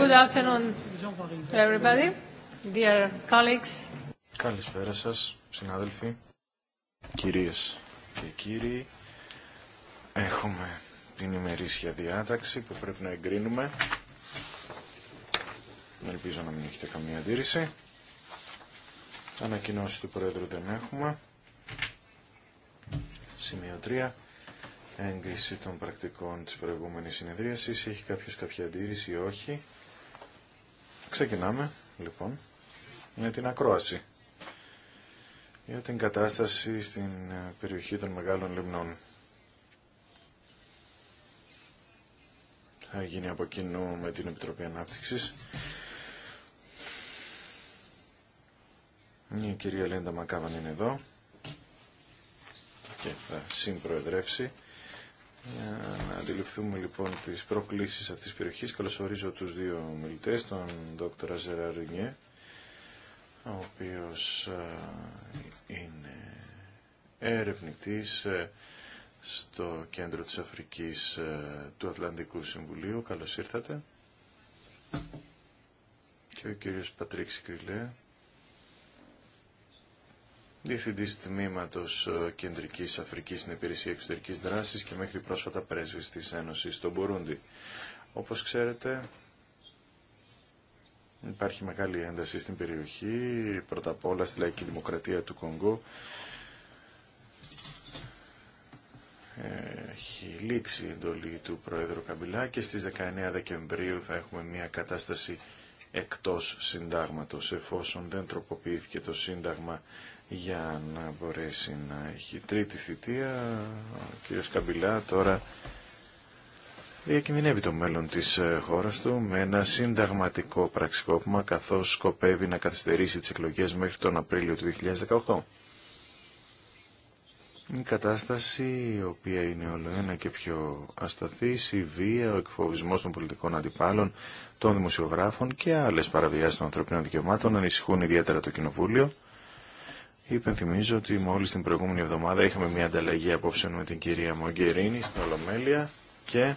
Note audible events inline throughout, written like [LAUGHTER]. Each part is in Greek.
Good afternoon, everybody, dear colleagues. Καλησπέρα σας, συνάδελφοι, κυρίες και κύριοι. Έχουμε την ημερήσια διάταξη που πρέπει να εγκρίνουμε. Ελπίζω να μην έχετε καμία αντίρρηση. Ανακοινώσει του Πρόεδρου δεν έχουμε. Σημείο έγκριση των πρακτικών της προηγούμενης συνεδρίασης. Έχει κάποιος κάποια αντίρρηση ή όχι. Ξεκινάμε λοιπόν με την ακρόαση για την κατάσταση στην ε, περιοχή των μεγάλων λιμνών. Θα γίνει από κοινού με την Επιτροπή Ανάπτυξης. Η κυρία Λέντα Μακάβαν είναι εδώ και θα συμπροεδρεύσει. Για Να αντιληφθούμε λοιπόν τις προκλήσεις αυτής της περιοχής. Καλωσορίζω τους δύο μιλητέ τον Δόκτωρα Ζεραρινιέ, ο οποίος είναι ερευνητή ε, στο κέντρο της Αφρικής ε, του Ατλαντικού Συμβουλίου. Καλώς ήρθατε. Και ο κύριος Πατρίξ Κρυλέ, Διευθυντή Τμήματο ε, Κεντρική Αφρική στην Υπηρεσία Εξωτερική Δράση και μέχρι πρόσφατα πρέσβη τη Ένωση στο Μπουρούντι. Όπω ξέρετε, υπάρχει μεγάλη ένταση στην περιοχή, πρώτα απ' όλα στη Λαϊκή Δημοκρατία του Κονγκό. Έχει λήξει η εντολή του Πρόεδρου Καμπιλά και στις 19 Δεκεμβρίου θα έχουμε μια κατάσταση εκτός συντάγματος, εφόσον δεν τροποποιήθηκε το σύνταγμα για να μπορέσει να έχει τρίτη θητεία. Ο κύριος Καμπυλά τώρα διακινδυνεύει το μέλλον της ε, χώρας του με ένα συνταγματικό πραξικόπημα καθώς σκοπεύει να καθυστερήσει τις εκλογές μέχρι τον Απρίλιο του 2018. Η κατάσταση, η οποία είναι όλο ένα και πιο ασταθής, η βία, ο εκφοβισμός των πολιτικών αντιπάλων, των δημοσιογράφων και άλλες παραβιάσεις των ανθρωπίνων δικαιωμάτων ανησυχούν ιδιαίτερα το Κοινοβούλιο Υπενθυμίζω ότι μόλις την προηγούμενη εβδομάδα είχαμε μια ανταλλαγή απόψεων με την κυρία Μογκερίνη στην Ολομέλεια και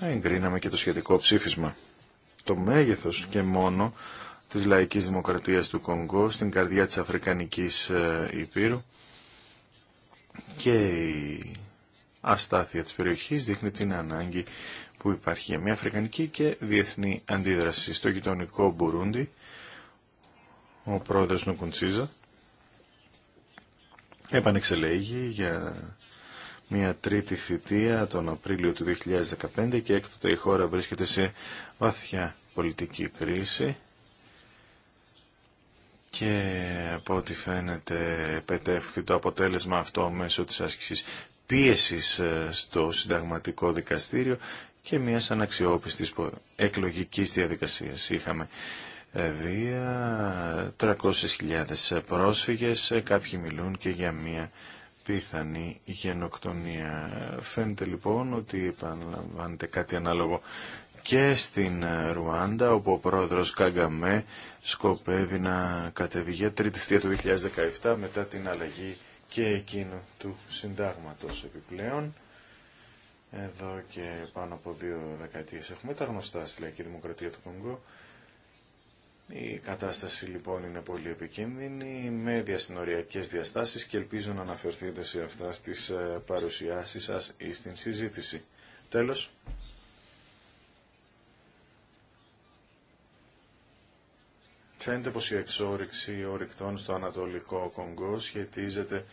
εγκρίναμε και το σχετικό ψήφισμα. Το μέγεθος και μόνο της λαϊκής δημοκρατίας του Κονγκό στην καρδιά της Αφρικανικής ε, Υπήρου και η αστάθεια της περιοχής δείχνει την ανάγκη που υπάρχει για μια αφρικανική και διεθνή αντίδραση. Στο γειτονικό Μπουρούντι, ο πρόεδρος Νουκουντσίζα επανεξελέγει για μια τρίτη θητεία τον Απρίλιο του 2015 και έκτοτε η χώρα βρίσκεται σε βαθιά πολιτική κρίση και από ό,τι φαίνεται πετεύχθη το αποτέλεσμα αυτό μέσω της άσκησης πίεσης ε, στο συνταγματικό δικαστήριο και μιας αναξιόπιστης εκλογικής διαδικασίας. Είχαμε βία, 300.000 πρόσφυγες, κάποιοι μιλούν και για μια πιθανή γενοκτονία. Φαίνεται λοιπόν ότι επαναλαμβάνεται κάτι ανάλογο και στην Ρουάντα, όπου ο πρόεδρος Καγκαμέ σκοπεύει να κατεβεί για τρίτη θεία του 2017 μετά την αλλαγή και εκείνου του συντάγματος επιπλέον. Εδώ και πάνω από δύο δεκαετίες έχουμε τα γνωστά στη Λαϊκή Δημοκρατία του Κονγκό η κατάσταση λοιπόν είναι πολύ επικίνδυνη με διασυνοριακές διαστάσεις και ελπίζω να αναφερθείτε σε αυτά στις ε, παρουσιάσεις σας ή στην συζήτηση. Τέλος. Φαίνεται πως η εξόριξη ορυκτών στο Ανατολικό Κονγκό σχετίζεται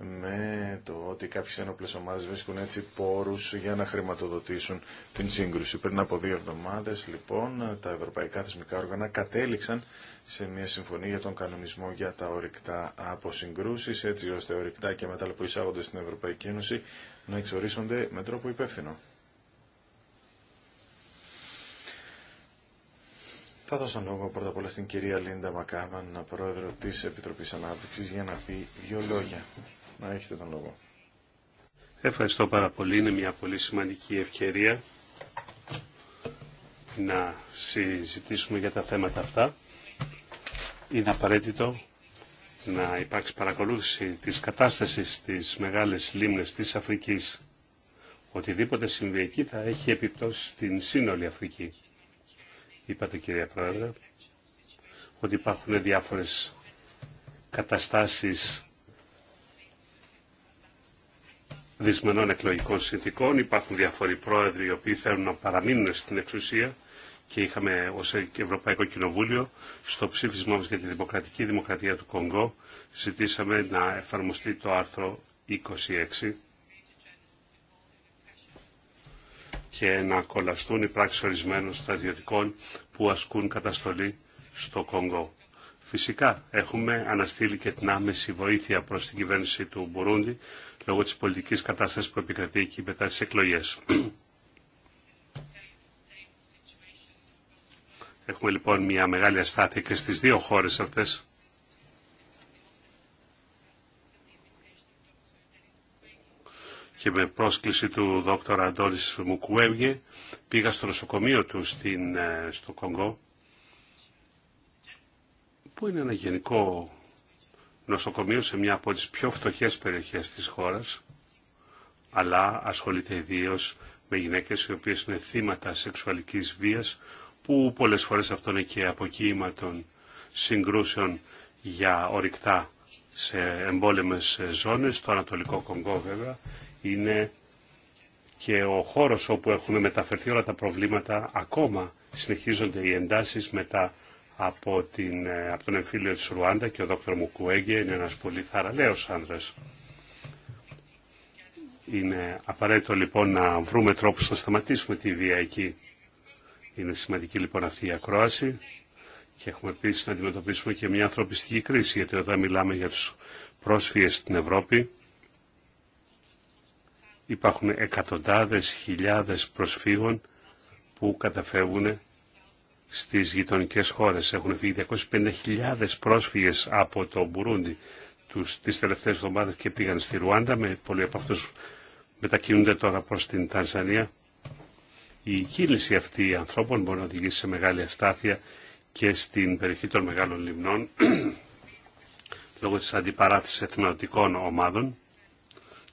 με το ότι κάποιε ένοπλε ομάδε βρίσκουν έτσι πόρου για να χρηματοδοτήσουν την σύγκρουση. Πριν από δύο εβδομάδε λοιπόν τα ευρωπαϊκά θεσμικά όργανα κατέληξαν σε μια συμφωνία για τον κανονισμό για τα ορυκτά από έτσι ώστε ορυκτά και μέταλλα που εισάγονται στην Ευρωπαϊκή Ένωση να εξορίσονται με τρόπο υπεύθυνο. Θα δώσω λόγο πρώτα απ' όλα στην κυρία Λίντα Μακάβαν, πρόεδρο της Επιτροπής Ανάπτυξης, για να πει δύο λόγια να έχετε τον λόγο. Ευχαριστώ πάρα πολύ. Είναι μια πολύ σημαντική ευκαιρία να συζητήσουμε για τα θέματα αυτά. Είναι απαραίτητο να υπάρξει παρακολούθηση της κατάστασης στις μεγάλες λίμνες της Αφρικής. Οτιδήποτε συμβεί εκεί θα έχει επιπτώσει στην σύνολη Αφρική. Είπατε κυρία Πρόεδρε ότι υπάρχουν διάφορες καταστάσεις δυσμενών εκλογικών συνθήκων. Υπάρχουν διάφοροι πρόεδροι οι οποίοι θέλουν να παραμείνουν στην εξουσία και είχαμε ως Ευρωπαϊκό Κοινοβούλιο στο ψήφισμά μας για τη Δημοκρατική Δημοκρατία του Κονγκό ζητήσαμε να εφαρμοστεί το άρθρο 26 και να κολλαστούν οι πράξεις ορισμένων στρατιωτικών που ασκούν καταστολή στο Κονγκό. Φυσικά έχουμε αναστείλει και την άμεση βοήθεια προς την κυβέρνηση του Μπουρούντι λόγω της πολιτικής κατάστασης που επικρατεί εκεί μετά τις εκλογές. Έχουμε λοιπόν μια μεγάλη αστάθεια και στις δύο χώρες αυτές. Και με πρόσκληση του δόκτωρα Αντώνης Μουκουέβγε πήγα στο νοσοκομείο του στην, ε, στο Κονγκό που είναι ένα γενικό νοσοκομείο σε μια από τις πιο φτωχές περιοχές της χώρας, αλλά ασχολείται ιδίω με γυναίκες οι οποίες είναι θύματα σεξουαλικής βίας, που πολλές φορές αυτό είναι και αποκοίημα των συγκρούσεων για ορυκτά σε εμπόλεμες ζώνες, στο Ανατολικό Κονγκό βέβαια, είναι και ο χώρος όπου έχουν μεταφερθεί όλα τα προβλήματα, ακόμα συνεχίζονται οι εντάσεις μετά από, την, ε, από τον εμφύλιο της Ρουάντα και ο δόκτωρ Μουκουέγγε είναι ένας πολύ θαραλέος άνδρας. Είναι απαραίτητο λοιπόν να βρούμε τρόπους να σταματήσουμε τη βία εκεί. Είναι σημαντική λοιπόν αυτή η ακρόαση και έχουμε επίση να αντιμετωπίσουμε και μια ανθρωπιστική κρίση γιατί όταν μιλάμε για τους πρόσφυγες στην Ευρώπη υπάρχουν εκατοντάδες χιλιάδες προσφύγων που καταφεύγουν στις γειτονικές χώρες. Έχουν φύγει 250.000 πρόσφυγες από το Μπουρούντι τους, τις τελευταίες εβδομάδες και πήγαν στη Ρουάντα. Με, πολλοί από αυτούς μετακινούνται τώρα προς την Τανζανία. Η κύληση αυτή ανθρώπων μπορεί να οδηγήσει σε μεγάλη αστάθεια και στην περιοχή των μεγάλων λιμνών [CLEARS THROAT] λόγω της αντιπαράθεσης εθνοτικών ομάδων.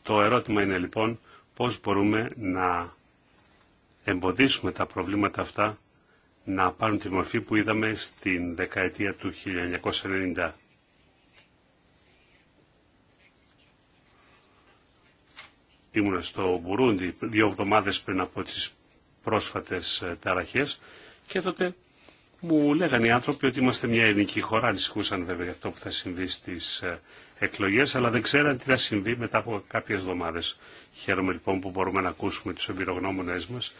Το ερώτημα είναι λοιπόν πώς μπορούμε να εμποδίσουμε τα προβλήματα αυτά να πάρουν τη μορφή που είδαμε στην δεκαετία του 1990. Ήμουνα στο Μπουρούντι δύο εβδομάδες πριν από τις πρόσφατες ε, ταραχές και τότε μου λέγανε οι άνθρωποι ότι είμαστε μια ελληνική χώρα, ανησυχούσαν βέβαια για αυτό που θα συμβεί στις ε, εκλογές, αλλά δεν ξέραν τι θα συμβεί μετά από κάποιες εβδομάδες. Χαίρομαι λοιπόν που μπορούμε να ακούσουμε τους εμπειρογνώμονές μας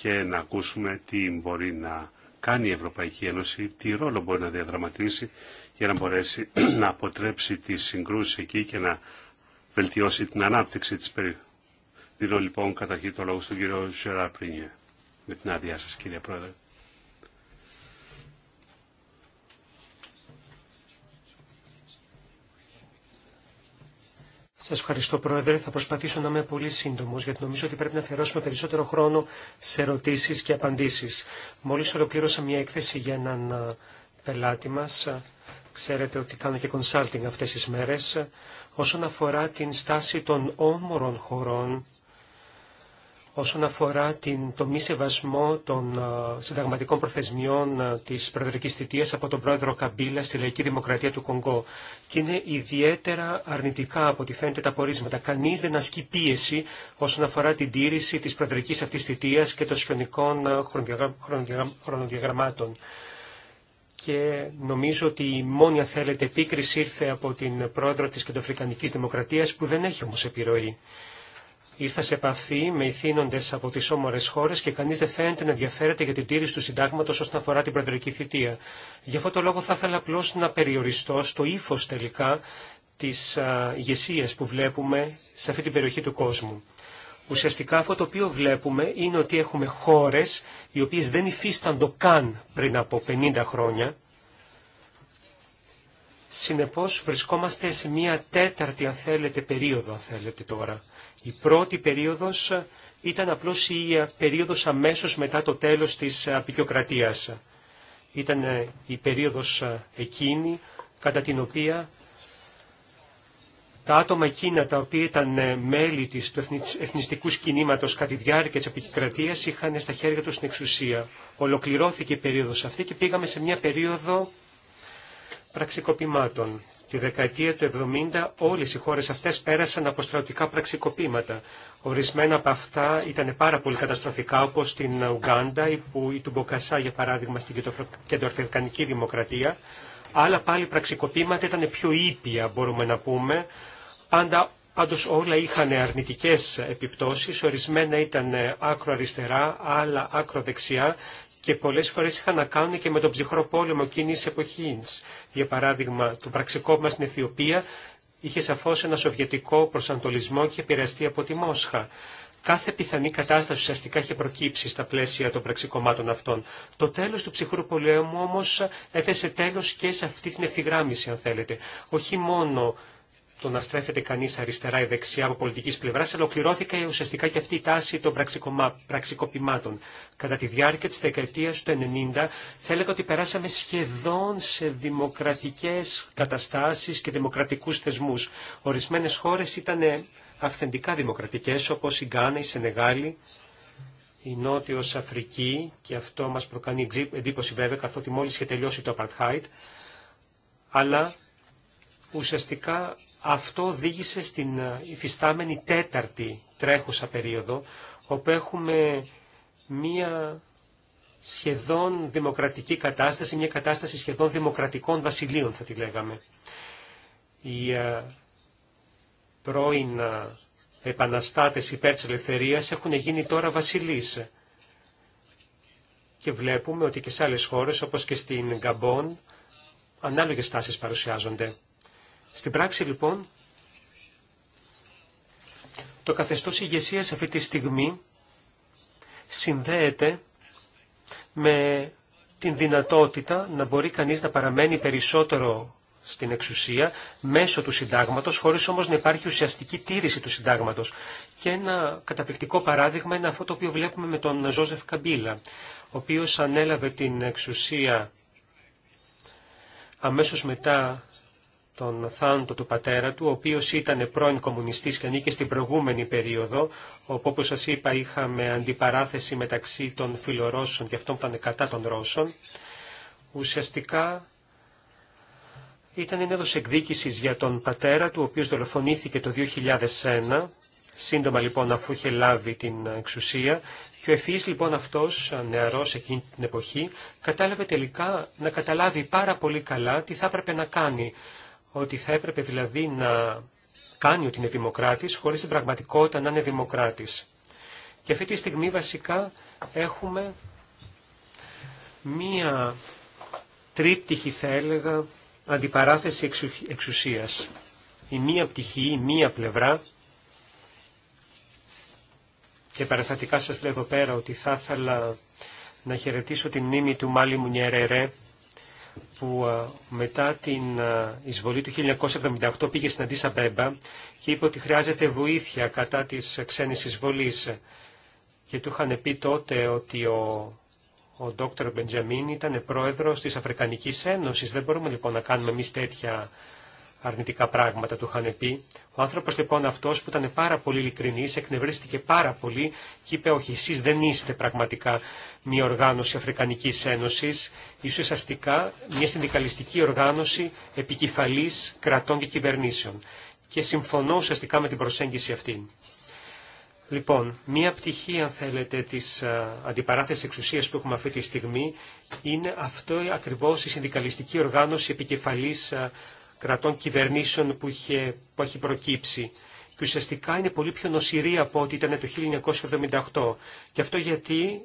και να ακούσουμε τι μπορεί να κάνει η Ευρωπαϊκή Ένωση, τι ρόλο μπορεί να διαδραματίσει για να μπορέσει [CLEARS THROAT] να αποτρέψει τη συγκρούσεις εκεί και να βελτιώσει την ανάπτυξη της περιοχής. Δίνω λοιπόν καταρχήν το λόγο στον κύριο Ζεραπρίνιε. Με την άδειά σας κύριε Πρόεδρε. Σα ευχαριστώ, Πρόεδρε. Θα προσπαθήσω να είμαι πολύ σύντομο, γιατί νομίζω ότι πρέπει να αφιερώσουμε περισσότερο χρόνο σε ερωτήσει και απαντήσει. Μόλι ολοκλήρωσα μια έκθεση για έναν ε, πελάτη μα. Ε, ξέρετε ότι κάνω και consulting αυτές τις μέρες. Ε, όσον αφορά την στάση των όμορων χωρών όσον αφορά την, το μη σεβασμό των ε, συνταγματικών προθεσμιών ε, της προεδρικής θητείας από τον πρόεδρο Καμπίλα στη Λαϊκή Δημοκρατία του Κονγκό. Και είναι ιδιαίτερα αρνητικά από ό,τι φαίνεται τα πορίσματα. Κανείς δεν ασκεί πίεση όσον αφορά την τήρηση της προεδρικής αυτής θητείας και των σιωνικών ε, χρονοδιαγραμμάτων και νομίζω ότι η μόνη αν θέλετε επίκριση ήρθε από την πρόεδρο της Κεντροφρικανικής Δημοκρατίας που δεν έχει όμως επιρροή. Ήρθα σε επαφή με ηθήνοντε από τι όμορε χώρε και κανεί δεν φαίνεται να ενδιαφέρεται για την τήρηση του συντάγματο όσον αφορά την προεδρική θητεία. Γι' αυτό το λόγο θα ήθελα απλώ να περιοριστώ στο ύφο τελικά τη ηγεσία που βλέπουμε σε αυτή την περιοχή του κόσμου. Ουσιαστικά αυτό το οποίο βλέπουμε είναι ότι έχουμε χώρε οι οποίε δεν υφίσταντο καν πριν από 50 χρόνια. Συνεπώς βρισκόμαστε σε μία τέταρτη αν θέλετε περίοδο αν θέλετε τώρα. Η πρώτη περίοδος ήταν απλώς η ε, περίοδος αμέσως μετά το τέλος της ε, απεικιοκρατίας. Ήταν ε, η περίοδος εκείνη κατά την οποία τα άτομα εκείνα τα οποία ήταν μέλη της, του εθνιστικού κινήματος κατά τη διάρκεια της απεικιοκρατίας είχαν στα χέρια τους την εξουσία. Ολοκληρώθηκε η περίοδος αυτή και πήγαμε σε μια περίοδο πραξικοπημάτων. Τη δεκαετία του 70 όλες οι χώρες αυτές πέρασαν από στρατιωτικά πραξικοπήματα. Ορισμένα από αυτά ήταν πάρα πολύ καταστροφικά όπως στην Ουγγάντα ή, που, ή του Μποκασά για παράδειγμα στην Κεντροαφρικανική Δημοκρατία. Άλλα πάλι πραξικοπήματα ήταν πιο ήπια μπορούμε να πούμε. Πάντα Πάντως όλα είχαν αρνητικές επιπτώσεις, ορισμένα ήταν άκρο αριστερά, άλλα άκρο δεξιά και πολλές φορές είχαν να κάνουν και με τον ψυχρό πόλεμο εκείνης εποχής. Για παράδειγμα, το πραξικό μας στην Αιθιοπία είχε σαφώς ένα σοβιετικό προσανατολισμό και επηρεαστεί από τη Μόσχα. Κάθε πιθανή κατάσταση ουσιαστικά είχε προκύψει στα πλαίσια των πραξικομάτων αυτών. Το τέλος του ψυχρού πολέμου όμως έθεσε τέλος και σε αυτή την ευθυγράμμιση αν θέλετε. Όχι μόνο το να στρέφεται κανείς αριστερά ή δεξιά από πολιτικής πλευράς, ολοκληρώθηκε ουσιαστικά και αυτή η τάση των πραξικοπημάτων. Κατά τη διάρκεια της δεκαετίας του 90, θα έλεγα ότι περάσαμε σχεδόν σε δημοκρατικές καταστάσεις και δημοκρατικούς θεσμούς. Ορισμένες χώρες ήταν αυθεντικά δημοκρατικές, όπως η Γκάνα, η Σενεγάλη, η Νότιος Αφρική, και αυτό μας προκανεί εντύπωση βέβαια, καθότι μόλις είχε τελειώσει το Απαρτχάιτ, αλλά ουσιαστικά αυτό οδήγησε στην ε, υφιστάμενη τέταρτη τρέχουσα περίοδο, όπου έχουμε μία σχεδόν δημοκρατική κατάσταση, μια κατάσταση σχεδόν δημοκρατικών βασιλείων θα τη λέγαμε. Οι ε, πρώην ε, επαναστάτες υπέρ της ελευθερίας έχουν γίνει τώρα βασιλείς. Και βλέπουμε ότι και σε άλλες χώρες, όπως και στην Γκαμπόν, ανάλογες τάσεις παρουσιάζονται. Στην πράξη λοιπόν, το καθεστώς ηγεσία αυτή τη στιγμή συνδέεται με την δυνατότητα να μπορεί κανείς να παραμένει περισσότερο στην εξουσία μέσω του συντάγματος, χωρίς όμως να υπάρχει ουσιαστική τήρηση του συντάγματος. Και ένα καταπληκτικό παράδειγμα είναι αυτό το οποίο βλέπουμε με τον Ζώζεφ Καμπίλα, ο οποίος ανέλαβε την εξουσία αμέσως μετά τον θάνατο του πατέρα του, ο οποίος ήταν πρώην κομμουνιστής και ανήκε στην προηγούμενη περίοδο, όπου όπως σας είπα είχαμε αντιπαράθεση μεταξύ των φιλορώσων και αυτών που ήταν κατά των Ρώσων. Ουσιαστικά ήταν ένα έδος εκδίκησης για τον πατέρα του, ο οποίος δολοφονήθηκε το 2001, σύντομα λοιπόν αφού είχε λάβει την εξουσία, και ο ευφυής λοιπόν αυτός, νεαρός εκείνη την εποχή, κατάλαβε τελικά να καταλάβει πάρα πολύ καλά τι θα έπρεπε να κάνει ότι θα έπρεπε δηλαδή να κάνει ότι είναι δημοκράτης χωρίς την πραγματικότητα να είναι δημοκράτης. Και αυτή τη στιγμή βασικά έχουμε μία τρίπτυχη θα έλεγα αντιπαράθεση εξουσίας. Η μία πτυχή, η μία πλευρά και παραθατικά σας λέω εδώ πέρα ότι θα ήθελα να χαιρετήσω την μνήμη του Μάλι Μουνιερερέ που ε, μετά την ε, εισβολή του 1978 πήγε στην Αντίσα Μπέμπα και είπε ότι χρειάζεται βοήθεια κατά της ξένης εισβολής. Και του είχαν πει τότε ότι ο, ο Δόκτωρ Μπεντζαμίν ήταν πρόεδρος της Αφρικανικής Ένωσης. Δεν μπορούμε λοιπόν να κάνουμε εμεί τέτοια αρνητικά πράγματα, του είχαν πει. Ο άνθρωπος λοιπόν αυτός που ήταν πάρα πολύ ειλικρινής, εκνευρίστηκε πάρα πολύ και είπε όχι, εσείς δεν είστε πραγματικά μια οργάνωση Αφρικανικής Ένωσης, ίσως αστικά μια συνδικαλιστική οργάνωση επικεφαλής κρατών και κυβερνήσεων. Και συμφωνώ ουσιαστικά με την προσέγγιση αυτή. Λοιπόν, μία πτυχή, αν θέλετε, της αντιπαράθεσης εξουσίας που έχουμε αυτή τη στιγμή είναι αυτό ακριβώς η συνδικαλιστική οργάνωση επικεφαλής κρατών κυβερνήσεων που, είχε, που έχει προκύψει. Και ουσιαστικά είναι πολύ πιο νοσηρή από ό,τι ήταν το 1978. Και αυτό γιατί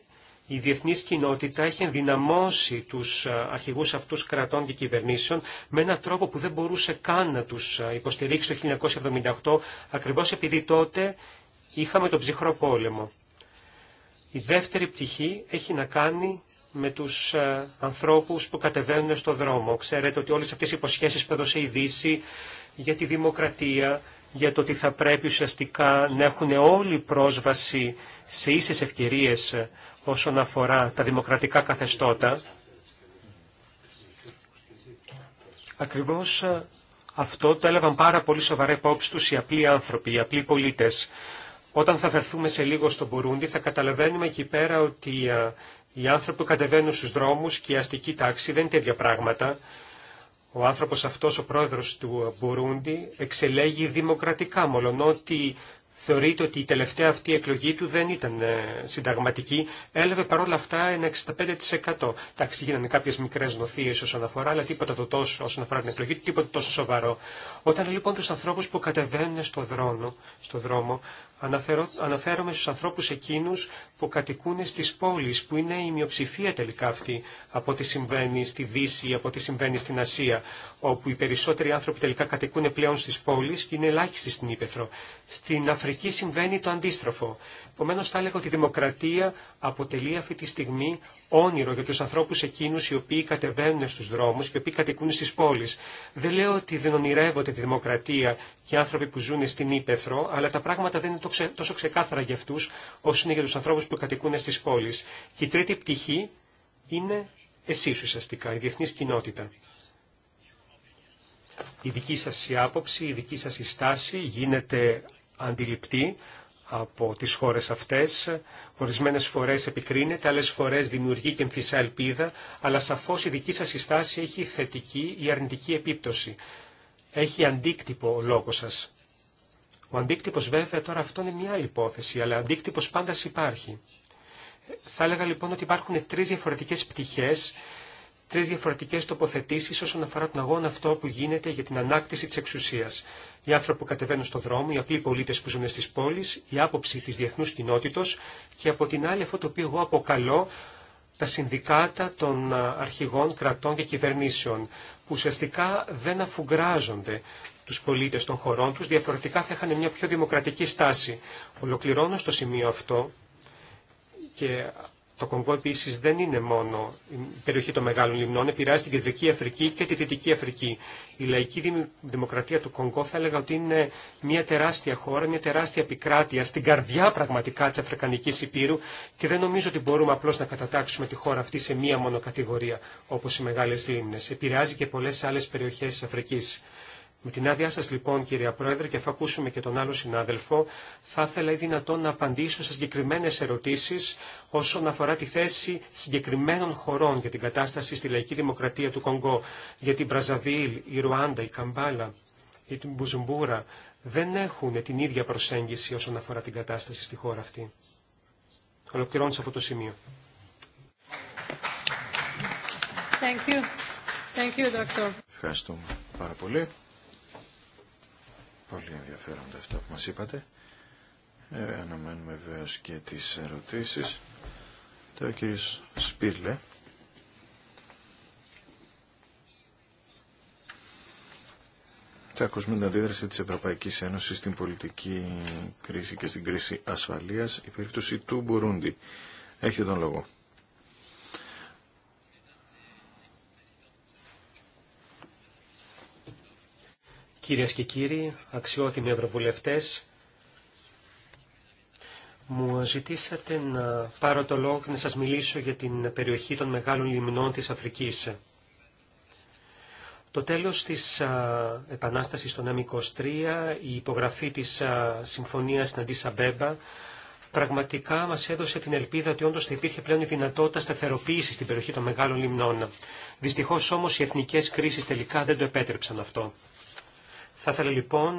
η διεθνής κοινότητα έχει ενδυναμώσει τους αρχηγούς αυτούς κρατών και κυβερνήσεων με έναν τρόπο που δεν μπορούσε καν να τους υποστηρίξει το 1978, ακριβώς επειδή τότε είχαμε τον ψυχρό πόλεμο. Η δεύτερη πτυχή έχει να κάνει με τους ε, ανθρώπους που κατεβαίνουν στο δρόμο. Ξέρετε ότι όλες αυτές οι υποσχέσεις που έδωσε η Δύση για τη δημοκρατία, για το ότι θα πρέπει ουσιαστικά να έχουν όλοι πρόσβαση σε ίσες ευκαιρίες ε, όσον αφορά τα δημοκρατικά καθεστώτα. Ακριβώς ε, αυτό το έλαβαν πάρα πολύ σοβαρά υπόψη τους οι απλοί άνθρωποι, οι απλοί πολίτες. Όταν θα φερθούμε σε λίγο στον Μπουρούντι θα καταλαβαίνουμε εκεί πέρα ότι οι άνθρωποι που κατεβαίνουν στους δρόμους και η αστική τάξη δεν είναι τέτοια πράγματα. Ο άνθρωπος αυτός, ο πρόεδρος του Μπουρούντι, εξελέγει δημοκρατικά, ότι θεωρείται ότι η τελευταία αυτή εκλογή του δεν ήταν ε, συνταγματική, έλαβε παρόλα αυτά ένα 65%. Εντάξει, γίνανε κάποιες μικρές νοθείες όσον αφορά, αλλά τίποτα το τόσο όσον αφορά την εκλογή του, τίποτα τόσο σοβαρό. Όταν λοιπόν τους ανθρώπους που κατεβαίνουν στο, δρόνο, στο δρόμο, Αναφέρω, αναφέρομαι στους ανθρώπους εκείνους που κατοικούν στις πόλεις, που είναι η μειοψηφία τελικά αυτή από ό,τι συμβαίνει στη Δύση, από ό,τι συμβαίνει στην Ασία, όπου οι περισσότεροι άνθρωποι τελικά κατοικούν πλέον στις πόλεις και είναι ελάχιστοι στην Ήπεθρο. Στην Αφρική συμβαίνει το αντίστροφο. Επομένω θα έλεγα ότι η δημοκρατία αποτελεί αυτή τη στιγμή όνειρο για τους ανθρώπους εκείνους οι οποίοι κατεβαίνουν στους δρόμους και οι οποίοι κατοικούν στις πόλεις. Δεν λέω ότι δεν ονειρεύονται τη δημοκρατία και άνθρωποι που ζουν στην Ήπεθρο, αλλά τα πράγματα δεν είναι τόσο ξεκάθαρα για αυτούς όσο είναι για τους ανθρώπους που κατοικούν στις πόλεις. Και η τρίτη πτυχή είναι εσείς ουσιαστικά, η διεθνής κοινότητα. Η δική σας άποψη, η δική σας στάση γίνεται αντιληπτή από τις χώρες αυτές. Ορισμένες φορές επικρίνεται, άλλες φορές δημιουργεί και εμφυσά ελπίδα, αλλά σαφώς η δική σας συστάση έχει θετική ή αρνητική επίπτωση. Έχει αντίκτυπο ο λόγος σας. Ο αντίκτυπος βέβαια τώρα αυτό είναι μια άλλη υπόθεση, αλλά αντίκτυπος πάντα υπάρχει. Θα έλεγα λοιπόν ότι υπάρχουν τρεις διαφορετικές πτυχές τρεις διαφορετικές τοποθετήσεις όσον αφορά τον αγώνα αυτό που γίνεται για την ανάκτηση της εξουσίας. Οι άνθρωποι που κατεβαίνουν στον δρόμο, οι απλοί πολίτες που ζουν στις πόλεις, η άποψη της διεθνούς κοινότητος και από την άλλη αυτό το οποίο εγώ αποκαλώ τα συνδικάτα των αρχηγών κρατών και κυβερνήσεων, που ουσιαστικά δεν αφουγκράζονται τους πολίτες των χωρών τους, διαφορετικά θα είχαν μια πιο δημοκρατική στάση. Ολοκληρώνω στο σημείο αυτό και το Κονγκό επίση δεν είναι μόνο η περιοχή των μεγάλων λιμνών, επηρεάζει την Κεντρική Αφρική και τη Δυτική Αφρική. Η λαϊκή δημοκρατία του Κονγκό θα έλεγα ότι είναι μια τεράστια χώρα, μια τεράστια επικράτεια στην καρδιά πραγματικά τη Αφρικανική Υπήρου και δεν νομίζω ότι μπορούμε απλώ να κατατάξουμε τη χώρα αυτή σε μία μόνο κατηγορία όπω οι μεγάλε λίμνε. Επηρεάζει και πολλέ άλλε περιοχέ τη Αφρική. Με την άδειά σας λοιπόν κυρία Πρόεδρε και θα ακούσουμε και τον άλλο συνάδελφο, θα ήθελα ή δυνατόν να απαντήσω σε συγκεκριμένες ερωτήσεις όσον αφορά τη θέση συγκεκριμένων χωρών για την κατάσταση στη λαϊκή δημοκρατία του Κονγκό, για την Μπραζαβίλ, η Ρουάντα, η Καμπάλα ή την Μπουζουμπούρα δεν έχουν την ίδια προσέγγιση όσον αφορά την κατάσταση στη χώρα αυτή. Ολοκληρώνω σε αυτό το σημείο. Thank you. Thank you, doctor. Ευχαριστούμε πάρα πολύ. Πολύ ενδιαφέροντα αυτά που μας είπατε. Ε, αναμένουμε βεβαίω και τις ερωτήσεις. Το κύριο Σπίρλε. Θα ακούσουμε την αντίδραση της Ευρωπαϊκής Ένωσης στην πολιτική κρίση και στην κρίση ασφαλείας, η περίπτωση του Μπουρούντι. Έχει τον λόγο. Κυρίες και κύριοι, αξιότιμοι ευρωβουλευτές, μου ζητήσατε να πάρω το λόγο και να σας μιλήσω για την περιοχή των μεγάλων λιμνών της Αφρικής. Το τέλος της α, επανάστασης των M23, η υπογραφή της α, συμφωνίας στην Αντίσα πραγματικά μας έδωσε την ελπίδα ότι όντως θα υπήρχε πλέον η δυνατότητα σταθεροποίησης στην περιοχή των μεγάλων λιμνών. Δυστυχώς όμως οι εθνικές κρίσεις τελικά δεν το επέτρεψαν αυτό. Θα ήθελα λοιπόν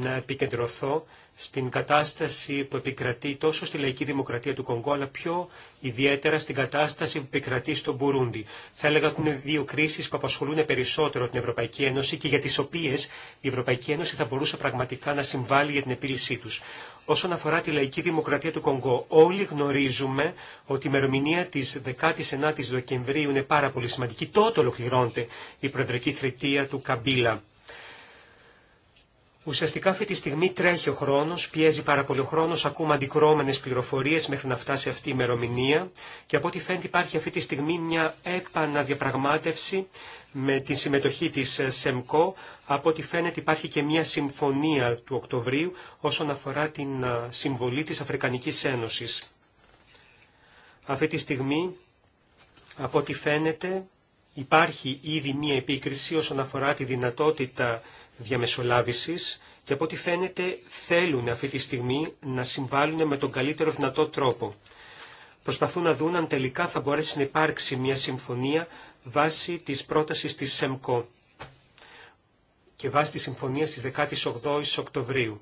να επικεντρωθώ στην κατάσταση που επικρατεί τόσο στη λαϊκή δημοκρατία του Κονγκό, αλλά πιο ιδιαίτερα στην κατάσταση που επικρατεί στο Μπουρούντι. Θα έλεγα ότι είναι δύο κρίσει που απασχολούν περισσότερο την Ευρωπαϊκή Ένωση και για τι οποίε η Ευρωπαϊκή Ένωση θα μπορούσε πραγματικά να συμβάλλει για την επίλυσή του. Όσον αφορά τη λαϊκή δημοκρατία του Κονγκό, όλοι γνωρίζουμε ότι η ημερομηνία τη 19η Δεκεμβρίου είναι πάρα πολύ σημαντική. Τότε ολοκληρώνεται η προεδρική θρητεία του Καμπίλα. Ουσιαστικά αυτή τη στιγμή τρέχει ο χρόνο, πιέζει πάρα πολύ ο χρόνο, ακούμε αντικρώμενε πληροφορίε μέχρι να φτάσει αυτή η ημερομηνία και από ό,τι φαίνεται υπάρχει αυτή τη στιγμή μια επαναδιαπραγμάτευση με τη συμμετοχή της ε, ΣΕΜΚΟ. Από ό,τι φαίνεται υπάρχει και μια συμφωνία του Οκτωβρίου όσον αφορά την ε, συμβολή τη Αφρικανικής Ένωση. Αυτή τη στιγμή, από ό,τι φαίνεται, υπάρχει ήδη μια επίκριση όσον αφορά τη δυνατότητα διαμεσολάβησης και από ό,τι φαίνεται θέλουν αυτή τη στιγμή να συμβάλλουν με τον καλύτερο δυνατό τρόπο. Προσπαθούν να δουν αν τελικά θα μπορέσει να υπάρξει μια συμφωνία βάσει της πρότασης της ΣΕΜΚΟ και βάσει της συμφωνίας της 18 Οκτωβρίου.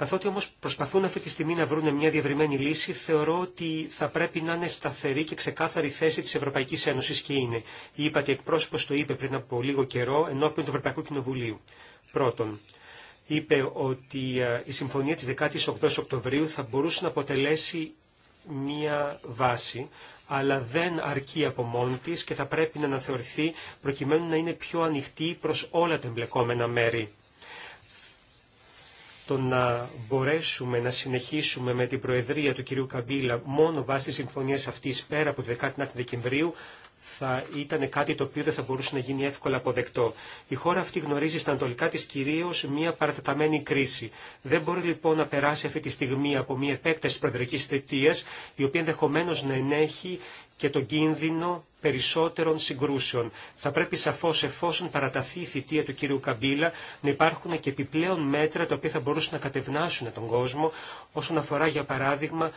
Καθότι όμως προσπαθούν αυτή τη στιγμή να βρουν μια διαβριμένη λύση, θεωρώ ότι θα πρέπει να είναι σταθερή και ξεκάθαρη θέση της Ευρωπαϊκής Ένωσης και είναι. Η είπατε εκπρόσωπος το είπε πριν από λίγο καιρό ενώπιον του Ευρωπαϊκού Κοινοβουλίου. Πρώτον, είπε ότι ε, η συμφωνία της 18 Οκτωβρίου θα μπορούσε να αποτελέσει μια βάση, αλλά δεν αρκεί από μόνη τη και θα πρέπει να αναθεωρηθεί προκειμένου να είναι πιο ανοιχτή προς όλα τα εμπλεκόμενα μέρη. Το να μπορέσουμε να συνεχίσουμε με την Προεδρία του κυρίου Καμπίλα μόνο βάσει συμφωνίας αυτή, πέρα από 19 Δεκεμβρίου θα ήταν κάτι το οποίο δεν θα μπορούσε να γίνει εύκολα αποδεκτό. Η χώρα αυτή γνωρίζει στα ανατολικά της κυρίως μια παρατεταμένη κρίση. Δεν μπορεί λοιπόν να περάσει αυτή τη στιγμή από μια επέκταση προεδρικής θητείας η οποία ενδεχομένω να ενέχει και τον κίνδυνο περισσότερων συγκρούσεων. Θα πρέπει σαφώς εφόσον παραταθεί η θητεία του κύριου Καμπίλα να υπάρχουν και επιπλέον μέτρα τα οποία θα μπορούσαν να κατευνάσουν τον κόσμο όσον αφορά για παράδειγμα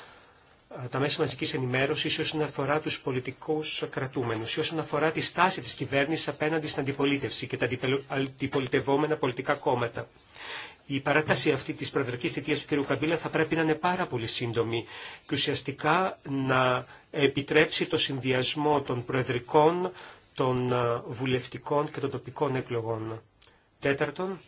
τα μέσα μαζικής ενημέρωσης όσον αφορά τους πολιτικούς κρατούμενους ή όσον αφορά τη στάση της κυβέρνησης απέναντι στην αντιπολίτευση και τα αντιπολιτευόμενα πολιτικά κόμματα. Η παράταση αυτή της προεδρικής θητείας του κ. Καμπίλα θα πρέπει να είναι πάρα πολύ σύντομη και ουσιαστικά να επιτρέψει το συνδυασμό των προεδρικών, των ε, βουλευτικών και των τοπικών εκλογών. Τέταρτον,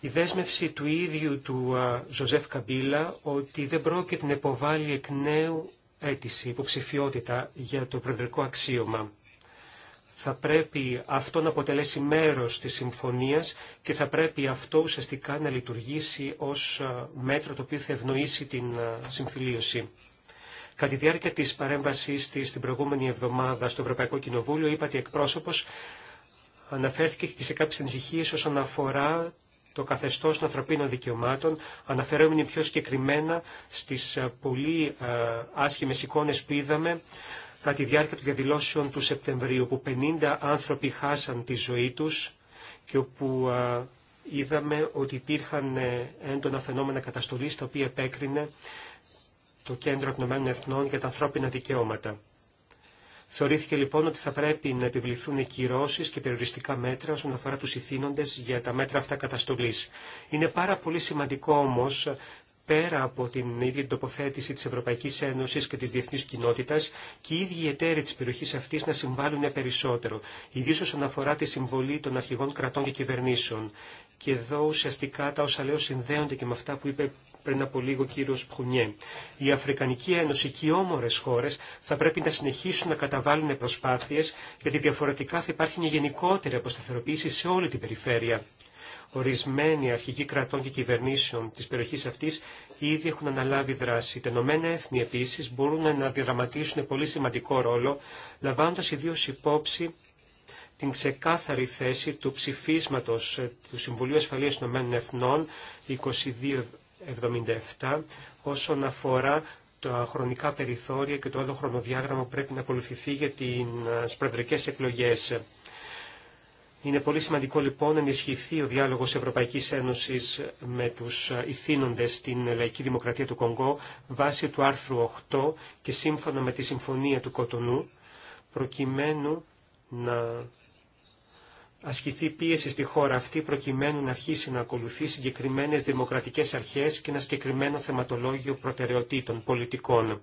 η δέσμευση του ίδιου του Ζωζεφ Καμπίλα ότι δεν πρόκειται να υποβάλει εκ νέου αίτηση, υποψηφιότητα για το προεδρικό αξίωμα. Θα πρέπει αυτό να αποτελέσει μέρος της συμφωνίας και θα πρέπει αυτό ουσιαστικά να λειτουργήσει ως μέτρο το οποίο θα ευνοήσει την συμφιλίωση. Κατά τη διάρκεια της παρέμβασής της την προηγούμενη εβδομάδα στο Ευρωπαϊκό Κοινοβούλιο, είπατε εκπρόσωπος αναφέρθηκε και σε κάποιες ανησυχίε όσον αφορά το καθεστώς των ανθρωπίνων δικαιωμάτων, αναφερόμενοι πιο συγκεκριμένα στις ε, πολύ ε, άσχημες εικόνες που είδαμε κατά τη διάρκεια των διαδηλώσεων του Σεπτεμβρίου, που 50 άνθρωποι χάσαν τη ζωή τους και όπου ε, είδαμε ότι υπήρχαν έντονα φαινόμενα καταστολής, τα οποία επέκρινε το Κέντρο Εθνών για τα Ανθρώπινα Δικαιώματα. Θεωρήθηκε λοιπόν ότι θα πρέπει να επιβληθούν κυρώσει και περιοριστικά μέτρα όσον αφορά του ηθήνοντε για τα μέτρα αυτά καταστολή. Είναι πάρα πολύ σημαντικό όμω πέρα από την ίδια την τοποθέτηση της Ευρωπαϊκής Ένωσης και της διεθνής κοινότητας και οι ίδιοι εταίροι της περιοχής αυτής να συμβάλλουν περισσότερο, ιδίω όσον αφορά τη συμβολή των αρχηγών κρατών και κυβερνήσεων. Και εδώ ουσιαστικά τα όσα λέω συνδέονται και με αυτά που είπε πριν από λίγο ο κύριος Πχουνιέ. Η Αφρικανική Ένωση και οι όμορε χώρες θα πρέπει να συνεχίσουν να καταβάλουν προσπάθειε, γιατί διαφορετικά θα υπάρχει μια γενικότερη αποσταθεροποίηση σε όλη την περιφέρεια. Ορισμένοι αρχηγοί κρατών και κυβερνήσεων τη περιοχή αυτή ήδη έχουν αναλάβει δράση. Τα Ηνωμένα Έθνη επίση μπορούν να διαδραματίσουν πολύ σημαντικό ρόλο, λαμβάνοντα ιδίω υπόψη την ξεκάθαρη θέση του ψηφίσματος του Συμβουλίου Ασφαλείας των Ηνωμένων Εθνών 77 όσον αφορά τα χρονικά περιθώρια και το άλλο χρονοδιάγραμμα που πρέπει να ακολουθηθεί για τι προεδρικέ εκλογές. Είναι πολύ σημαντικό λοιπόν να ενισχυθεί ο διάλογος Ευρωπαϊκής Ένωσης με τους ηθήνοντες στην Λαϊκή Δημοκρατία του Κονγκό βάσει του άρθρου 8 και σύμφωνα με τη Συμφωνία του Κοτονού προκειμένου να ασκηθεί πίεση στη χώρα αυτή προκειμένου να αρχίσει να ακολουθεί συγκεκριμένες δημοκρατικές αρχές και ένα συγκεκριμένο θεματολόγιο προτεραιοτήτων πολιτικών.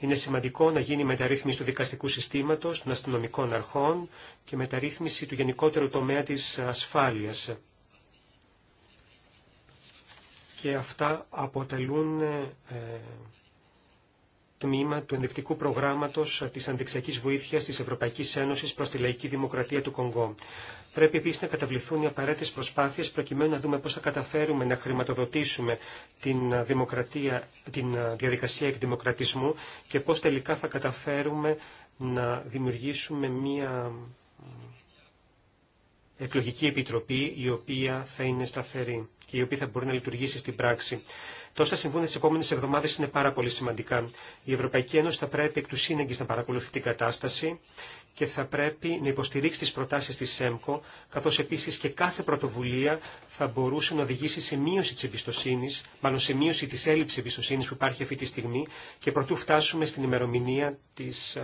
Είναι σημαντικό να γίνει μεταρρύθμιση του δικαστικού συστήματος, των αστυνομικών αρχών και μεταρρύθμιση του γενικότερου τομέα της ασφάλειας. Και αυτά αποτελούν ε, τμήμα του ενδεικτικού προγράμματο της ανδεξιακή Βοήθεια τη Ευρωπαϊκή Ένωση προς τη λαϊκή δημοκρατία του Κονγκό. Πρέπει επίσης να καταβληθούν οι απαραίτητε προσπάθειες προκειμένου να δούμε πώς θα καταφέρουμε να χρηματοδοτήσουμε την, ε, δημοκρατία, την ε, διαδικασία εκδημοκρατισμού και πώς τελικά θα καταφέρουμε να δημιουργήσουμε μια εκλογική επιτροπή η οποία θα είναι σταθερή και η οποία θα μπορεί να λειτουργήσει στην πράξη. Τόσα συμβούν τι επόμενε εβδομάδε είναι πάρα πολύ σημαντικά. Η Ευρωπαϊκή Ένωση θα πρέπει εκ του σύνεγγυ να παρακολουθεί την κατάσταση και θα πρέπει να υποστηρίξει τις προτάσεις της ΣΕΜΚΟ, καθώς επίσης και κάθε πρωτοβουλία θα μπορούσε να οδηγήσει σε μείωση της εμπιστοσύνης, μάλλον σε μείωση της έλλειψης εμπιστοσύνης που υπάρχει αυτή τη στιγμή και προτού φτάσουμε στην ημερομηνία της,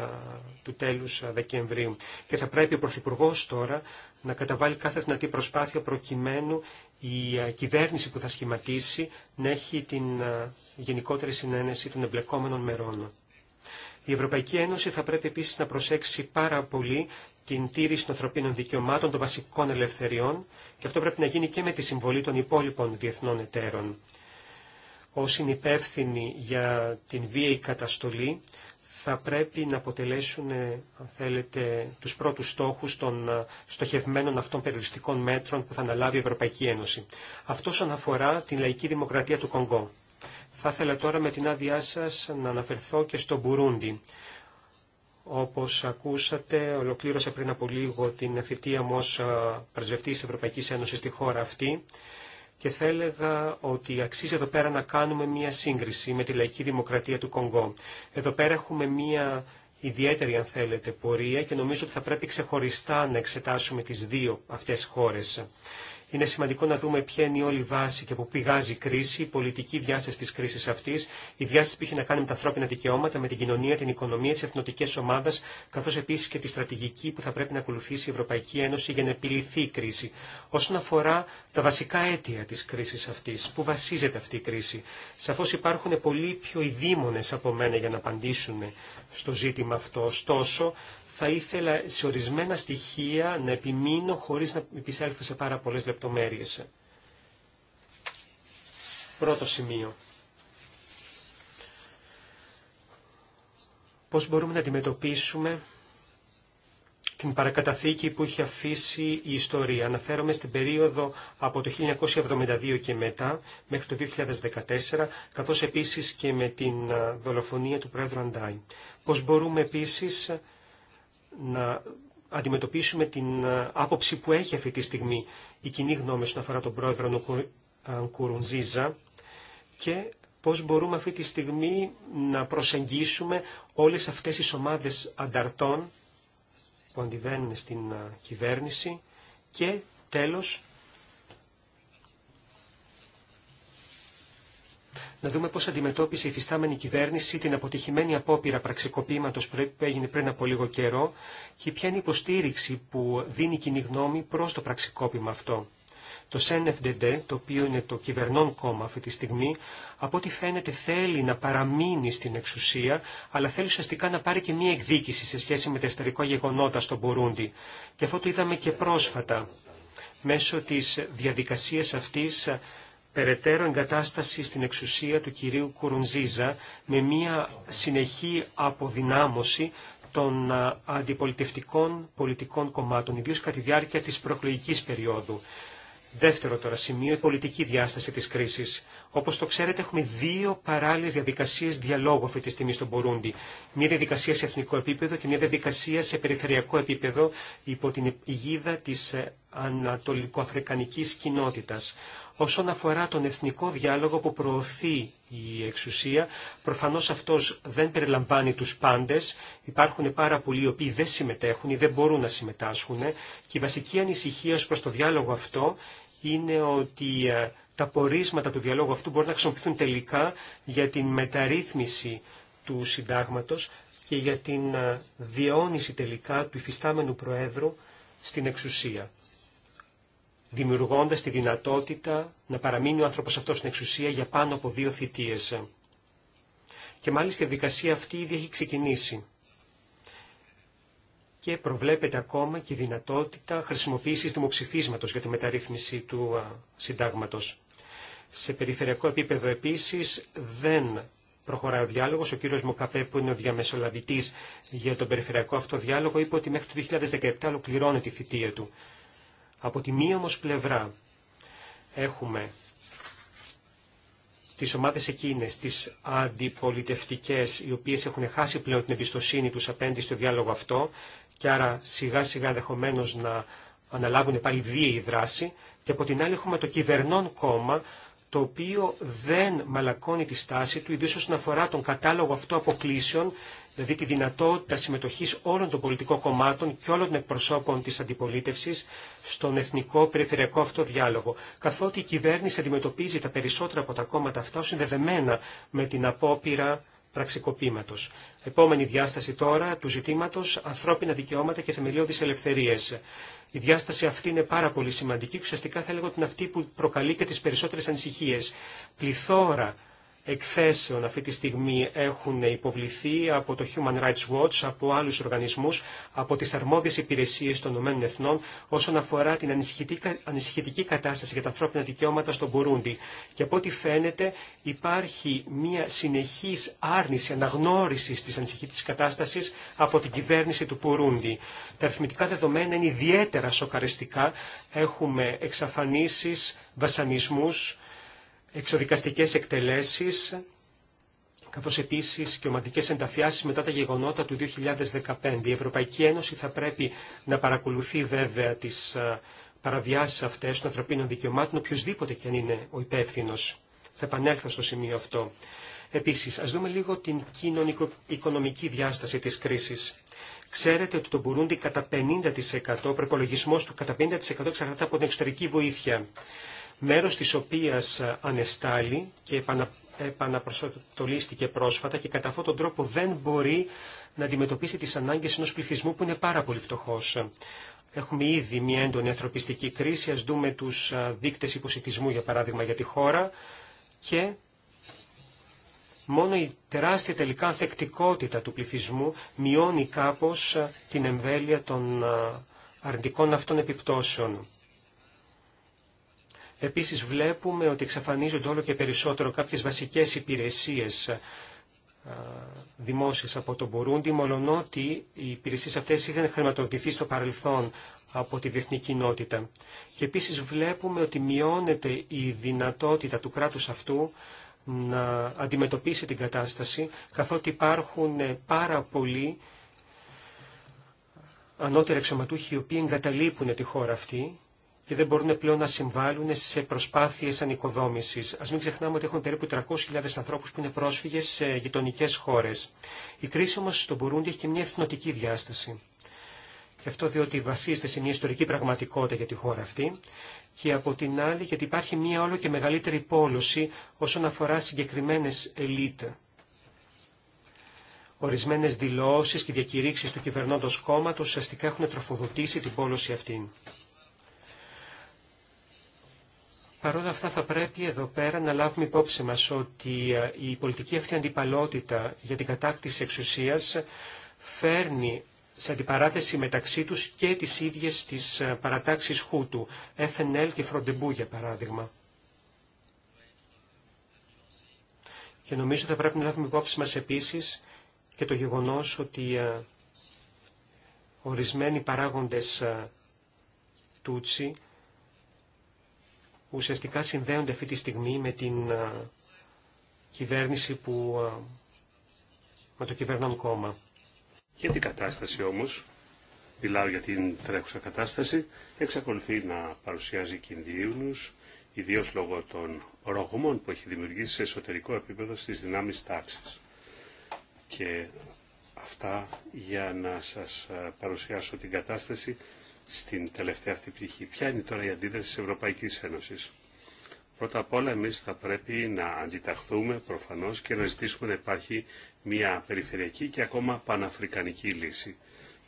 του τέλους Δεκεμβρίου. Και θα πρέπει ο Πρωθυπουργό τώρα να καταβάλει κάθε δυνατή προσπάθεια προκειμένου η α, κυβέρνηση που θα σχηματίσει να έχει την α, γενικότερη συνένεση των εμπλεκόμενων μερών. Η Ευρωπαϊκή Ένωση θα πρέπει επίσης να προσέξει πάρα πολύ την τήρηση των ανθρωπίνων δικαιωμάτων, των βασικών ελευθεριών και αυτό πρέπει να γίνει και με τη συμβολή των υπόλοιπων διεθνών εταίρων. Όσοι είναι υπεύθυνοι για την βίαιη καταστολή θα πρέπει να αποτελέσουν, ε, αν θέλετε, τους πρώτους στόχους των ε, στοχευμένων αυτών περιοριστικών μέτρων που θα αναλάβει η Ευρωπαϊκή Ένωση. Αυτό όσον αφορά την λαϊκή δημοκρατία του Κονγκό. Θα ήθελα τώρα με την άδειά σας να αναφερθώ και στο Μπουρούντι. Όπως ακούσατε, ολοκλήρωσα πριν από λίγο την θητεία μου ως πρεσβευτής Ευρωπαϊκής Ένωσης στη χώρα αυτή και θα έλεγα ότι αξίζει εδώ πέρα να κάνουμε μία σύγκριση με τη λαϊκή δημοκρατία του Κονγκό. Εδώ πέρα έχουμε μία ιδιαίτερη, αν θέλετε, πορεία και νομίζω ότι θα πρέπει ξεχωριστά να εξετάσουμε τις δύο αυτές χώρες. Είναι σημαντικό να δούμε ποια είναι η όλη βάση και από πηγάζει η κρίση, η πολιτική διάσταση τη κρίση αυτή, η διάσταση που έχει να κάνει με τα ανθρώπινα δικαιώματα, με την κοινωνία, την οικονομία, τι εθνοτικέ ομάδε, καθώ επίση και τη στρατηγική που θα πρέπει να ακολουθήσει η Ευρωπαϊκή Ένωση για να επιληθεί η κρίση. Όσον αφορά τα βασικά αίτια τη κρίση αυτή, πού βασίζεται αυτή η κρίση. Σαφώ υπάρχουν πολύ πιο ειδήμονε από μένα για να απαντήσουν στο ζήτημα αυτό. Ωστόσο, θα ήθελα σε ορισμένα στοιχεία να επιμείνω χωρίς να επισέλθω σε πάρα πολλές λεπτομέρειες. Πρώτο σημείο. Πώς μπορούμε να αντιμετωπίσουμε την παρακαταθήκη που έχει αφήσει η ιστορία. Αναφέρομαι στην περίοδο από το 1972 και μετά, μέχρι το 2014, καθώς επίσης και με την δολοφονία του Πρόεδρου Αντάι. Πώς μπορούμε επίσης να αντιμετωπίσουμε την ε, άποψη που έχει αυτή τη στιγμή η κοινή γνώμη όσον αφορά τον πρόεδρο Νουκουρουνζίζα και πώς μπορούμε αυτή τη στιγμή να προσεγγίσουμε όλες αυτές τις ομάδες ανταρτών που αντιβαίνουν στην ε, κυβέρνηση και τέλος να δούμε πώς αντιμετώπισε η φυστάμενη κυβέρνηση την αποτυχημένη απόπειρα πραξικοπήματος που έγινε πριν από λίγο καιρό και ποια είναι η υποστήριξη που δίνει η κοινή γνώμη προς το πραξικόπημα αυτό. Το ΣΕΝΕΦΔΕΝΤΕ, το οποίο είναι το κυβερνών κόμμα αυτή τη στιγμή, από ό,τι φαίνεται θέλει να παραμείνει στην εξουσία, αλλά θέλει ουσιαστικά να πάρει και μία εκδίκηση σε σχέση με τα ιστορικά γεγονότα στον Μπορούντι. Και αυτό το είδαμε και πρόσφατα. Μέσω της διαδικασίας αυτής περαιτέρω εγκατάσταση στην εξουσία του κυρίου Κουρουνζίζα με μια συνεχή αποδυνάμωση των αντιπολιτευτικών πολιτικών κομμάτων, ιδίως κατά τη διάρκεια της προκλογικής περίοδου. Δεύτερο τώρα σημείο, η πολιτική διάσταση της κρίσης. Όπως το ξέρετε έχουμε δύο παράλληλες διαδικασίες διαλόγου αυτή τη στιγμή στον Μπορούντι. Μια διαδικασία σε εθνικό επίπεδο και μια διαδικασία σε περιφερειακό επίπεδο υπό την αιγίδα της ε, ανατολικοαφρικανικής κοινότητας. Όσον αφορά τον εθνικό διάλογο που προωθεί η εξουσία, προφανώς αυτός δεν περιλαμβάνει τους πάντες. Υπάρχουν πάρα πολλοί οι οποίοι δεν συμμετέχουν ή δεν μπορούν να συμμετάσχουν και η βασική ανησυχία ως προς το διάλογο αυτό είναι ότι ε, τα πορίσματα του διαλόγου αυτού μπορούν να χρησιμοποιηθούν τελικά για την μεταρρύθμιση του συντάγματος και για την ε, διαιώνιση τελικά του υφιστάμενου Προέδρου στην εξουσία δημιουργώντας τη δυνατότητα να παραμείνει ο άνθρωπος αυτός στην εξουσία για πάνω από δύο θητείες. Και μάλιστα η δικασία αυτή ήδη έχει ξεκινήσει. Και προβλέπεται ακόμα και η δυνατότητα χρησιμοποίησης δημοψηφίσματος για τη μεταρρύθμιση του συντάγματος. Σε περιφερειακό επίπεδο επίσης δεν προχωράει ο διάλογος. Ο κύριος Μοκαπέ που είναι ο διαμεσολαβητής για τον περιφερειακό αυτό διάλογο είπε ότι μέχρι το 2017 ολοκληρώνεται η θητεία του. Από τη μία όμως πλευρά έχουμε τις ομάδες εκείνες, τις αντιπολιτευτικές, οι οποίες έχουν χάσει πλέον την εμπιστοσύνη τους απέναντι στο διάλογο αυτό και άρα σιγά σιγά ενδεχομένω να αναλάβουν πάλι η δράση και από την άλλη έχουμε το κυβερνών κόμμα το οποίο δεν μαλακώνει τη στάση του, ιδίως όσον αφορά τον κατάλογο αυτό αποκλήσεων δηλαδή τη δυνατότητα συμμετοχής όλων των πολιτικών κομμάτων και όλων των εκπροσώπων της αντιπολίτευσης στον εθνικό περιφερειακό αυτό διάλογο, καθότι η κυβέρνηση αντιμετωπίζει τα περισσότερα από τα κόμματα αυτά ως συνδεδεμένα με την απόπειρα πραξικοπήματος. Επόμενη διάσταση τώρα του ζητήματος ανθρώπινα δικαιώματα και θεμελιώδεις ελευθερίες. Η διάσταση αυτή είναι πάρα πολύ σημαντική ουσιαστικά θα έλεγα ότι αυτή που προκαλεί και τις περισσότερες ανησυχίες. Πληθώρα εκθέσεων αυτή τη στιγμή έχουν υποβληθεί από το Human Rights Watch, από άλλους οργανισμούς, από τις αρμόδιες υπηρεσίες των ΗΕ όσον αφορά την ανησυχητική κατάσταση για τα ανθρώπινα δικαιώματα στον Μπουρούντι. Και από ό,τι φαίνεται υπάρχει μια συνεχής άρνηση αναγνώρισης της ανησυχητικής κατάστασης από την κυβέρνηση του Μπουρούντι. Τα αριθμητικά δεδομένα είναι ιδιαίτερα σοκαριστικά. Έχουμε εξαφανίσεις, βασανισμούς, εξοδικαστικές εκτελέσεις, καθώς επίσης και ομαδικές ενταφιάσεις μετά τα γεγονότα του 2015. Η Ευρωπαϊκή Ένωση θα πρέπει να παρακολουθεί βέβαια τις παραβιάσεις αυτές των ανθρωπίνων δικαιωμάτων, οποιοδήποτε και αν είναι ο υπεύθυνο. Θα επανέλθω στο σημείο αυτό. Επίσης, ας δούμε λίγο την κοινωνικο-οικονομική διάσταση της κρίσης. Ξέρετε ότι το Μπουρούντι κατά 50%, ο προπολογισμό του κατά 50% εξαρτάται από την εξωτερική βοήθεια μέρος της οποίας ε, ανεστάλλει και επανα, πρόσφατα και κατά αυτόν τον τρόπο δεν μπορεί να αντιμετωπίσει τις ανάγκες ενός πληθυσμού που είναι πάρα πολύ φτωχός. Έχουμε ήδη μια έντονη ανθρωπιστική κρίση, ας δούμε τους ε, δείκτες υποσυτισμού για παράδειγμα για τη χώρα και μόνο η τεράστια τελικά ανθεκτικότητα του πληθυσμού μειώνει κάπως ε, την εμβέλεια των αρνητικών αυτών επιπτώσεων. Επίσης βλέπουμε ότι εξαφανίζονται όλο και περισσότερο κάποιες βασικές υπηρεσίες ε, δημόσιες από τον Μπουρούντι, ότι οι υπηρεσίες αυτές είχαν χρηματοδοτηθεί στο παρελθόν από τη διεθνή κοινότητα. Και επίσης βλέπουμε ότι μειώνεται η δυνατότητα του κράτους αυτού να αντιμετωπίσει την κατάσταση, καθότι υπάρχουν πάρα πολλοί ανώτεροι εξωματούχοι οι οποίοι εγκαταλείπουν τη χώρα αυτή και δεν μπορούν πλέον να συμβάλλουν σε προσπάθειε ανοικοδόμηση. Α μην ξεχνάμε ότι έχουμε περίπου 300.000 ανθρώπου που είναι πρόσφυγε σε γειτονικέ χώρε. Η κρίση όμω στον Μπουρούντι έχει και μια εθνοτική διάσταση. Και αυτό διότι βασίζεται σε μια ιστορική πραγματικότητα για τη χώρα αυτή και από την άλλη γιατί υπάρχει μια όλο και μεγαλύτερη πόλωση όσον αφορά συγκεκριμένε ελίτ. Ορισμένε δηλώσει και διακηρύξει του κυβερνώντο κόμματο ουσιαστικά έχουν τροφοδοτήσει την πόλωση αυτή. Παρ' όλα αυτά θα πρέπει εδώ πέρα να λάβουμε υπόψη μας ότι ε, η πολιτική αυτή αντιπαλότητα για την κατάκτηση εξουσίας φέρνει σε αντιπαράθεση μεταξύ τους και τις ίδιες τις ε, παρατάξεις Χούτου, FNL και Φροντεμπού για παράδειγμα. Και νομίζω θα πρέπει να λάβουμε υπόψη μας επίσης και το γεγονός ότι ε, ορισμένοι παράγοντες Τούτσι ουσιαστικά συνδέονται αυτή τη στιγμή με την ε, κυβέρνηση που ε, με το κυβερνον κόμμα. και την κατάσταση όμως, μιλάω για την τρέχουσα κατάσταση, εξακολουθεί να παρουσιάζει κινδύνους, ιδίως λόγω των ρογμών που έχει δημιουργήσει σε εσωτερικό επίπεδο στις δυνάμεις τάξης. Και αυτά για να σας ε, παρουσιάσω την κατάσταση στην τελευταία αυτή πτυχή. Ποια είναι τώρα η αντίδραση της Ευρωπαϊκής Ένωσης. Πρώτα απ' όλα εμείς θα πρέπει να αντιταχθούμε προφανώς και να ζητήσουμε να υπάρχει μια περιφερειακή και ακόμα παναφρικανική λύση.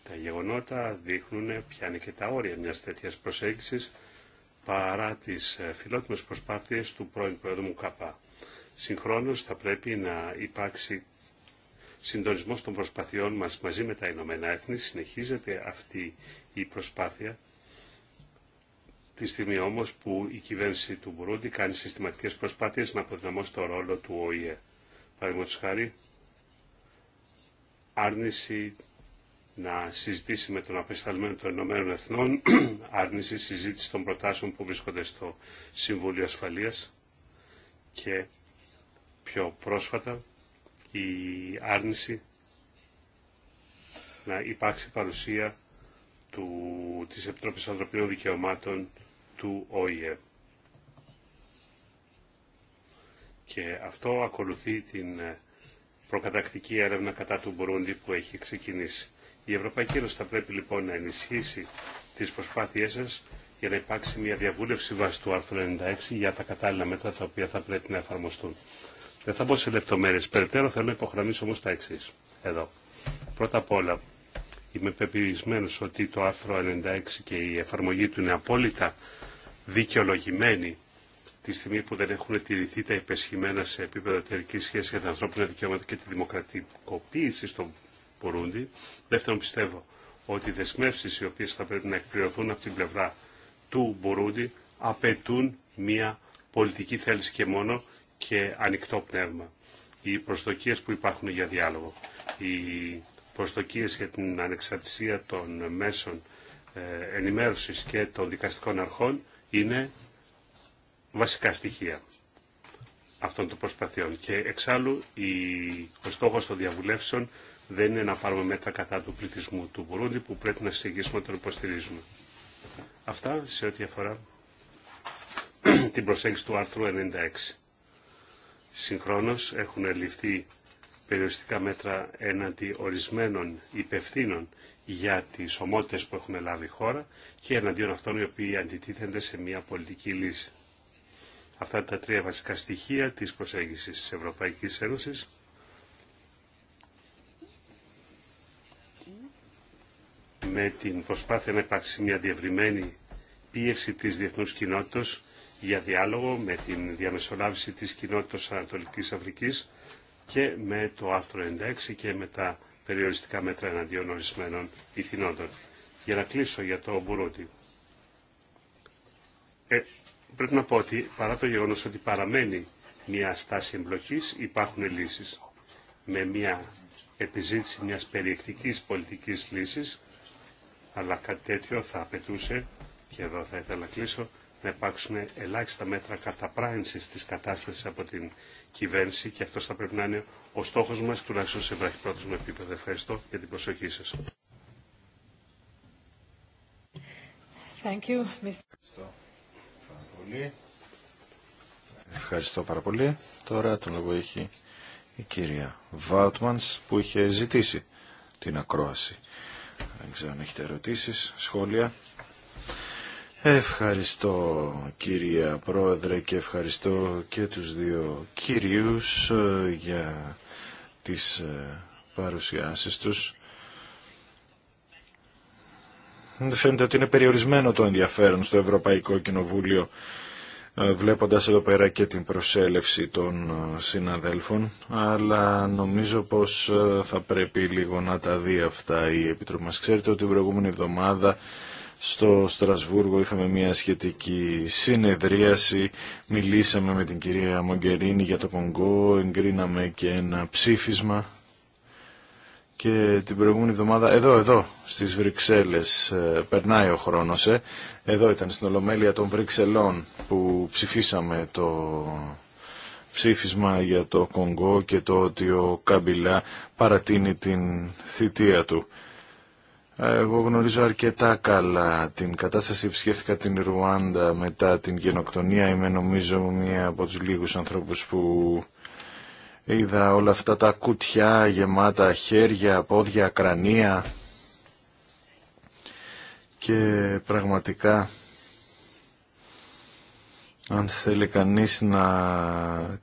Τα γεγονότα δείχνουν ποια είναι και τα όρια μιας τέτοιας προσέγγισης παρά τις ε, φιλότιμες προσπάθειες του πρώην Πρόεδρου Μουκαπά. Συγχρόνως θα πρέπει να υπάρξει Συντονισμό των προσπαθειών μας μαζί με τα Ηνωμένα Έθνη. Συνεχίζεται αυτή η προσπάθεια. Τη στιγμή όμως που η κυβέρνηση του Μπουρούντι κάνει συστηματικές προσπάθειες να αποδυναμώσει το ρόλο του ΟΗΕ. Παραδείγματο χάρη, άρνηση να συζητήσει με τον απεσταλμένο των Ηνωμένων Εθνών, [CLEARS THROAT] άρνηση συζήτηση των προτάσεων που βρίσκονται στο Συμβούλιο Ασφαλείας και πιο πρόσφατα η άρνηση να υπάρξει παρουσία του, της Επιτροπής Ανθρωπίνων Δικαιωμάτων του ΟΗΕ. Και αυτό ακολουθεί την ε, προκατακτική έρευνα κατά του Μπουρούντι που έχει ξεκινήσει. Η Ευρωπαϊκή Ένωση θα πρέπει λοιπόν να ενισχύσει τις προσπάθειές σας για να υπάρξει μια διαβούλευση βάσει του άρθρου 96 για τα κατάλληλα μέτρα τα οποία θα πρέπει να εφαρμοστούν. Δεν θα μπω σε λεπτομέρειε περαιτέρω, θέλω να υποχρεωθήσω όμω τα εξή. Εδώ. Πρώτα απ' όλα, είμαι πεπισμένο ότι το άρθρο 96 και η εφαρμογή του είναι απόλυτα δικαιολογημένη τη στιγμή που δεν έχουν τηρηθεί τα υπεσχημένα σε επίπεδο εταιρική σχέση για τα ανθρώπινα δικαιώματα και τη δημοκρατικοποίηση στον Μπουρούντι. Δεύτερον, πιστεύω ότι οι δεσμεύσει οι οποίε θα πρέπει να εκπληρωθούν από την πλευρά του Μπουρούντι απαιτούν μία πολιτική θέληση και μόνο και ανοιχτό πνεύμα. Οι προσδοκίες που υπάρχουν για διάλογο, οι προσδοκίες για την ανεξαρτησία των μέσων ε, ενημέρωσης και των δικαστικών αρχών είναι βασικά στοιχεία αυτών των προσπαθειών. Και εξάλλου η, ο στόχος των διαβουλεύσεων δεν είναι να πάρουμε μέτρα κατά του πληθυσμού του Μπουρούντι που πρέπει να συνεχίσουμε να τον υποστηρίζουμε. Αυτά σε ό,τι αφορά [CLEARS THROAT] την προσέγγιση του άρθρου 96. Συγχρόνως έχουν ληφθεί περιοριστικά μέτρα έναντι ορισμένων υπευθύνων για τις ομότητες που έχουν λάβει η χώρα και εναντίον αυτών οι οποίοι αντιτίθενται σε μια πολιτική λύση. Αυτά τα τρία βασικά στοιχεία της προσέγγισης της ευρωπαϊκή Ένωσης με την προσπάθεια να υπάρξει μια διευρυμένη πίεση της διεθνούς κοινότητας για διάλογο με την διαμεσολάβηση της κοινότητας Ανατολικής Αφρικής και με το άρθρο 16 και με τα περιοριστικά μέτρα εναντίον ορισμένων ηθινόντων. Για να κλείσω για το Μπουρούντι. Ε, πρέπει να πω ότι παρά το γεγονός ότι παραμένει μια στάση εμπλοκής υπάρχουν λύσεις. Με μια επιζήτηση μιας περιεκτικής πολιτικής λύσης αλλά κάτι τέτοιο θα απαιτούσε και εδώ θα ήθελα να κλείσω να υπάρξουν ελάχιστα μέτρα καταπράγηση τη κατάσταση από την κυβέρνηση και αυτό θα πρέπει να είναι ο στόχο μας, τουλάχιστον σε βραχυπρόθεσμο επίπεδο. Ευχαριστώ για την προσοχή σας. Ευχαριστώ πάρα πολύ. Ευχαριστώ πάρα πολύ. Τώρα το λόγο έχει η κυρία Βάουτμανς που είχε ζητήσει την ακρόαση. Δεν ξέρω αν έχετε ερωτήσεις, σχόλια. Ευχαριστώ κυρία Πρόεδρε και ευχαριστώ και τους δύο κυρίους ε, για τις ε, παρουσιάσεις τους. Φαίνεται ότι είναι περιορισμένο το ενδιαφέρον στο Ευρωπαϊκό Κοινοβούλιο ε, βλέποντας εδώ πέρα και την προσέλευση των συναδέλφων, αλλά νομίζω πως θα πρέπει λίγο να τα δει αυτά η Επιτροπή μας. Ξέρετε ότι την προηγούμενη εβδομάδα στο Στρασβούργο είχαμε μια σχετική συνεδρίαση, μιλήσαμε με την κυρία Μογκερίνη για το Κονγκό, εγκρίναμε και ένα ψήφισμα και την προηγούμενη εβδομάδα, εδώ, εδώ, στις Βρυξέλλες, ε, περνάει ο χρόνος, ε. εδώ ήταν στην Ολομέλεια των Βρυξελών που ψηφίσαμε το ψήφισμα για το Κονγκό και το ότι ο Καμπιλά παρατείνει την θητεία του. Εγώ γνωρίζω αρκετά καλά την κατάσταση που την Ρουάντα μετά την γενοκτονία. Είμαι νομίζω μία από τους λίγους ανθρώπους που είδα όλα αυτά τα κουτιά γεμάτα χέρια, πόδια, κρανία και πραγματικά αν θέλει κανείς να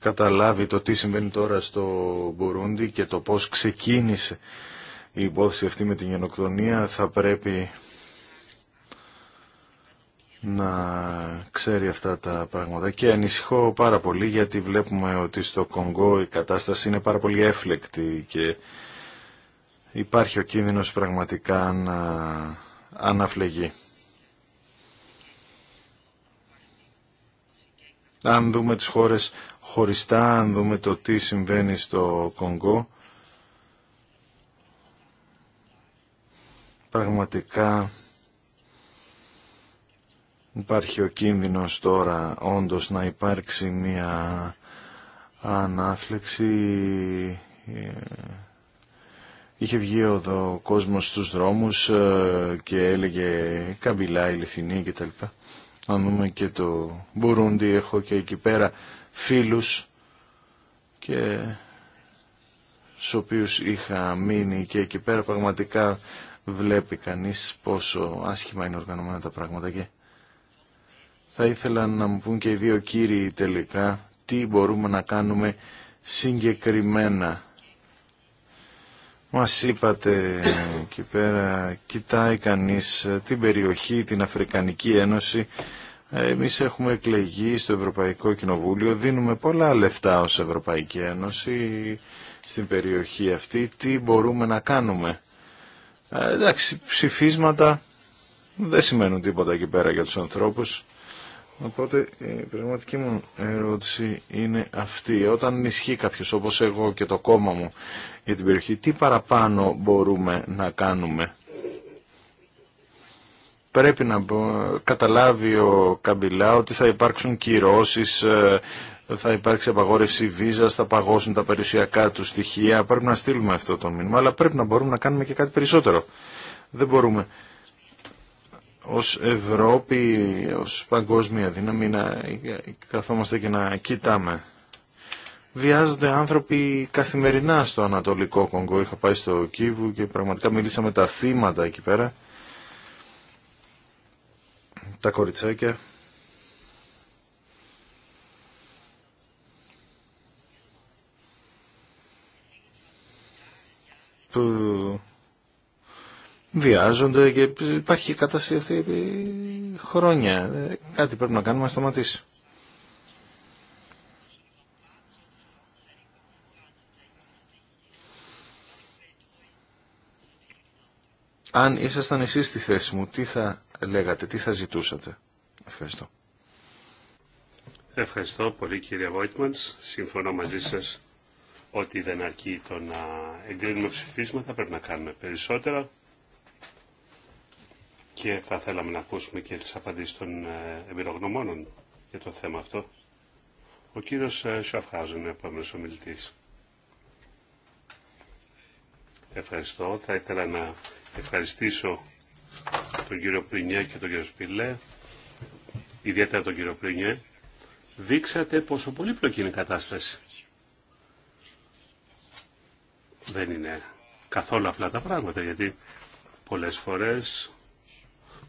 καταλάβει το τι συμβαίνει τώρα στο Μπουρούντι και το πώς ξεκίνησε η υπόθεση αυτή με την γενοκτονία θα πρέπει να ξέρει αυτά τα πράγματα και ανησυχώ πάρα πολύ γιατί βλέπουμε ότι στο Κονγκό η κατάσταση είναι πάρα πολύ έφλεκτη και υπάρχει ο κίνδυνος πραγματικά να αναφλεγεί. Αν δούμε τις χώρες χωριστά, αν δούμε το τι συμβαίνει στο Κονγκό, πραγματικά υπάρχει ο κίνδυνος τώρα όντως να υπάρξει μια ανάφλεξη. Είχε βγει ο κόσμος στους δρόμους ε, και έλεγε καμπυλά, Λεφινή κτλ. Αν δούμε και το Μπουρούντι, έχω και εκεί πέρα φίλους και στους οποίους είχα μείνει και εκεί πέρα πραγματικά βλέπει κανείς πόσο άσχημα είναι οργανωμένα τα πράγματα και θα ήθελα να μου πούν και οι δύο κύριοι τελικά τι μπορούμε να κάνουμε συγκεκριμένα. Μας είπατε εκεί πέρα, κοιτάει κανείς την περιοχή, την Αφρικανική Ένωση. Εμείς έχουμε εκλεγεί στο Ευρωπαϊκό Κοινοβούλιο, δίνουμε πολλά λεφτά ως Ευρωπαϊκή Ένωση στην περιοχή αυτή. Τι μπορούμε να κάνουμε. Ε, εντάξει, ψηφίσματα δεν σημαίνουν τίποτα εκεί πέρα για τους ανθρώπους. Οπότε η πραγματική μου ερώτηση είναι αυτή. Όταν ισχύει κάποιος όπως εγώ και το κόμμα μου για την περιοχή, τι παραπάνω μπορούμε να κάνουμε πρέπει να καταλάβει ο Καμπιλά ότι θα υπάρξουν κυρώσεις, ε, θα υπάρξει απαγόρευση βίζας, θα παγώσουν τα περιουσιακά του στοιχεία. Πρέπει να στείλουμε αυτό το μήνυμα, αλλά πρέπει να μπορούμε να κάνουμε και κάτι περισσότερο. Δεν μπορούμε ως Ευρώπη, ως παγκόσμια δύναμη να καθόμαστε και να κοιτάμε. Βιάζονται άνθρωποι καθημερινά στο Ανατολικό Κονγκό. Είχα πάει στο Κίβου και πραγματικά μιλήσαμε τα θύματα εκεί πέρα τα κοριτσάκια που βιάζονται και υπάρχει η κατάσταση αυτή χρόνια. Ε, κάτι πρέπει να κάνουμε να σταματήσει. Αν ήσασταν εσείς στη θέση μου, τι θα λέγατε, τι θα ζητούσατε. Ευχαριστώ. Ευχαριστώ πολύ κύριε Βόιτμαντς. Συμφωνώ μαζί σας ότι δεν αρκεί το να εγκρίνουμε ψηφίσματα, πρέπει να κάνουμε περισσότερα και θα θέλαμε να ακούσουμε και τις απαντήσεις των ε, εμπειρογνωμόνων για το θέμα αυτό. Ο κύριος ε, Σαφχάζων είναι ο επόμενος ομιλητής. Ευχαριστώ. Θα ήθελα να ευχαριστήσω τον κύριο Πρινιέ και τον κύριο Σπιλέ, ιδιαίτερα τον κύριο Πρινιέ, δείξατε πόσο πολύπλοκη είναι η κατάσταση. Δεν είναι καθόλου απλά τα πράγματα, γιατί πολλές φορές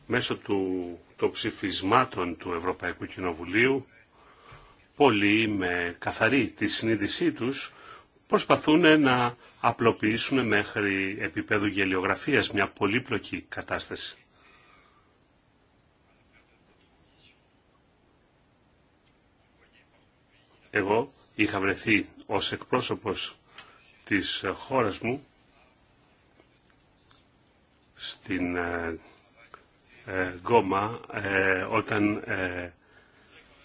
μέσω του, των ψηφισμάτων του Ευρωπαϊκού Κοινοβουλίου πολλοί με καθαρή τη συνείδησή τους προσπαθούν να απλοποιήσουν μέχρι επίπεδου γελιογραφίας μια πολύπλοκη κατάσταση. Εγώ είχα βρεθεί ως εκπρόσωπος της χώρας μου στην ε, ε Γκόμα ε, όταν ε,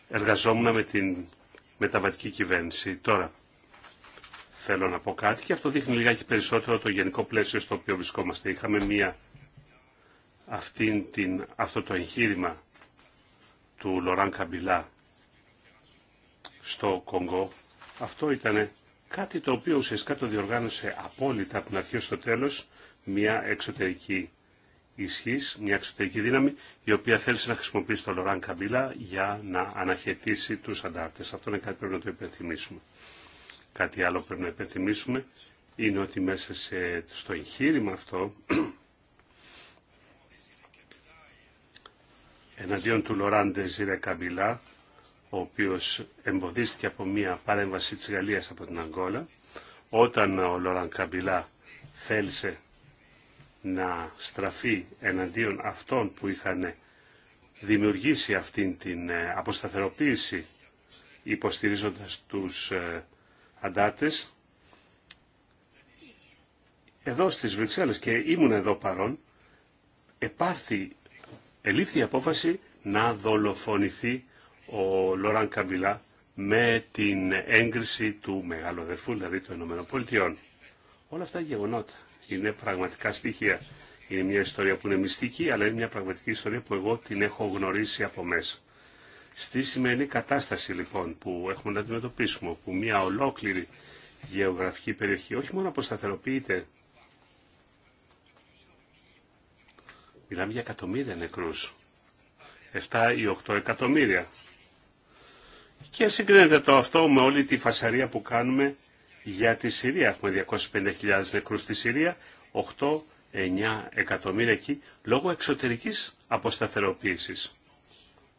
εργαζόμουν με την μεταβατική κυβέρνηση. Τώρα, θέλω να πω κάτι και αυτό δείχνει λιγάκι περισσότερο το γενικό πλαίσιο στο οποίο βρισκόμαστε. Είχαμε μία αυτήν την, αυτό το εγχείρημα του Λοράν Καμπιλά στο Κονγκό. Αυτό ήταν κάτι το οποίο ουσιαστικά το διοργάνωσε απόλυτα από την αρχή στο τέλος μια εξωτερική ισχύς, μια εξωτερική δύναμη η οποία θέλησε να χρησιμοποιήσει τον Λοράν Καμπίλα για να αναχαιτήσει τους αντάρτες. Αυτό είναι κάτι που πρέπει να το υπενθυμίσουμε. Κάτι άλλο πρέπει να υπενθυμίσουμε είναι ότι μέσα σε, στο εγχείρημα αυτό εναντίον του Λοράντε Ζήρε Καμπιλά ο οποίος εμποδίστηκε από μια παρέμβαση της Γαλλίας από την Αγγόλα όταν ο Λοράν Καμπιλά θέλησε να στραφεί εναντίον αυτών που είχαν δημιουργήσει αυτήν την ε, αποσταθεροποίηση υποστηρίζοντας τους ε, αντάρτες εδώ στις Βρυξέλλες και ήμουν εδώ παρόν επάρθη, ελήφθη η απόφαση να δολοφονηθεί ο Λοράν Καμπιλά με την έγκριση του μεγάλου αδερφού, δηλαδή των ΗΠΑ. Όλα αυτά γεγονότα είναι πραγματικά στοιχεία. Είναι μια ιστορία που είναι μυστική, αλλά είναι μια πραγματική ιστορία που εγώ την έχω γνωρίσει από μέσα. Στη σημερινή κατάσταση λοιπόν που έχουμε να αντιμετωπίσουμε, που μια ολόκληρη γεωγραφική περιοχή όχι μόνο αποσταθεροποιείται, μιλάμε για εκατομμύρια νεκρούς, 7 ή 8 εκατομμύρια. Και συγκρίνεται το αυτό με όλη τη φασαρία που κάνουμε για τη Συρία. Έχουμε 250.000 νεκρούς στη Συρία, 8-9 εκατομμύρια εκεί, λόγω εξωτερικής αποσταθεροποίησης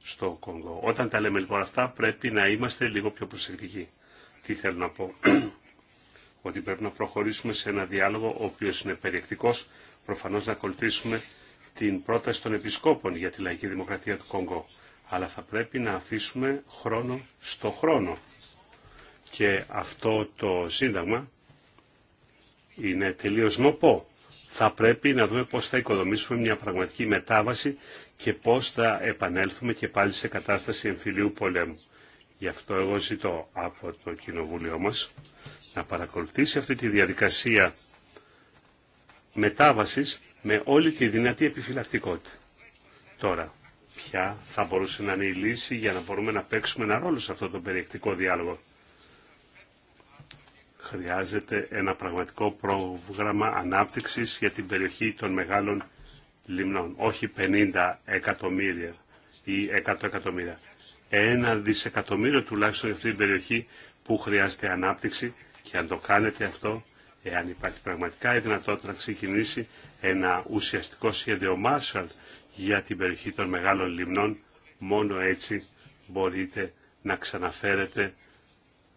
στο Κονγκό. Όταν τα λέμε λοιπόν αυτά πρέπει να είμαστε λίγο πιο προσεκτικοί. Τι θέλω να πω. [CLEARS THROAT] Ότι πρέπει να προχωρήσουμε σε ένα διάλογο ο οποίος είναι περιεκτικός. Προφανώς να ακολουθήσουμε την πρόταση των επισκόπων για τη λαϊκή δημοκρατία του Κονγκό. Αλλά θα πρέπει να αφήσουμε χρόνο στο χρόνο. Και αυτό το σύνταγμα είναι τελείως νοπό θα πρέπει να δούμε πώς θα οικοδομήσουμε μια πραγματική μετάβαση και πώς θα επανέλθουμε και πάλι σε κατάσταση εμφυλίου πολέμου. Γι' αυτό εγώ ζητώ από το Κοινοβούλιο μας να παρακολουθήσει αυτή τη διαδικασία μετάβασης με όλη τη δυνατή επιφυλακτικότητα. Τώρα, ποια θα μπορούσε να είναι η λύση για να μπορούμε να παίξουμε ένα ρόλο σε αυτό το περιεκτικό διάλογο χρειάζεται ένα πραγματικό πρόγραμμα ανάπτυξης για την περιοχή των μεγάλων λιμνών. Όχι 50 εκατομμύρια ή 100 εκατομμύρια. Ένα δισεκατομμύριο τουλάχιστον για αυτή την περιοχή που χρειάζεται ανάπτυξη και αν το κάνετε αυτό, εάν υπάρχει πραγματικά η δυνατότητα να ξεκινήσει ένα ουσιαστικό σχέδιο Marshall για την περιοχή των μεγάλων λιμνών, μόνο έτσι μπορείτε να ξαναφέρετε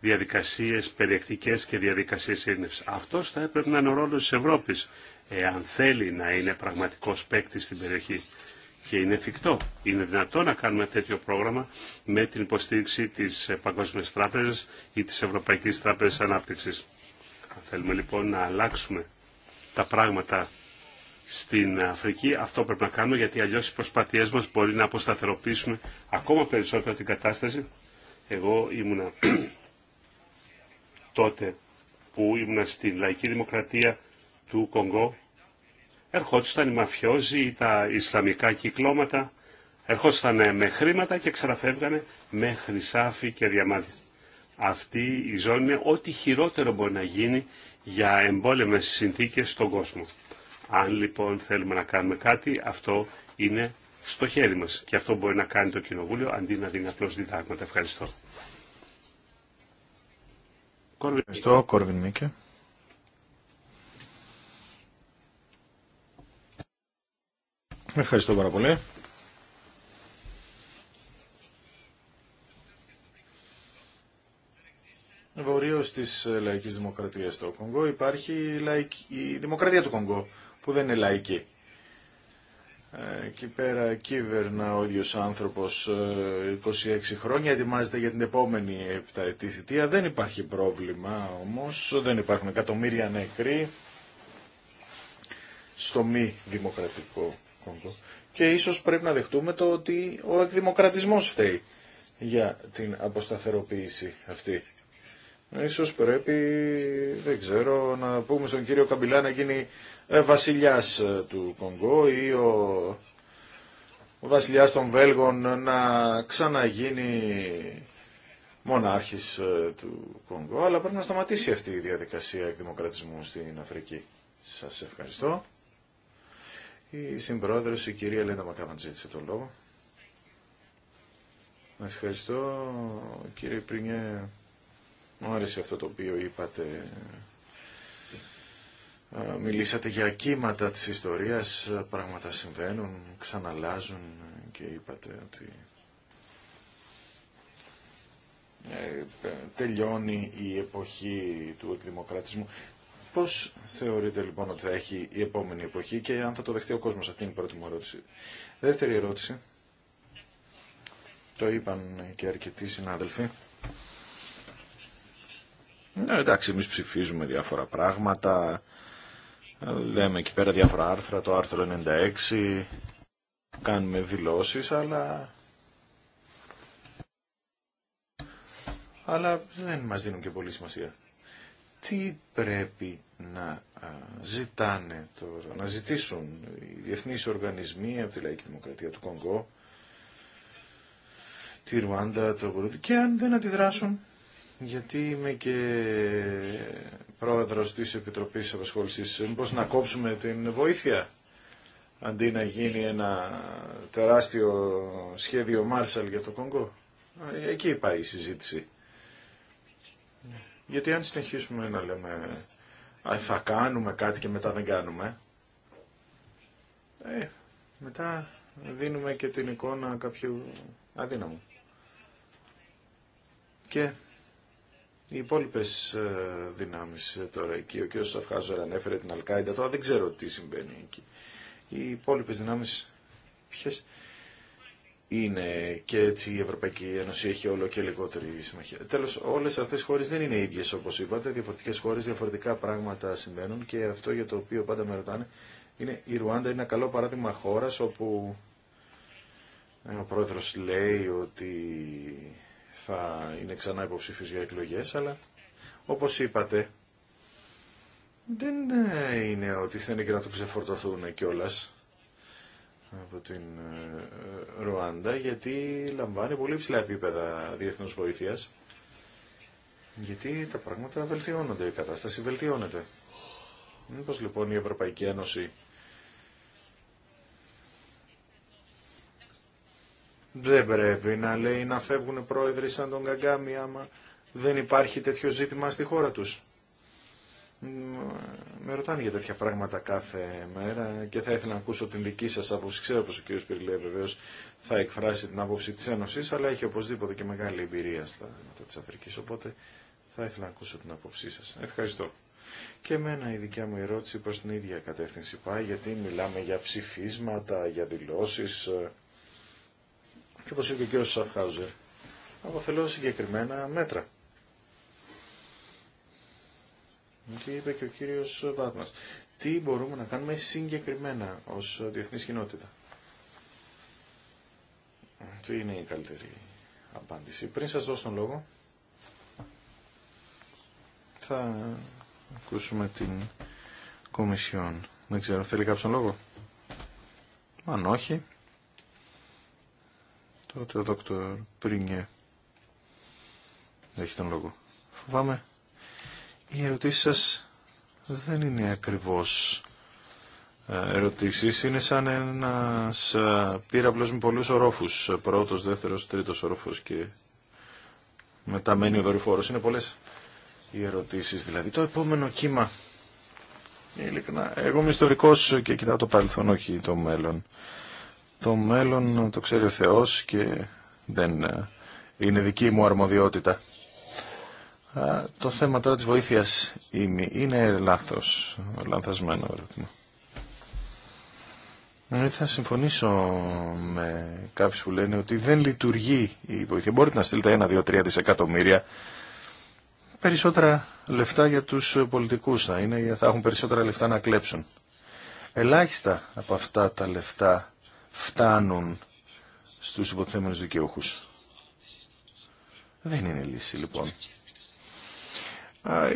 Διαδικασίε, περιεκτικές και διαδικασίε ειρήνευσης. Αυτό θα έπρεπε να είναι ο ρόλος της Ευρώπης, εάν θέλει να είναι πραγματικό παίκτη στην περιοχή. Και είναι εφικτό. Είναι δυνατό να κάνουμε τέτοιο πρόγραμμα με την υποστήριξη τη Παγκόσμια Τράπεζα ή τη Ευρωπαϊκή Τράπεζα ανάπτυξη. Αν θέλουμε λοιπόν να αλλάξουμε τα πράγματα στην Αφρική, αυτό πρέπει να κάνουμε γιατί αλλιώ οι προσπάθειές μα μπορεί να αποσταθεροποιήσουμε ακόμα περισσότερο την κατάσταση. Εγώ ήμουνα τότε που ήμουν στην λαϊκή δημοκρατία του Κονγκό, ερχόντουσαν οι μαφιόζοι ή τα ισλαμικά κυκλώματα, ερχόντουσαν με χρήματα και ξαναφεύγανε με χρυσάφι και διαμάδια. Αυτή η ζώνη είναι ό,τι χειρότερο μπορεί να γίνει για εμπόλεμες συνθήκες στον κόσμο. Αν λοιπόν θέλουμε να κάνουμε κάτι, αυτό είναι στο χέρι μας. Και αυτό μπορεί να κάνει το Κοινοβούλιο αντί να δίνει απλώς διδάγματα. Ευχαριστώ. Ευχαριστώ, Κόρβιν Μίκε. Ευχαριστώ πάρα πολύ. Βορείως της λαϊκής δημοκρατίας στο Κονγκό υπάρχει η, λαϊκή, η δημοκρατία του Κονγκό που δεν είναι λαϊκή. Εκεί πέρα κύβερνα ο ίδιο άνθρωπο 26 ε, χρόνια, ετοιμάζεται για την επόμενη επταετή θητεία. Δεν υπάρχει πρόβλημα όμως, δεν υπάρχουν εκατομμύρια νεκροί στο μη δημοκρατικό κόμπο. Και ίσως πρέπει να δεχτούμε το ότι ο εκδημοκρατισμό φταίει για την αποσταθεροποίηση αυτή. Ίσως πρέπει, δεν ξέρω, να πούμε στον κύριο Καμπυλά να γίνει ε, βασιλιάς ε, του Κονγκό ή ο βασιλιάς των Βέλγων να ξαναγίνει μονάρχης ε, του Κονγκό, αλλά πρέπει να σταματήσει αυτή η διαδικασία εκδημοκρατισμού στην Αφρική. Σας ευχαριστώ. Η συμπρόεδρος, η κυρία Λέντα Μακάβαν τον λόγο. Ευχαριστώ κύριε Πρινιέ. Μου άρεσε αυτό το οποίο είπατε ε, μιλήσατε για κύματα της ιστορίας, ε, πράγματα συμβαίνουν, ξαναλάζουν και είπατε ότι ε, τελειώνει η εποχή του εκδημοκρατισμού. Πώς θεωρείτε λοιπόν ότι θα έχει η επόμενη εποχή και αν θα το δεχτεί ο κόσμος, αυτή είναι η πρώτη μου ερώτηση. Δεύτερη ερώτηση, το είπαν και αρκετοί συνάδελφοι. Ναι, εντάξει, εμείς ψηφίζουμε διάφορα πράγματα, λέμε εκεί πέρα διάφορα άρθρα, το άρθρο 96, κάνουμε δηλώσεις, αλλά... Αλλά δεν μας δίνουν και πολύ σημασία. Τι πρέπει να ζητάνε τώρα, να ζητήσουν οι διεθνείς οργανισμοί από τη Λαϊκή Δημοκρατία του Κονγκό, τη Ρουάντα, το και αν δεν αντιδράσουν, γιατί είμαι και Πρόεδρο τη Επιτροπής Απασχόληση, Μήπω να κόψουμε την βοήθεια αντί να γίνει ένα τεράστιο σχέδιο Μάρσαλ για το Κονγκό. Εκεί πάει η συζήτηση. Γιατί αν συνεχίσουμε να λέμε θα κάνουμε κάτι και μετά δεν κάνουμε, ε, μετά δίνουμε και την εικόνα κάποιου αδύναμου. Και οι υπόλοιπε δυνάμει ε, τώρα εκεί, ο κ. Σαφχάζο ανέφερε την Αλκάιντα, τώρα δεν ξέρω τι συμβαίνει εκεί. Οι υπόλοιπε δυνάμει ποιε είναι και έτσι η Ευρωπαϊκή Ένωση έχει όλο και λιγότερη συμμαχία. Τέλο, όλε αυτέ οι χώρε δεν είναι ίδιε όπω είπατε. Διαφορετικέ χώρε, διαφορετικά πράγματα συμβαίνουν και αυτό για το οποίο πάντα με ρωτάνε είναι η Ρουάντα είναι ένα καλό παράδειγμα χώρα όπου ε, ο πρόεδρο λέει ότι θα είναι ξανά υποψήφιο για εκλογές, αλλά όπως είπατε, δεν είναι ότι θέλει και να το ξεφορτωθούν κιόλα από την ε, Ρουάντα, γιατί λαμβάνει πολύ ψηλά επίπεδα διεθνούς βοήθειας, γιατί τα πράγματα βελτιώνονται, η κατάσταση βελτιώνεται. Μήπως λοιπόν η Ευρωπαϊκή Ένωση Δεν πρέπει να λέει να φεύγουν πρόεδροι σαν τον Καγκάμι άμα δεν υπάρχει τέτοιο ζήτημα στη χώρα τους. Με ρωτάνε για τέτοια πράγματα κάθε μέρα και θα ήθελα να ακούσω την δική σας άποψη. Ξέρω πως ο κ. Πυρλέ βεβαίω θα εκφράσει την άποψη της Ένωσης, αλλά έχει οπωσδήποτε και μεγάλη εμπειρία στα ζήματα της Αφρικής, οπότε θα ήθελα να ακούσω την άποψή σας. Ευχαριστώ. Και εμένα η δικιά μου ερώτηση προς την ίδια κατεύθυνση πάει, γιατί μιλάμε για ψηφίσματα, για δηλώσεις, ε, και όπως είπε και ο Σαφχάουζερ, αποθελώ συγκεκριμένα μέτρα. Τι είπε και ο κύριος Βάτμας. Τι μπορούμε να κάνουμε συγκεκριμένα ως διεθνή κοινότητα. Τι είναι η καλύτερη απάντηση. Πριν σας δώσω τον λόγο, θα ακούσουμε την Κομισιόν. Δεν ξέρω, θέλει κάποιον λόγο. Αν όχι, Τότε ο δόκτωρ Πρίνιε έχει τον λόγο. Φοβάμαι. Οι ερωτήσεις σας δεν είναι ακριβώς ε, ερωτήσεις. Είναι σαν ένας ε, πύραυλος με πολλούς ορόφους. Πρώτος, δεύτερος, τρίτος ορόφος και μετά μένει ο δορυφόρος. Είναι πολλές οι ερωτήσεις. Δηλαδή το επόμενο κύμα. Ειλικρινά, εγώ είμαι ιστορικός και κοιτάω το παρελθόν, όχι το μέλλον. Το μέλλον το ξέρει ο Θεός και δεν ε, είναι δική μου αρμοδιότητα. Το θέμα τώρα της βοήθειας είναι λάθος, λανθασμένο ερώτημα. Ε, θα συμφωνήσω με κάποιους που λένε ότι δεν λειτουργεί η βοήθεια. Μπορείτε να στείλετε ένα, δύο, τρία δισεκατομμύρια. Περισσότερα λεφτά για τους πολιτικούς θα είναι, θα έχουν περισσότερα λεφτά να κλέψουν. Ελάχιστα από αυτά τα λεφτά φτάνουν στους υποθέμενους δικαιούχους. Δεν είναι λύση λοιπόν.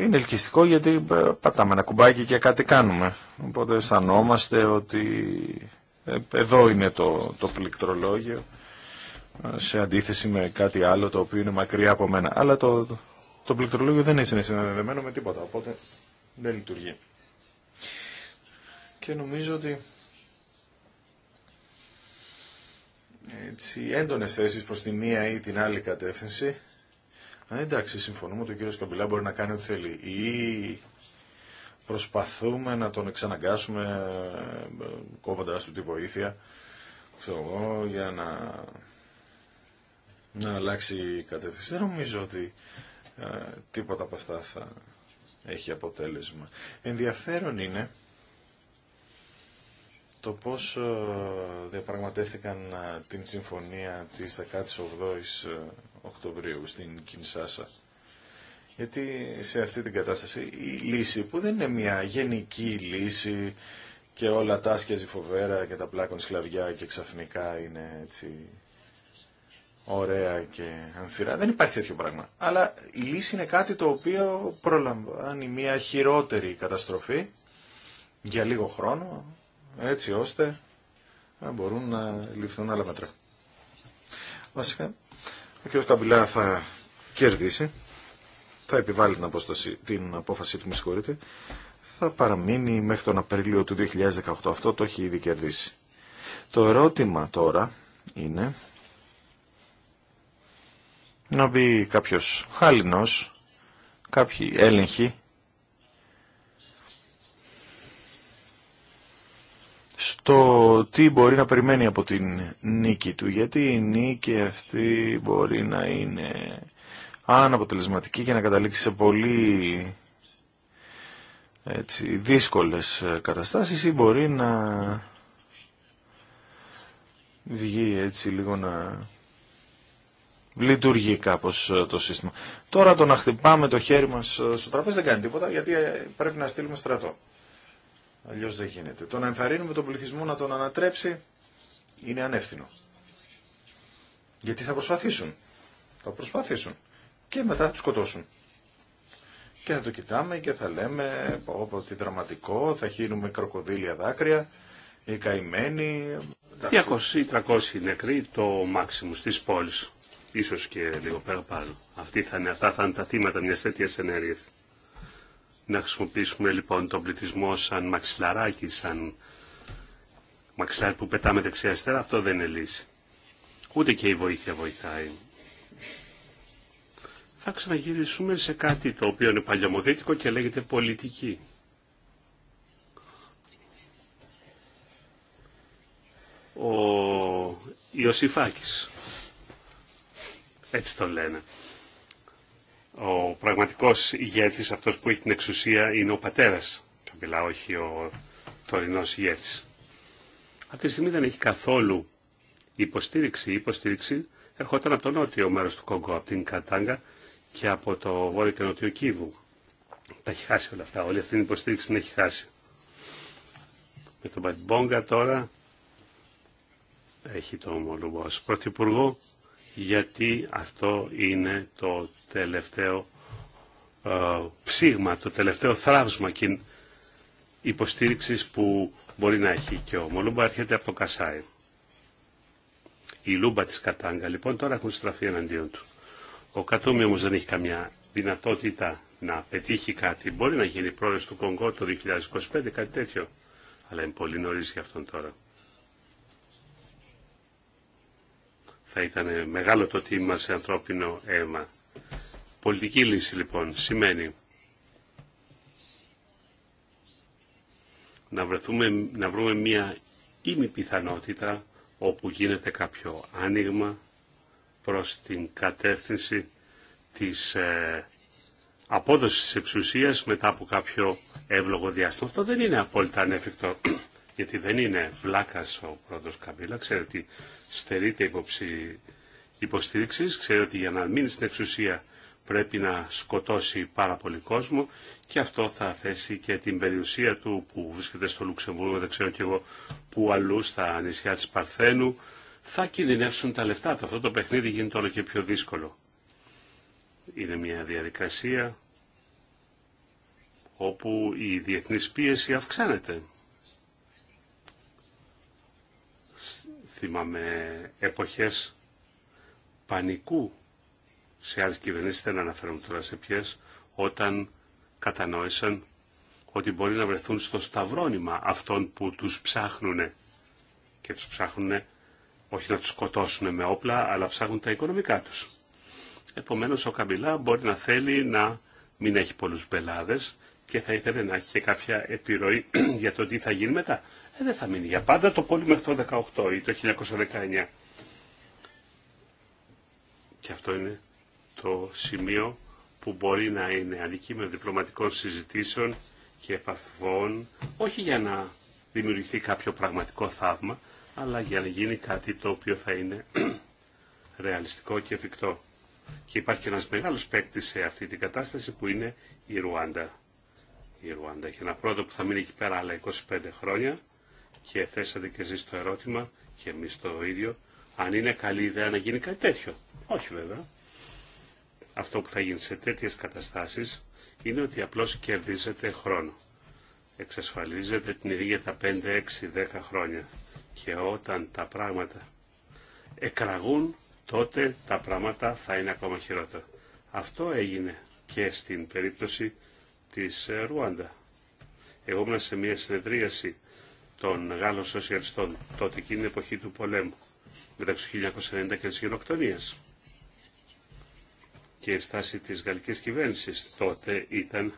Είναι ελκυστικό γιατί ε, πατάμε ένα κουμπάκι και κάτι κάνουμε. Οπότε αισθανόμαστε ότι ε, εδώ είναι το, το πληκτρολόγιο ε, σε αντίθεση με κάτι άλλο το οποίο είναι μακριά από μένα. Αλλά το, το πληκτρολόγιο δεν είναι συνδεδεμένο με τίποτα, οπότε δεν λειτουργεί. Και νομίζω ότι έτσι, έντονες θέσεις προς τη μία ή την άλλη κατεύθυνση. Α, ε, εντάξει, συμφωνούμε ότι ο κύριος Καμπυλά μπορεί να κάνει ό,τι θέλει. Ή προσπαθούμε να τον εξαναγκάσουμε ε, κόβοντας του τη βοήθεια ξέρω για να, να αλλάξει η κατεύθυνση. Δεν νομίζω ότι ε, τίποτα από αυτά θα έχει αποτέλεσμα. Ενδιαφέρον είναι το πώς ε, διαπραγματεύτηκαν ε, την συμφωνία της 18ης Οκτωβρίου στην Κινσάσα. Γιατί σε αυτή την κατάσταση η λύση που δεν είναι μια γενική λύση και όλα τα άσκιαζε φοβέρα και τα πλάκων σκλαβιά και ξαφνικά είναι έτσι ωραία και ανθυρά. Δεν υπάρχει τέτοιο πράγμα. Αλλά η λύση είναι κάτι το οποίο προλαμβάνει μια χειρότερη καταστροφή για λίγο χρόνο έτσι ώστε να μπορούν να ληφθούν άλλα μέτρα. Βασικά, ο κ. Καμπυλά θα κερδίσει, θα επιβάλλει την, απόσταση, την απόφαση του, με συγχωρείτε, θα παραμείνει μέχρι τον Απρίλιο του 2018. Αυτό το έχει ήδη κερδίσει. Το ερώτημα τώρα είναι να μπει κάποιος χάλινος, κάποιοι έλεγχοι στο τι μπορεί να περιμένει από την νίκη του. Γιατί η νίκη αυτή μπορεί να είναι αναποτελεσματική και να καταλήξει σε πολύ έτσι, δύσκολες καταστάσεις ή μπορεί να βγει έτσι λίγο να λειτουργεί κάπως το σύστημα. Τώρα το να χτυπάμε το χέρι μας στο τραπέζι δεν κάνει τίποτα γιατί πρέπει να στείλουμε στρατό. Αλλιώ δεν γίνεται. Το να ενθαρρύνουμε τον πληθυσμό να τον ανατρέψει είναι ανεύθυνο. Γιατί θα προσπαθήσουν. Θα προσπαθήσουν. Και μετά θα του σκοτώσουν. Και θα το κοιτάμε και θα λέμε όπω τι δραματικό, θα χύνουμε κροκοδίλια δάκρυα, οι καημένοι. 200 ή 300 νεκροί το μάξιμου στις πόλεις. Ίσως και λίγο πέρα πάνω. αυτά θα είναι τα θύματα μιας τέτοιας ενέργειας να χρησιμοποιήσουμε λοιπόν τον πληθυσμό σαν μαξιλαράκι, σαν μαξιλάρι που πετάμε δεξιά αριστερά, αυτό δεν είναι λύση. Ούτε και η βοήθεια βοηθάει. Θα ξαναγυρίσουμε σε κάτι το οποίο είναι παλιωμοδίτικο και λέγεται πολιτική. Ο Ιωσήφάκης. Έτσι το λένε ο πραγματικός ηγέτης, αυτός που έχει την εξουσία, είναι ο πατέρας Καμπυλά, όχι ο τωρινός ηγέτης. Αυτή τη στιγμή δεν έχει καθόλου υποστήριξη. Η υποστήριξη ερχόταν από το νότιο μέρος του Κόγκο, από την Κατάγκα και από το βόρειο και νότιο Κίβου. Τα έχει χάσει όλα αυτά. Όλη αυτή την υποστήριξη την έχει χάσει. Με τον Μπατμπόγκα τώρα έχει τον Μολουμπό ως γιατί αυτό είναι το τελευταίο ε, ψήγμα, το τελευταίο θράψμα και υποστήριξης που μπορεί να έχει και ο Μολούμπα έρχεται από το Κασάι. Η λούμπα της Κατάγκα λοιπόν τώρα έχουν στραφεί εναντίον του. Ο Κατούμι όμως δεν έχει καμιά δυνατότητα να πετύχει κάτι. Μπορεί να γίνει πρόεδρος του Κονγκό το 2025, κάτι τέτοιο. Αλλά είναι πολύ νωρίς για αυτόν τώρα. Θα ήταν μεγάλο το τίμημα σε ανθρώπινο αίμα. Πολιτική λύση λοιπόν σημαίνει να, να βρούμε μια ήμι πιθανότητα όπου γίνεται κάποιο άνοιγμα προς την κατεύθυνση της ε, απόδοσης της εξουσίας μετά από κάποιο εύλογο διάστημα. Αυτό δεν είναι απόλυτα ανέφικτο γιατί δεν είναι βλάκας ο πρώτος Καμπίλα, ξέρει ότι στερείται υποψή υποστήριξης, ξέρει ότι για να μείνει στην εξουσία πρέπει να σκοτώσει πάρα πολύ κόσμο και αυτό θα θέσει και την περιουσία του που βρίσκεται στο Λουξεμβούργο, δεν ξέρω και εγώ, που αλλού στα νησιά της Παρθένου, θα κινδυνεύσουν τα λεφτά του. Αυτό το παιχνίδι γίνεται όλο και πιο δύσκολο. Είναι μια διαδικασία όπου η διεθνής πίεση αυξάνεται. Θυμάμαι εποχές πανικού σε άλλες κυβερνήσεις, δεν αναφέρομαι τώρα σε ποιες, όταν κατανόησαν ότι μπορεί να βρεθούν στο σταυρόνιμα αυτών που τους ψάχνουν και τους ψάχνουν όχι να τους σκοτώσουν με όπλα, αλλά ψάχνουν τα οικονομικά τους. Επομένως ο Καμπιλά μπορεί να θέλει να μην έχει πολλούς πελάδες και θα ήθελε να έχει και κάποια επιρροή [CLEARS THROAT] για το τι θα γίνει μετά ε, δεν θα μείνει για πάντα το πόλι μέχρι το 18 ή το 1919. Και αυτό είναι το σημείο που μπορεί να είναι αντικείμενο διπλωματικών συζητήσεων και επαφών, όχι για να δημιουργηθεί κάποιο πραγματικό θαύμα, αλλά για να γίνει κάτι το οποίο θα είναι [CLEARS THROAT] ρεαλιστικό και εφικτό. Και υπάρχει ένας μεγάλος παίκτη σε αυτή την κατάσταση που είναι η Ρουάντα. Η Ρουάντα έχει ένα πρόεδρο που θα μείνει εκεί πέρα άλλα 25 χρόνια και θέσατε και εσείς το ερώτημα και εμεί το ίδιο, αν είναι καλή ιδέα να γίνει κάτι τέτοιο. Όχι βέβαια. Αυτό που θα γίνει σε τέτοιες καταστάσεις είναι ότι απλώς κερδίζετε χρόνο. Εξασφαλίζετε την ίδια τα 5, 6, 10 χρόνια. Και όταν τα πράγματα εκραγούν, τότε τα πράγματα θα είναι ακόμα χειρότερα. Αυτό έγινε και στην περίπτωση της ε, Ρουάντα. Εγώ ήμουν σε μια συνεδρίαση των Γάλλων Σοσιαλιστών τότε εκείνη την εποχή του πολέμου μεταξύ 1990 και της γενοκτονίας. Και η στάση της γαλλικής κυβέρνησης τότε ήταν,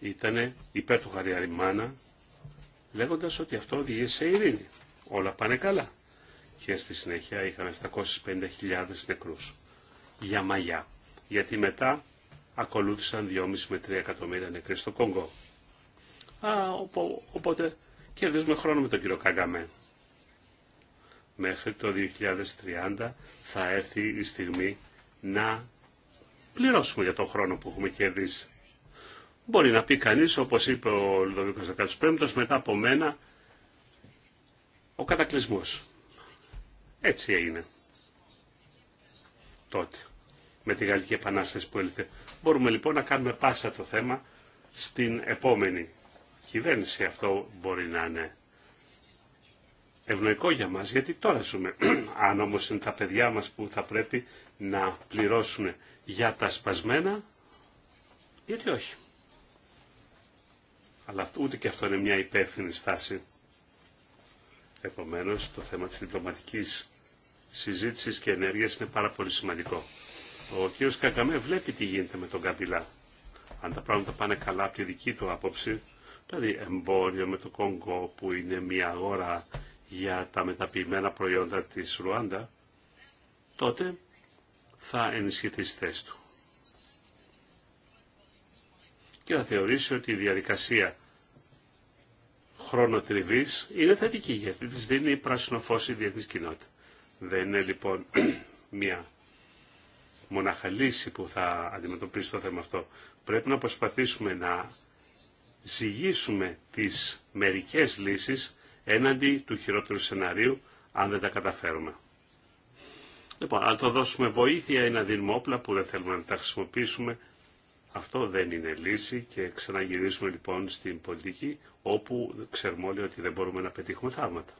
ήτανε υπέρ του Χαριαριμάνα λέγοντας ότι αυτό οδηγεί σε ειρήνη. Όλα πάνε καλά. Και στη συνέχεια είχαν 750.000 νεκρούς. Για μαγιά. Γιατί μετά ακολούθησαν 2,5 με 3 εκατομμύρια νεκροί στο Κονγκό. Α, οπό, οπότε κερδίζουμε χρόνο με τον κύριο Καγκαμέ. Μέχρι το 2030 θα έρθει η στιγμή να πληρώσουμε για τον χρόνο που έχουμε κερδίσει. Μπορεί να πει κανείς, όπως είπε ο Λουδοβίκος μετά από μένα, ο κατακλυσμός. Έτσι έγινε. Τότε. Με τη Γαλλική Επανάσταση που έλθε. Μπορούμε λοιπόν να κάνουμε πάσα το θέμα στην επόμενη κυβέρνηση. Αυτό μπορεί να είναι ευνοϊκό για μας, γιατί τώρα ζούμε. [CLEARS THROAT] Αν όμως είναι τα παιδιά μας που θα πρέπει να πληρώσουν για τα σπασμένα, γιατί όχι. Αλλά ούτε και αυτό είναι μια υπεύθυνη στάση. Επομένως, το θέμα της διπλωματικής συζήτησης και ενέργειας είναι πάρα πολύ σημαντικό. Ο κ. Κακαμέ βλέπει τι γίνεται με τον Καμπυλά. Αν τα πράγματα πάνε καλά από τη δική του άποψη, δηλαδή εμπόριο με το Κόγκο που είναι μια αγορά για τα μεταποιημένα προϊόντα της Ρουάντα, τότε θα ενισχυθεί στη θέση του. Και θα θεωρήσει ότι η διαδικασία χρονοτριβής είναι θετική γιατί της δίνει πράσινο φως η διεθνής κοινότητα. Δεν είναι λοιπόν [CLEARS THROAT] μια μοναχαλήση που θα αντιμετωπίσει το θέμα αυτό. Πρέπει να προσπαθήσουμε να ζυγίσουμε τις μερικές λύσεις έναντι του χειρότερου σενάριου αν δεν τα καταφέρουμε. Λοιπόν, αν το δώσουμε βοήθεια ή να δίνουμε όπλα που δεν θέλουμε να τα χρησιμοποιήσουμε, αυτό δεν είναι λύση και ξαναγυρίζουμε λοιπόν στην πολιτική όπου ξέρουμε όλοι ότι δεν μπορούμε να πετύχουμε θαύματα.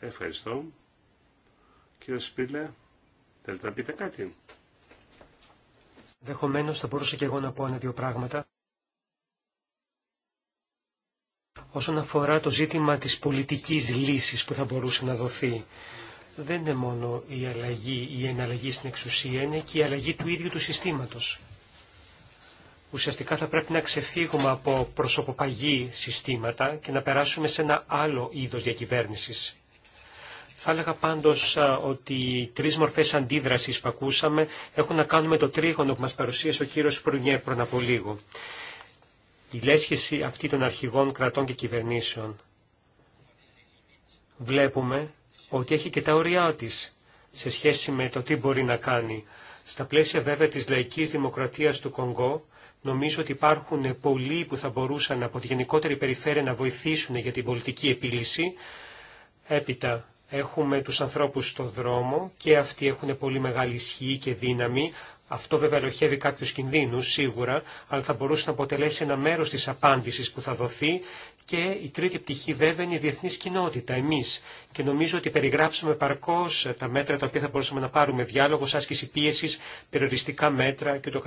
Ευχαριστώ. Κύριε Σπίλε, θέλετε να πείτε κάτι. Δεχομένως θα μπορούσα και εγώ να πω ένα-δύο πράγματα. όσον αφορά το ζήτημα της πολιτικής λύσης που θα μπορούσε να δοθεί. Δεν είναι μόνο η αλλαγή, η εναλλαγή στην εξουσία, είναι και η αλλαγή του ίδιου του συστήματος. Ουσιαστικά θα πρέπει να ξεφύγουμε από προσωποπαγή συστήματα και να περάσουμε σε ένα άλλο είδος διακυβέρνησης. Θα έλεγα πάντως ότι οι τρεις μορφές αντίδρασης που ακούσαμε έχουν να κάνουν με το τρίγωνο που μας παρουσίασε ο κύριος πριν από λίγο η λέσχεση αυτή των αρχηγών κρατών και κυβερνήσεων βλέπουμε ότι έχει και τα ωριά της σε σχέση με το τι μπορεί να κάνει. Στα πλαίσια βέβαια της λαϊκής δημοκρατίας του Κονγκό, νομίζω ότι υπάρχουν πολλοί που θα μπορούσαν από τη γενικότερη περιφέρεια να βοηθήσουν για την πολιτική επίλυση. Έπειτα έχουμε τους ανθρώπους στο δρόμο και αυτοί έχουν πολύ μεγάλη ισχύ και δύναμη, αυτό βέβαια ελοχεύει κάποιου κινδύνου σίγουρα, αλλά θα μπορούσε να αποτελέσει ένα μέρο τη απάντηση που θα δοθεί. Και η τρίτη πτυχή βέβαια είναι η διεθνή κοινότητα, εμεί. Και νομίζω ότι περιγράψαμε παρκώ τα μέτρα τα οποία θα μπορούσαμε να πάρουμε. Διάλογο, άσκηση πίεση, περιοριστικά μέτρα κ.ο.κ.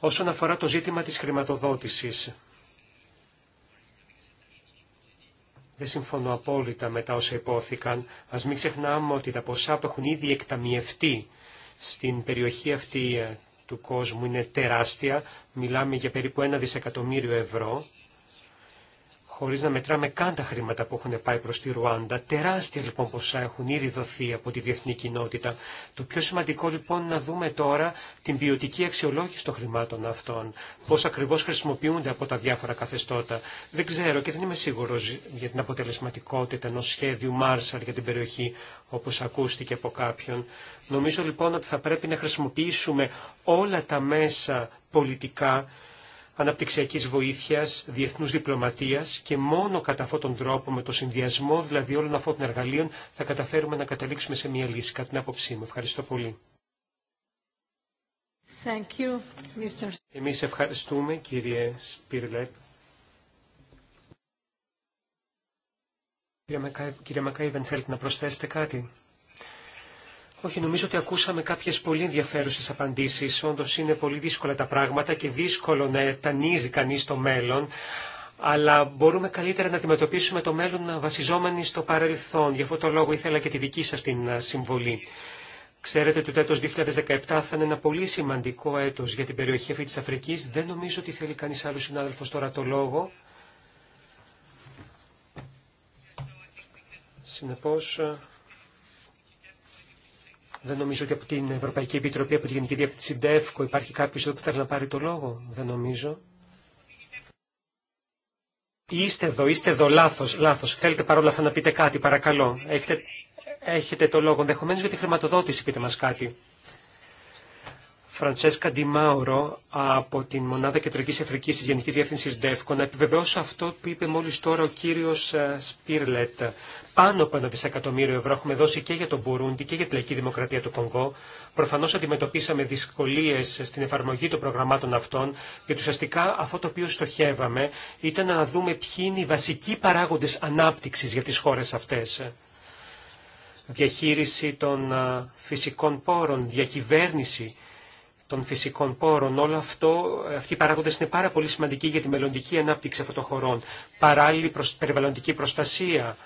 Όσον αφορά το ζήτημα τη χρηματοδότηση. Δεν συμφωνώ απόλυτα με τα όσα υπόθηκαν. Α μην ξεχνάμε ότι τα ποσά που έχουν ήδη εκταμιευτεί στην περιοχή αυτή ε, του κόσμου είναι τεράστια. Μιλάμε για περίπου ένα δισεκατομμύριο ευρώ Χωρί να μετράμε καν τα χρήματα που έχουν πάει προ τη Ρουάντα. Τεράστια λοιπόν ποσά έχουν ήδη δοθεί από τη διεθνή κοινότητα. Το πιο σημαντικό λοιπόν είναι να δούμε τώρα την ποιοτική αξιολόγηση των χρημάτων αυτών. πώ ακριβώ χρησιμοποιούνται από τα διάφορα καθεστώτα. Δεν ξέρω και δεν είμαι σίγουρο για την αποτελεσματικότητα ενό σχέδιου Μάρσαλ για την περιοχή όπω ακούστηκε από κάποιον. Νομίζω λοιπόν ότι θα πρέπει να χρησιμοποιήσουμε όλα τα μέσα πολιτικά αναπτυξιακής βοήθειας, διεθνούς διπλωματίας και μόνο κατά αυτόν τον τρόπο, με το συνδυασμό δηλαδή όλων αυτών των εργαλείων, θα καταφέρουμε να καταλήξουμε σε μια λύση, κατά την άποψή μου. Ευχαριστώ πολύ. Εμείς ευχαριστούμε, κύριε Σπίρλετ. Κύριε Μακάιβεν, θέλετε να προσθέσετε κάτι. Όχι, νομίζω ότι ακούσαμε κάποιε πολύ ενδιαφέρουσε απαντήσει. Όντω είναι πολύ δύσκολα τα πράγματα και δύσκολο να τανίζει κανεί το μέλλον. Αλλά μπορούμε καλύτερα να αντιμετωπίσουμε το μέλλον βασιζόμενοι στο παρελθόν. Γι' αυτό το λόγο ήθελα και τη δική σα την συμβολή. Ξέρετε ότι το έτος 2017 θα είναι ένα πολύ σημαντικό έτος για την περιοχή αυτή της Αφρικής. Δεν νομίζω ότι θέλει κανείς άλλος συνάδελφος τώρα το λόγο. Συνεπώς, δεν νομίζω ότι από την Ευρωπαϊκή Επιτροπή, από τη Γενική Διεύθυνση ΔΕΦΚΟ υπάρχει κάποιος εδώ που θέλει να πάρει το λόγο. Δεν νομίζω. Είστε εδώ, είστε εδώ, λάθος, λάθος. Θέλετε παρόλα αυτά να πείτε κάτι, παρακαλώ. Έχετε, έχετε το λόγο, ενδεχομένω για τη χρηματοδότηση πείτε μας κάτι. Φραντσέσκα Ντιμάουρο από την Μονάδα Κεντρική Αφρική τη Γενική Διεύθυνση ΔΕΦΚΟ να επιβεβαιώσω αυτό που είπε μόλι τώρα ο κύριο ε, Σπίρλετ. Πάνω από ένα δισεκατομμύριο ευρώ έχουμε δώσει και για τον Μπουρούντι και για τη Λαϊκή Δημοκρατία του Κονγκό. Προφανώ αντιμετωπίσαμε δυσκολίε στην εφαρμογή των προγραμμάτων αυτών, γιατί ουσιαστικά αυτό το οποίο στοχεύαμε ήταν να δούμε ποιοι είναι οι βασικοί παράγοντε ανάπτυξη για τι χώρε αυτέ διαχείριση των ε, φυσικών πόρων, διακυβέρνηση των φυσικών πόρων. Όλο αυτό, αυτοί οι παράγοντες είναι πάρα πολύ σημαντικοί για τη μελλοντική ανάπτυξη αυτών των χωρών. Παράλληλη περιβαλλοντική προστασία,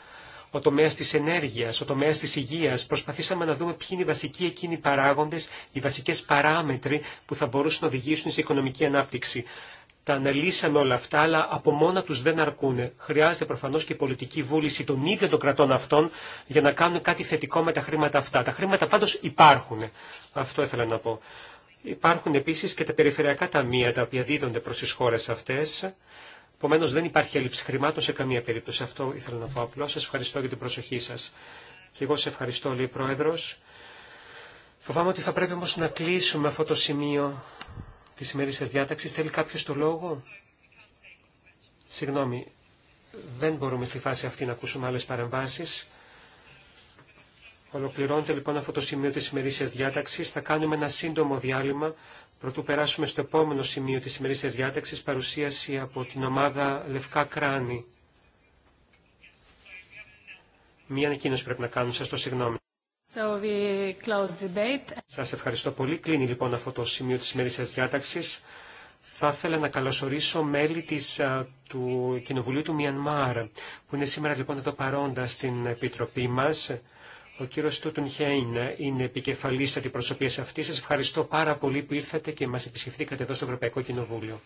ο τομέα τη ενέργεια, ο τομέα τη υγεία. Προσπαθήσαμε να δούμε ποιοι είναι οι βασικοί εκείνοι παράγοντε, οι βασικέ παράμετροι που θα μπορούσαν να οδηγήσουν σε οικονομική ανάπτυξη. Τα αναλύσαμε όλα αυτά, αλλά από μόνα του δεν αρκούν. Χρειάζεται προφανώ και πολιτική βούληση των ίδιων των κρατών αυτών για να κάνουν κάτι θετικό με τα χρήματα αυτά. Τα χρήματα πάντω υπάρχουν. Αυτό ήθελα να πω. Υπάρχουν επίσης και τα περιφερειακά ταμεία τα οποία δίδονται προς τις χώρες αυτές. Επομένω δεν υπάρχει έλλειψη χρημάτων σε καμία περίπτωση. Αυτό ήθελα να πω απλώς. Σας ευχαριστώ για την προσοχή σας. Και εγώ σε ευχαριστώ, λέει Πρόεδρος. Φοβάμαι ότι θα πρέπει όμως να κλείσουμε αυτό το σημείο της σημερινής διάταξης. Θέλει κάποιο το λόγο. Συγγνώμη, δεν μπορούμε στη φάση αυτή να ακούσουμε άλλες παρεμβάσεις. Ολοκληρώνεται λοιπόν αυτό το σημείο της ημερήσιας διάταξης. Θα κάνουμε ένα σύντομο διάλειμμα Πρωτού περάσουμε στο επόμενο σημείο της ημερήσιας διάταξης, παρουσίαση από την ομάδα Λευκά Κράνη. Μία ανακοίνωση πρέπει να κάνουμε, σας το συγγνώμη. So we close Σας ευχαριστώ πολύ. Κλείνει λοιπόν αυτό το σημείο της ημερήσιας διάταξης. Θα ήθελα να καλωσορίσω μέλη της, του Κοινοβουλίου του Μιανμάρ, που είναι σήμερα λοιπόν εδώ παρόντα στην Επιτροπή μας. Ο κύριο Τούτουν Χέιν είναι επικεφαλής αντιπροσωπεία αυτή. Σας ευχαριστώ πάρα πολύ που ήρθατε και μας επισκεφτήκατε εδώ στο Ευρωπαϊκό Κοινοβούλιο.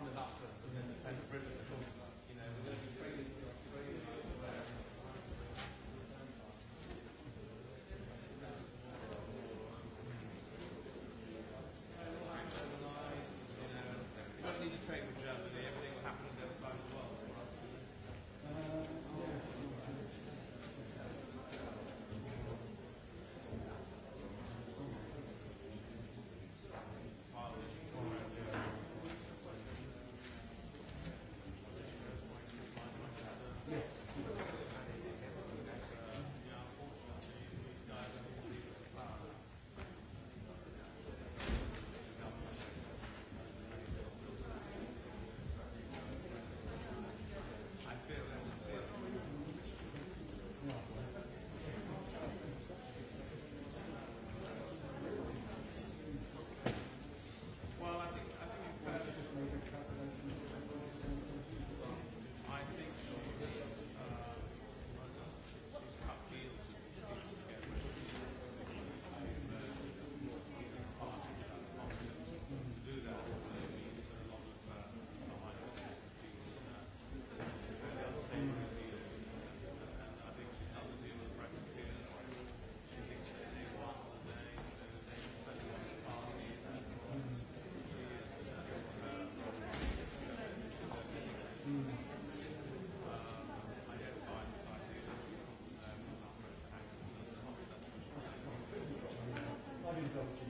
on the doctrine as a bridge Υπότιτλοι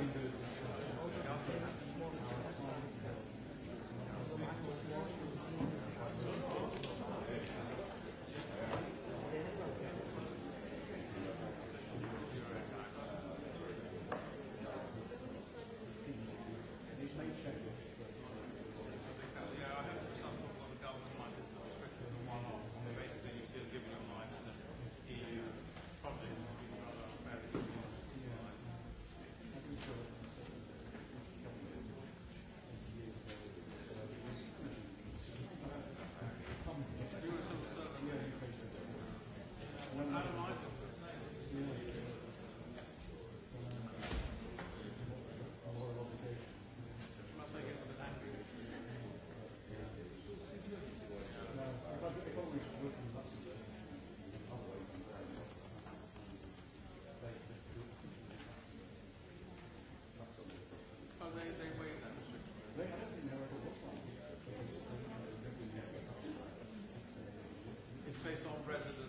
einzelne It's based on present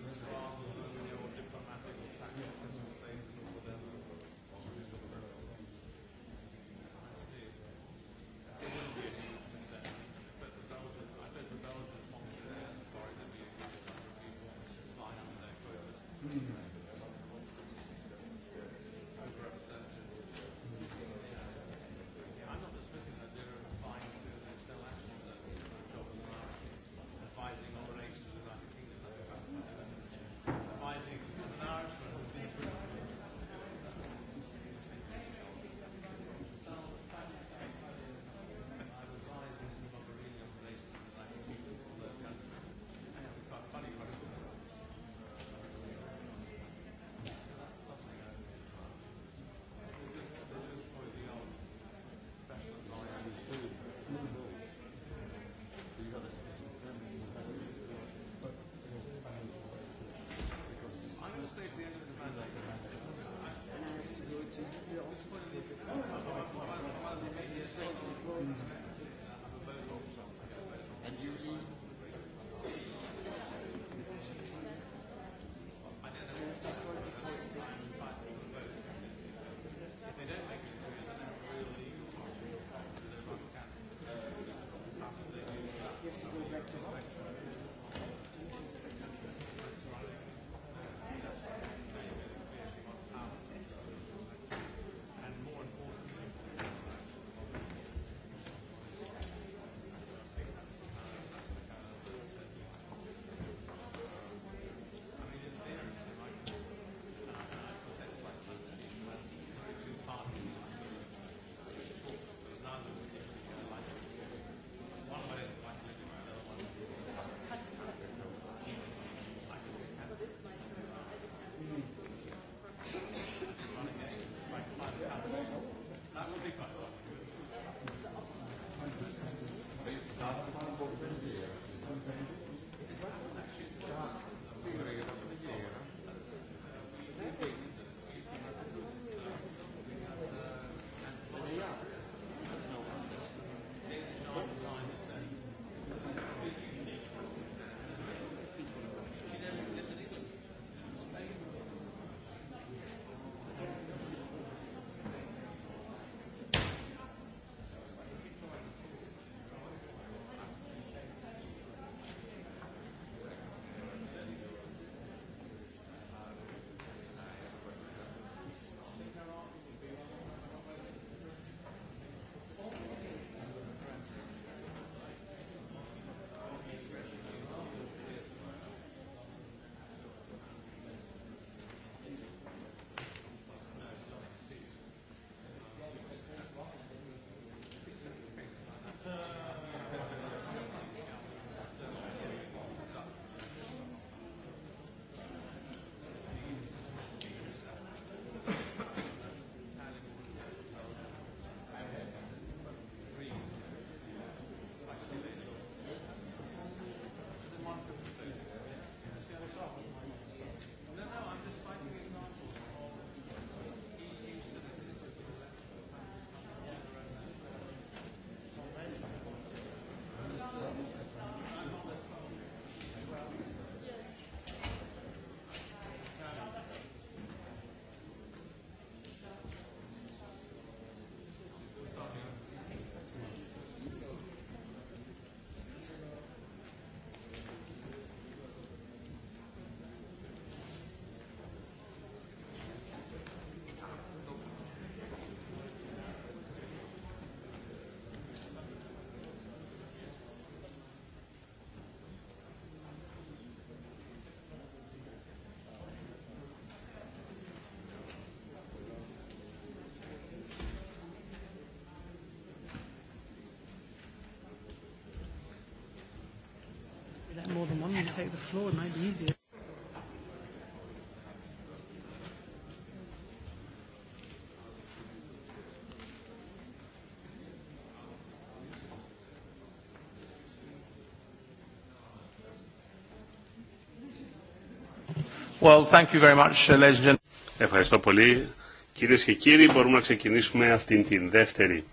Ευχαριστώ πολύ. Κυρίε και κύριοι, μπορούμε να ξεκινήσουμε αυτήν την δεύτερη,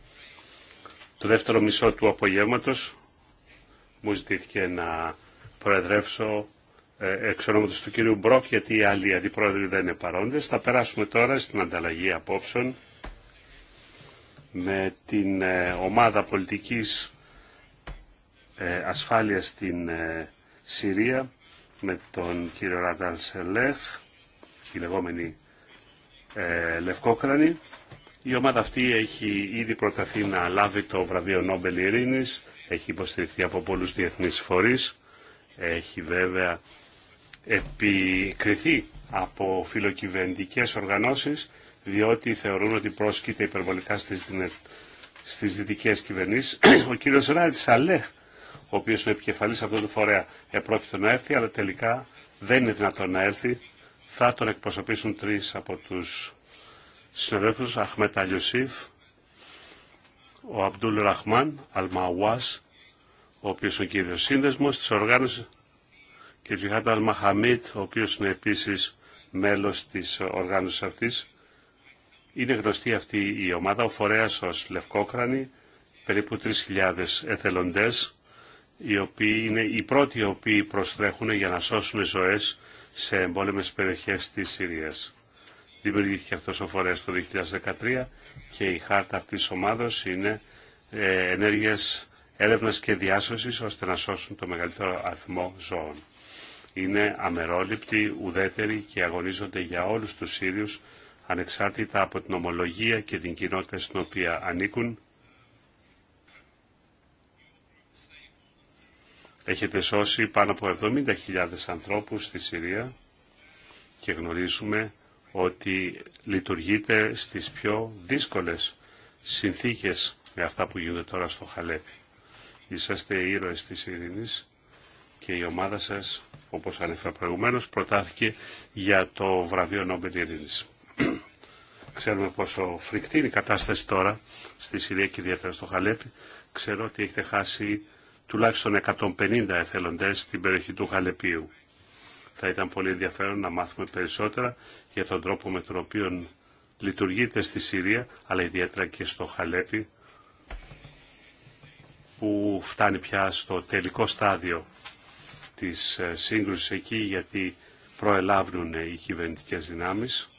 το δεύτερο μισό του απογεύματος. Μου ζητήθηκε να προεδρεύσω ε, εξ ονόματος του κυρίου Μπρόκ, γιατί οι άλλοι αντιπρόεδροι δεν είναι παρόντες. Θα περάσουμε τώρα στην ανταλλαγή απόψεων με την ε, ομάδα πολιτικής ε, ασφάλειας στην Συρία, με τον κύριο Ραγκάλ Σελέχ, η λεγόμενη Λευκόκρανη. Η ομάδα αυτή έχει ήδη προταθεί να λάβει το βραβείο Νόμπελ Ειρήνης, έχει υποστηριχθεί από πολλούς διεθνείς φορείς έχει βέβαια επικριθεί από φιλοκυβερνητικές οργανώσεις διότι θεωρούν ότι πρόσκειται υπερβολικά στις, στις δυτικές κυβερνήσεις. Ο κύριος Ράιτ Αλέχ, ο οποίος είναι επικεφαλής αυτού του φορέα, επρόκειτο να έρθει, αλλά τελικά δεν είναι δυνατόν να έρθει. Θα τον εκπροσωπήσουν τρεις από τους συναδέλφους, Αχμέτα Λιουσίφ, ο Αμπτούλ Ραχμάν, Αλμαουάς ο οποίος ο κύριος σύνδεσμος της οργάνωσης και ο Τζιχάντα Αλμαχαμίτ, ο οποίος είναι επίσης μέλος της οργάνωσης αυτής. Είναι γνωστή αυτή η ομάδα, ο φορέας ως Λευκόκρανη, περίπου 3.000 εθελοντές, οι οποίοι είναι οι πρώτοι οι οποίοι προστρέχουν για να σώσουν ζωές σε εμπόλεμες περιοχές της Συρίας. Δημιουργήθηκε αυτός ο φορέας το 2013 και η χάρτα αυτής της ομάδας είναι ε, έρευνας και διάσωσης ώστε να σώσουν το μεγαλύτερο αριθμό ζώων. Είναι αμερόληπτοι, ουδέτεροι και αγωνίζονται για όλους τους Σύριους ανεξάρτητα από την ομολογία και την κοινότητα στην οποία ανήκουν. Έχετε σώσει πάνω από 70.000 ανθρώπους στη Συρία και γνωρίζουμε ότι λειτουργείτε στις πιο δύσκολες συνθήκες με αυτά που γίνονται τώρα στο Χαλέπι είσαστε ήρωες της ειρήνης και η ομάδα σας, όπως ανέφερα προηγουμένως, προτάθηκε για το βραβείο Νόμπελ Ειρήνης. Ξέρουμε πόσο φρικτή είναι η κατάσταση τώρα στη Συρία και ιδιαίτερα στο Χαλέπι. Ξέρω ότι έχετε χάσει τουλάχιστον 150 εθελοντές στην περιοχή του Χαλεπίου. Θα ήταν πολύ ενδιαφέρον να μάθουμε περισσότερα για τον τρόπο με τον οποίο λειτουργείτε στη Συρία, αλλά ιδιαίτερα και στο Χαλέπι, που φτάνει πια στο τελικό στάδιο της ε, σύγκρουσης εκεί γιατί προελάβουν οι κυβερνητικές δυνάμεις.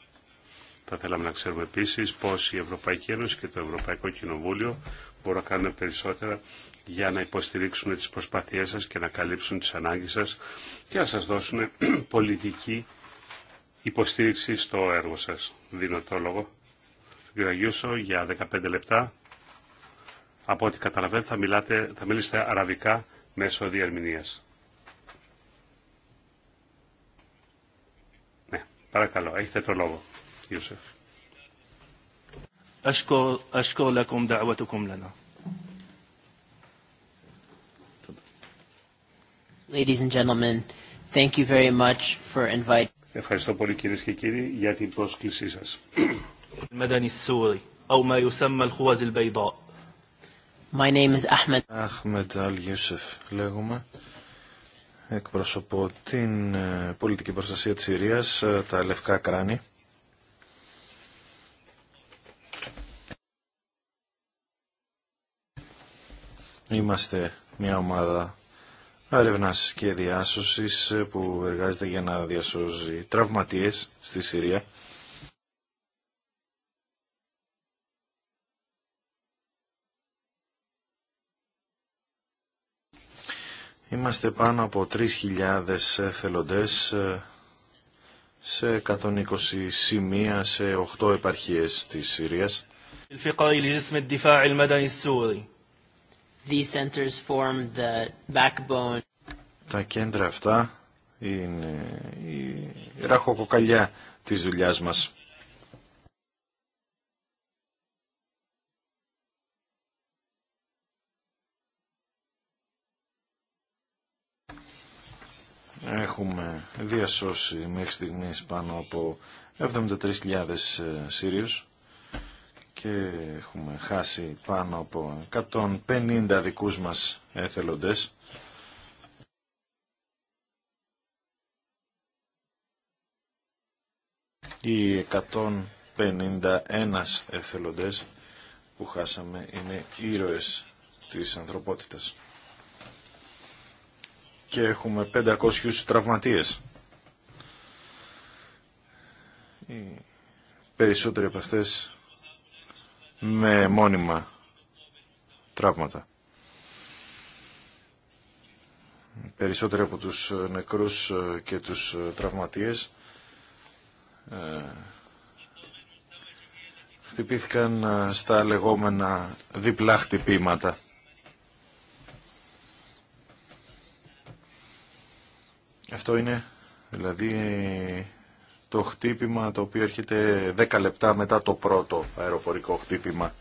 Θα θέλαμε να ξέρουμε επίσης πώς η Ευρωπαϊκή Ένωση και το Ευρωπαϊκό Κοινοβούλιο μπορούν να κάνουν περισσότερα για να υποστηρίξουν τις προσπαθίες σας και να καλύψουν τις ανάγκες σας και να σας δώσουν [CLEARS THROAT] πολιτική υποστήριξη στο έργο σας. Δίνω το λόγο για 15 λεπτά από ό,τι καταλαβαίνω θα, μιλάτε, θα μιλήσετε αραβικά μέσω διερμηνίας. Ναι, παρακαλώ, έχετε το λόγο, Ιούσεφ. أشكر لكم دعوتكم لنا. Ladies and gentlemen, thank you very much for inviting. Ευχαριστώ πολύ κυρίες και κύριοι για την πρόσκλησή σας. المدني السوري أو ما يسمى الخوذ البيضاء My name is Ahmed. Ahmed Al Εκπροσωπώ την ε, πολιτική προστασία της Συρίας, ε, τα λευκά κράνη. Είμαστε μια ομάδα έρευνα και διάσωσης ε, που εργάζεται για να διασώζει τραυματίες στη Συρία. Είμαστε πάνω από 3.000 εθελοντές ε, σε 120 σημεία σε 8 επαρχίες της Συρίας. Τα κέντρα αυτά είναι η ραχοκοκαλιά της δουλειάς μας. Έχουμε διασώσει μέχρι στιγμής πάνω από 73.000 ε, Σύριους και έχουμε χάσει πάνω από 150 δικούς μας εθελοντές. Οι 151 εθελοντές που χάσαμε είναι ήρωες της ανθρωπότητας και έχουμε 500 τραυματίες. Οι περισσότεροι από αυτές με μόνιμα τραύματα. Περισσότεροι από τους νεκρούς και τους τραυματίες ε, χτυπήθηκαν ε, στα λεγόμενα διπλά χτυπήματα. Αυτό είναι δηλαδή το χτύπημα το οποίο έρχεται 10 λεπτά μετά το πρώτο αεροπορικό χτύπημα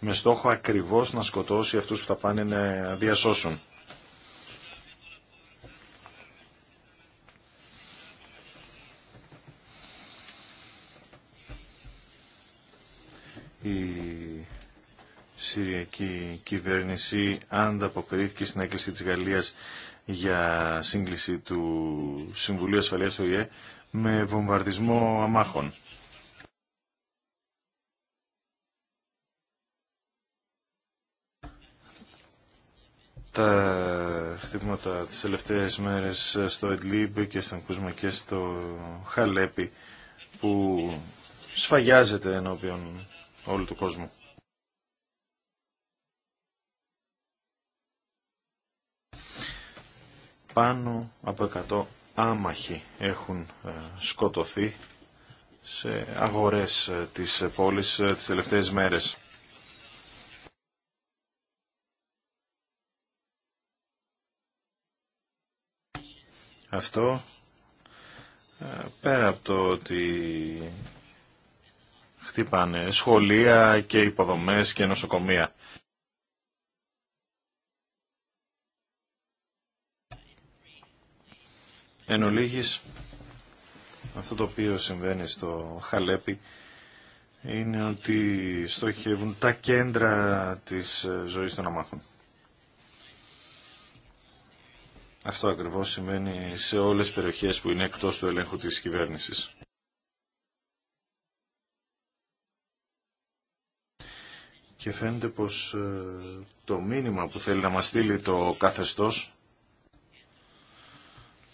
με στόχο ακριβώς να σκοτώσει αυτούς που θα πάνε να διασώσουν. Η Συριακή κυβέρνηση ανταποκρίθηκε στην έκκληση της Γαλλίας για σύγκληση του Συμβουλίου Ασφαλείας του ΙΕ με βομβαρδισμό αμάχων. τα χτύπηματα τις τελευταίες μέρες στο Εντλίμπ και στον Κούσμα και στο Χαλέπι που σφαγιάζεται ενώπιον όλου του κόσμου. πάνω από 100 άμαχοι έχουν ε, σκοτωθεί σε αγορές ε, της πόλης ε, τις τελευταίες μέρες. Αυτό πέρα από το ότι χτύπανε σχολεία και υποδομές και νοσοκομεία. Εν ολίγης, αυτό το οποίο συμβαίνει στο Χαλέπι είναι ότι στοχεύουν τα κέντρα της ε, ζωής των αμάχων. Αυτό ακριβώς σημαίνει σε όλες τις περιοχές που είναι εκτός του ελέγχου της κυβέρνησης. Και φαίνεται πως ε, το μήνυμα που θέλει να μας στείλει το καθεστώς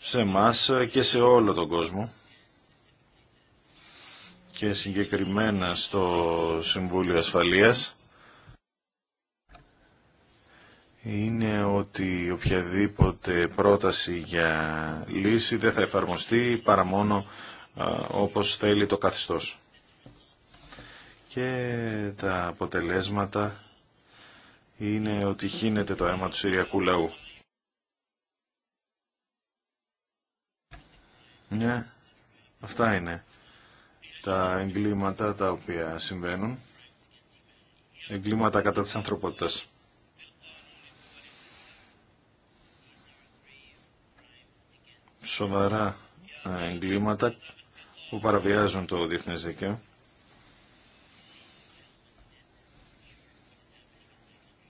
σε μας και σε όλο τον κόσμο και συγκεκριμένα στο Συμβούλιο Ασφαλείας είναι ότι οποιαδήποτε πρόταση για λύση δεν θα εφαρμοστεί παρά μόνο όπως θέλει το καθιστός. Και τα αποτελέσματα είναι ότι χύνεται το αίμα του Συριακού λαού. Ναι, αυτά είναι τα εγκλήματα τα οποία συμβαίνουν. Εγκλήματα κατά της ανθρωπότητας. Σοβαρά ε, εγκλήματα που παραβιάζουν το διεθνές δίκαιο.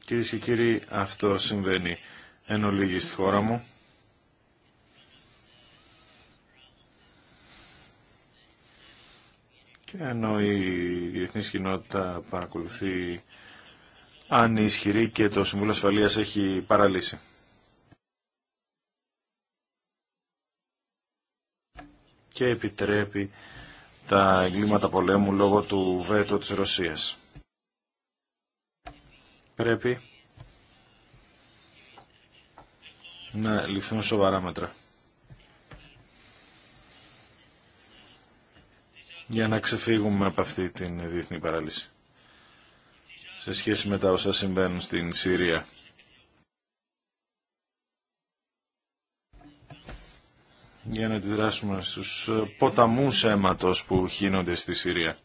Κυρίε και κύριοι, αυτό συμβαίνει εν ολίγη στη χώρα μου. Και ενώ η διεθνής κοινότητα παρακολουθεί αν ισχυρή και το Συμβούλιο Ασφαλείας έχει παραλύσει. Και επιτρέπει τα εγκλήματα πολέμου λόγω του βέτο της Ρωσίας. Πρέπει να ληφθούν σοβαρά μέτρα. για να ξεφύγουμε από αυτή την διεθνή παράλυση σε σχέση με τα όσα συμβαίνουν στην Συρία. για να αντιδράσουμε στους ποταμούς αίματος που χύνονται στη Συρία.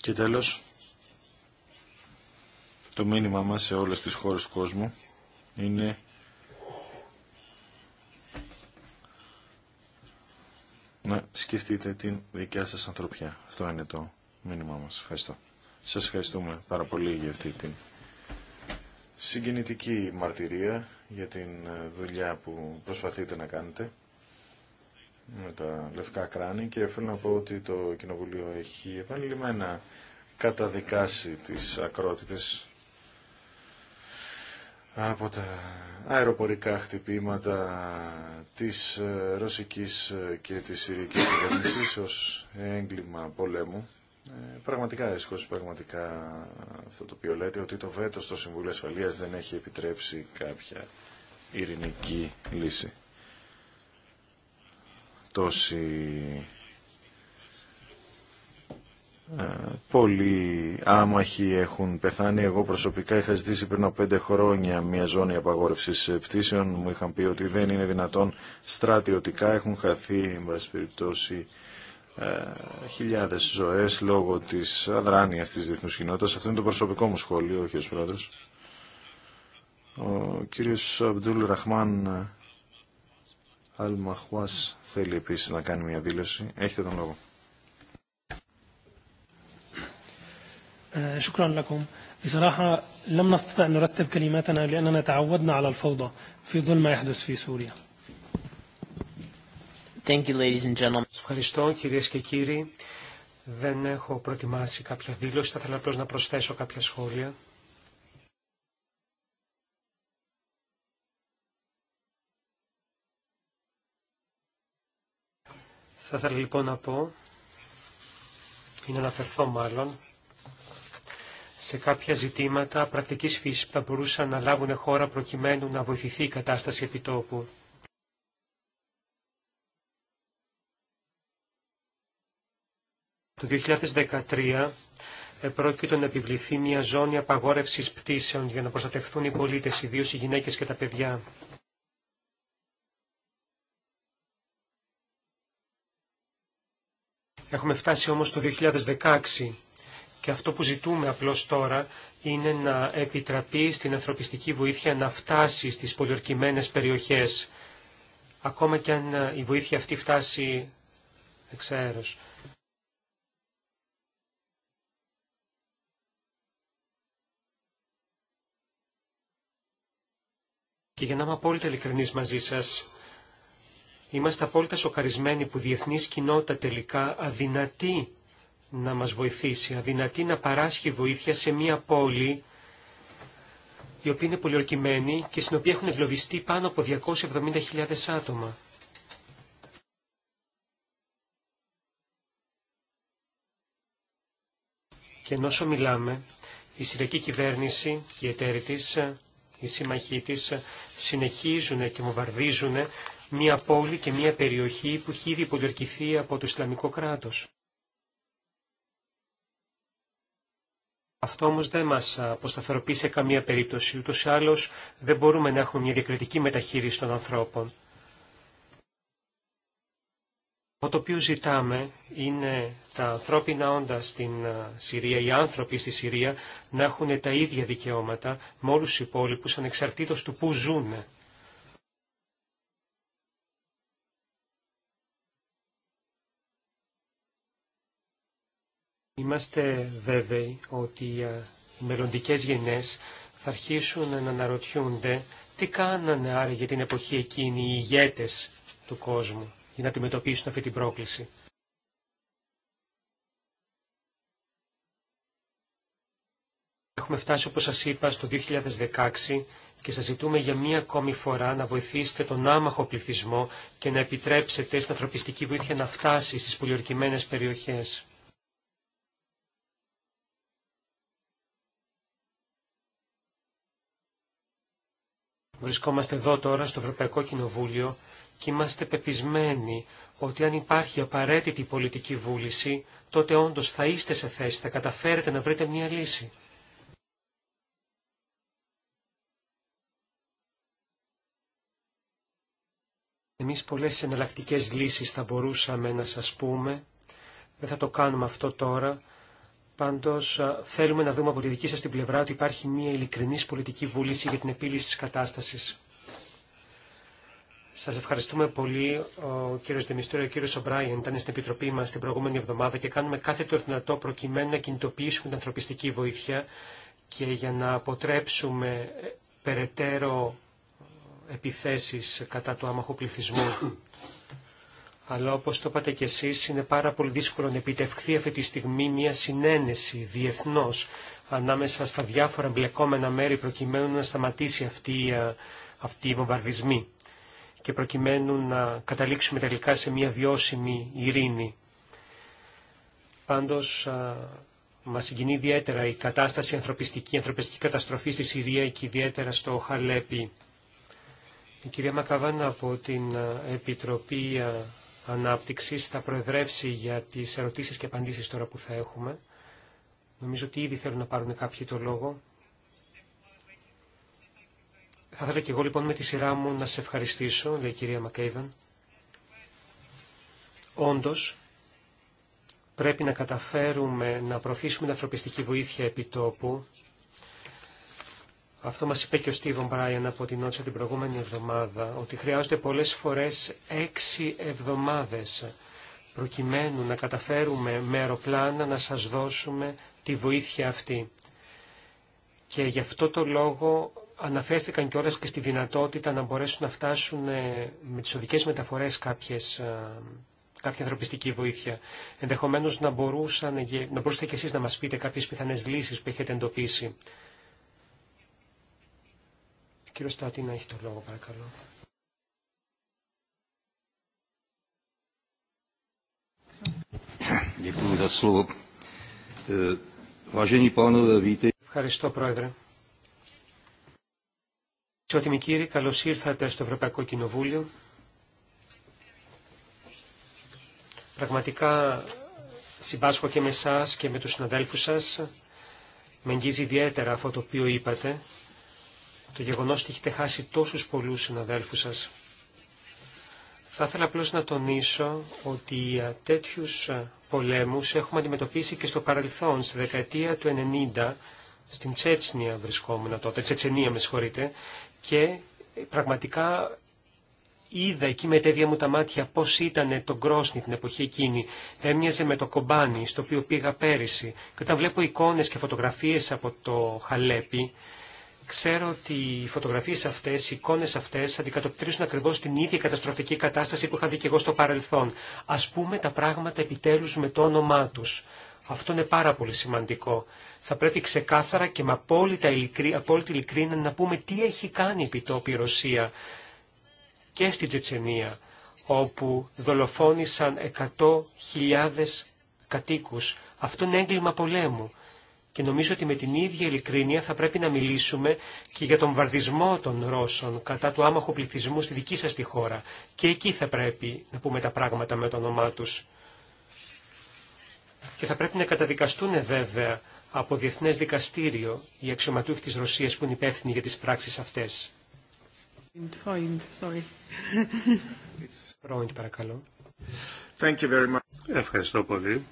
Και τέλος, το μήνυμά μας σε όλες τις χώρες του κόσμου είναι να σκεφτείτε την δικιά σας ανθρωπιά. Αυτό είναι το μήνυμά μας. Ευχαριστώ. Σας ευχαριστούμε πάρα πολύ για αυτή την συγκινητική μαρτυρία για την ε, δουλειά που προσπαθείτε να κάνετε με τα λευκά κράνη και θέλω να πω ότι το Κοινοβουλίο έχει επανειλημμένα καταδικάσει τις ακρότητες από τα αεροπορικά χτυπήματα της ε, ρωσικής ε, και της συρικής κυβέρνησης ως έγκλημα πολέμου. Ε, πραγματικά έσχος, πραγματικά αυτό το οποίο λέτε, ότι το βέτο στο Συμβούλιο Ασφαλείας δεν έχει επιτρέψει κάποια ειρηνική λύση. Τόση ε, πολλοί άμαχοι έχουν πεθάνει. Εγώ προσωπικά είχα ζητήσει πριν από πέντε χρόνια μια ζώνη απαγόρευση πτήσεων. Μου είχαν πει ότι δεν είναι δυνατόν στρατιωτικά. Έχουν χαθεί, εν πάση περιπτώσει, ε, χιλιάδες ζωές λόγω της αδράνειας της διεθνού κοινότητα. Αυτό είναι το προσωπικό μου σχόλιο, όχι ω πρόεδρο. Ο κύριο Αμπτούλ Ραχμάν ε, Αλμαχουά θέλει επίση να κάνει μια δήλωση. Έχετε τον λόγο. شكرا لكم بصراحة لم نستطع أن نرتب كلماتنا لأننا تعودنا على الفوضى في ظل ما يحدث في سوريا Thank you, ladies and gentlemen. Ευχαριστώ κυρίες και κύριοι. Δεν έχω προετοιμάσει κάποια δήλωση, θα ήθελα απλώς να προσθέσω κάποια σχόλια. Θα ήθελα λοιπόν να πω, ή να αναφερθώ μάλλον, σε κάποια ζητήματα πρακτικής φύσης που θα μπορούσαν να λάβουν χώρα προκειμένου να βοηθηθεί η κατάσταση επιτόπου. Το 2013 επρόκειτο να επιβληθεί μια ζώνη απαγόρευσης πτήσεων για να προστατευτούν οι πολίτες, ιδίως οι γυναίκες και τα παιδιά. Έχουμε φτάσει όμως το 2016 και αυτό που ζητούμε απλώς τώρα είναι να επιτραπεί στην ανθρωπιστική βοήθεια να φτάσει στις πολιορκημένες περιοχές. Ακόμα και αν ε, η βοήθεια αυτή φτάσει εξαέρως. Και για να είμαι απόλυτα ειλικρινής μαζί σας, είμαστε απόλυτα σοκαρισμένοι που διεθνής κοινότητα τελικά αδυνατεί να μας βοηθήσει, αδυνατή να παράσχει βοήθεια σε μια πόλη η οποία είναι πολιορκημένη και στην οποία έχουν εγκλωβιστεί πάνω από 270.000 άτομα. Και ενώ όσο μιλάμε, η Συριακή κυβέρνηση και οι εταίροι της, οι σύμμαχοί της, συνεχίζουν και μοβαρδίζουν μια πόλη και μια περιοχή που έχει ήδη πολιορκηθεί από το Ισλαμικό κράτος. Αυτό όμω δεν μα αποσταθεροποιεί σε καμία περίπτωση. Ούτω ή άλλω δεν μπορούμε να έχουμε μια διακριτική μεταχείριση των ανθρώπων. το οποίο ζητάμε είναι τα ανθρώπινα όντα στην ε, Συρία, οι άνθρωποι στη Συρία, να έχουν τα ίδια δικαιώματα με όλου του υπόλοιπου ανεξαρτήτω του πού ζουν. Είμαστε βέβαιοι ότι ε, οι μελλοντικές γενιές θα αρχίσουν να αναρωτιούνται τι κάνανε άρα για την εποχή εκείνη οι ηγέτες του κόσμου για να αντιμετωπίσουν αυτή την πρόκληση. Έχουμε φτάσει όπως σας είπα στο 2016 και σας ζητούμε για μία ακόμη φορά να βοηθήσετε τον άμαχο πληθυσμό και να επιτρέψετε στην ανθρωπιστική βοήθεια να φτάσει στις πολιορκημένες περιοχές. Βρισκόμαστε εδώ τώρα στο Ευρωπαϊκό Κοινοβούλιο και είμαστε πεπισμένοι ότι αν υπάρχει απαραίτητη πολιτική βούληση, τότε όντως θα είστε σε θέση, θα καταφέρετε να βρείτε μια λύση. Εμείς πολλές εναλλακτικές λύσεις θα μπορούσαμε να σας πούμε, δεν θα το κάνουμε αυτό τώρα, Πάντως θέλουμε να δούμε από τη δική σας την πλευρά ότι υπάρχει μια ειλικρινής πολιτική βούληση για την επίλυση της κατάστασης. Σας ευχαριστούμε πολύ. Ο κύριος Δημιστήριο και ο κύριος Ομπράιεν ήταν στην Επιτροπή μας την προηγούμενη εβδομάδα και κάνουμε κάθε το δυνατό προκειμένου να κινητοποιήσουμε την ανθρωπιστική βοήθεια και για να αποτρέψουμε ε, περαιτέρω ε, επιθέσεις κατά του άμαχου πληθυσμού αλλά όπως το είπατε κι εσείς είναι πάρα πολύ δύσκολο να επιτευχθεί αυτή τη στιγμή μια συνένεση διεθνώς ανάμεσα στα διάφορα μπλεκόμενα μέρη προκειμένου να σταματήσει αυτή, αυτή η βομβαρδισμή και προκειμένου να καταλήξουμε τελικά σε μια βιώσιμη ειρήνη. Πάντως μας συγκινεί ιδιαίτερα η κατάσταση ανθρωπιστική, η ανθρωπιστική καταστροφή στη Συρία και ιδιαίτερα στο Χαλέπι. Η κυρία Μακαβάνα από την Επιτροπή Ανάπτυξης θα προεδρεύσει για τις ερωτήσεις και απαντήσεις τώρα που θα έχουμε. Νομίζω ότι ήδη θέλουν να πάρουν κάποιοι το λόγο. Θα ήθελα και εγώ λοιπόν με τη σειρά μου να σε ευχαριστήσω, λέει η κυρία Μακέιβεν. Όντως, πρέπει να καταφέρουμε να προωθήσουμε την ανθρωπιστική βοήθεια επί τόπου αυτό μας είπε και ο Στίβον Μπράιαν από την Ότσα την προηγούμενη εβδομάδα, ότι χρειάζονται πολλές φορές έξι εβδομάδες προκειμένου να καταφέρουμε με αεροπλάνα να σας δώσουμε τη βοήθεια αυτή. Και γι' αυτό το λόγο αναφέρθηκαν κιόλα και στη δυνατότητα να μπορέσουν να φτάσουν ε, με τις οδικές μεταφορές κάποιες, ε, κάποια ανθρωπιστική βοήθεια. Ενδεχομένως να, ε, να μπορούσατε κι εσείς να μας πείτε κάποιες πιθανές λύσεις που έχετε εντοπίσει. Κύριο Στάτινα έχει το λόγο παρακαλώ. Eh, Ευχαριστώ, Πρόεδρε. Ισότιμοι κύριοι, καλώς ήρθατε στο Ευρωπαϊκό Κοινοβούλιο. Πραγματικά συμπάσχω και με εσά και με τους συναδέλφους σας. Με εγγύζει ιδιαίτερα αυτό το οποίο είπατε το γεγονός ότι έχετε χάσει τόσους πολλούς συναδέλφους σας. Θα ήθελα απλώ να τονίσω ότι ε, τέτοιους ε, πολέμους έχουμε αντιμετωπίσει και στο παρελθόν, στη δεκαετία του 90, στην Τσέτσνια βρισκόμουν τότε, Τσετσενία με συγχωρείτε, και πραγματικά είδα εκεί με τέτοια μου τα μάτια πώς ήταν το Γκρόσνη την εποχή εκείνη. Έμοιαζε με το κομπάνι στο οποίο πήγα πέρυσι. Και όταν βλέπω εικόνες και φωτογραφίες από το Χαλέπι, Ξέρω ότι οι φωτογραφίες αυτές, οι εικόνες αυτές αντικατοπτρίζουν ακριβώς την ίδια καταστροφική κατάσταση που είχα δει και εγώ στο παρελθόν. Ας πούμε τα πράγματα επιτέλους με το όνομά τους. Αυτό είναι πάρα πολύ σημαντικό. Θα πρέπει ξεκάθαρα και με απόλυτα ειλικρή, απόλυτη ειλικρίνα να πούμε τι έχει κάνει επί τόπη η Ρωσία και στην Τσετσενία, όπου δολοφόνησαν 100.000 κατοίκους. Αυτό είναι έγκλημα πολέμου και νομίζω ότι με την ίδια ειλικρίνεια θα πρέπει να μιλήσουμε και για τον βαρδισμό των Ρώσων κατά του άμαχου πληθυσμού στη δική σας τη χώρα. Και εκεί θα πρέπει να πούμε τα πράγματα με το όνομά τους. Και θα πρέπει να καταδικαστούν βέβαια από διεθνέ δικαστήριο οι αξιωματούχοι της Ρωσίας που είναι υπεύθυνοι για τις πράξεις αυτές. Ευχαριστώ πολύ.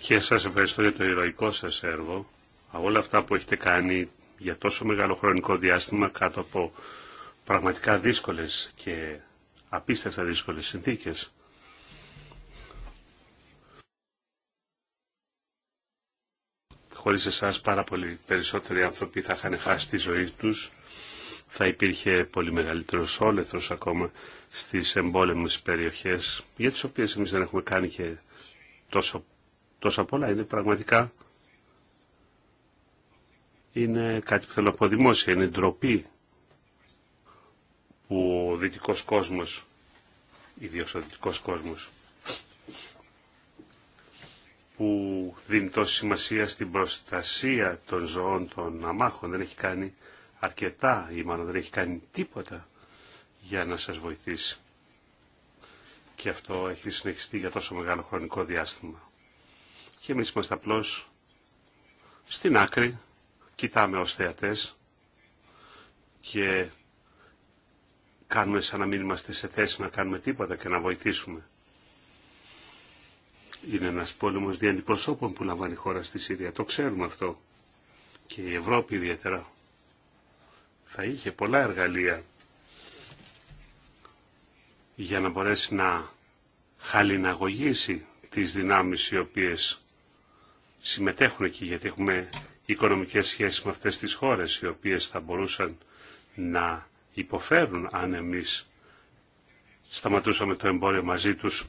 Και σας ευχαριστώ για το ηρωικό σας έργο, όλα αυτά που έχετε κάνει για τόσο μεγάλο χρονικό διάστημα κάτω από πραγματικά δύσκολες και απίστευτα δύσκολες συνθήκες. Χωρίς εσάς πάρα πολλοί περισσότεροι άνθρωποι θα είχαν χάσει τη ζωή τους, θα υπήρχε πολύ μεγαλύτερος όλεθρος ακόμα στις εμπόλεμες περιοχές, για τις οποίες εμείς δεν έχουμε κάνει και τόσο τόσα πολλά. Είναι πραγματικά είναι κάτι που θέλω να πω δημόσια. Είναι ντροπή που ο δυτικός κόσμος, ιδίως ο δυτικός κόσμος, που δίνει τόση σημασία στην προστασία των ζωών των αμάχων, δεν έχει κάνει αρκετά ή μάλλον δεν έχει κάνει τίποτα για να σας βοηθήσει. Και αυτό έχει συνεχιστεί για τόσο μεγάλο χρονικό διάστημα και εμείς είμαστε απλώς στην άκρη, κοιτάμε ως θεατές και κάνουμε σαν να μην είμαστε σε θέση να κάνουμε τίποτα και να βοηθήσουμε. Είναι ένας πόλεμος διαντιπροσώπων που λαμβάνει η χώρα στη Συρία. Το ξέρουμε αυτό. Και η Ευρώπη ιδιαίτερα. Θα είχε πολλά εργαλεία για να μπορέσει να χαλιναγωγήσει τις δυνάμεις οι οποίες συμμετέχουν εκεί γιατί έχουμε οικονομικές σχέσεις με αυτές τις χώρες οι οποίες θα μπορούσαν να υποφέρουν αν εμείς σταματούσαμε το εμπόριο μαζί τους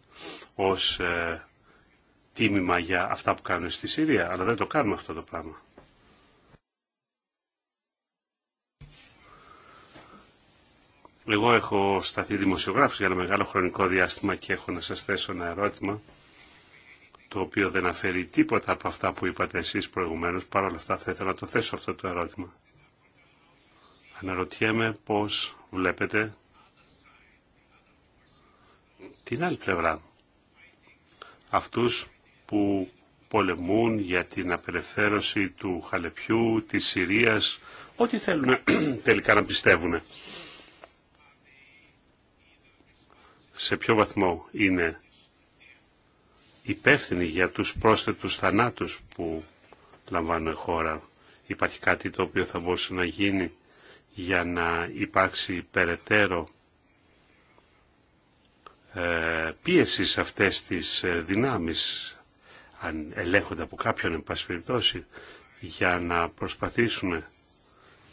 [CLEARS THROAT] ως ε, τίμημα για αυτά που κάνουν στη Συρία. Αλλά δεν το κάνουμε αυτό το πράγμα. Εγώ έχω σταθεί δημοσιογράφος για ένα μεγάλο χρονικό διάστημα και έχω να σας θέσω ένα ερώτημα το οποίο δεν αφαιρεί τίποτα από αυτά που είπατε εσείς προηγουμένως, παρόλα αυτά θα ήθελα να το θέσω αυτό το ερώτημα. Αναρωτιέμαι πώς βλέπετε την άλλη πλευρά. Αυτούς που πολεμούν για την απελευθέρωση του Χαλεπιού, της Συρίας, ό,τι θέλουν [CLEARS THROAT] τελικά να πιστεύουν. Σε ποιο βαθμό είναι υπεύθυνοι για τους πρόσθετους θανάτους που λαμβάνουν χώρα. Υπάρχει κάτι το οποίο θα μπορούσε να γίνει για να υπάρξει περαιτέρω ε, πίεση σε αυτές τις ε, δυνάμεις αν ελέγχονται από κάποιον εν για να προσπαθήσουν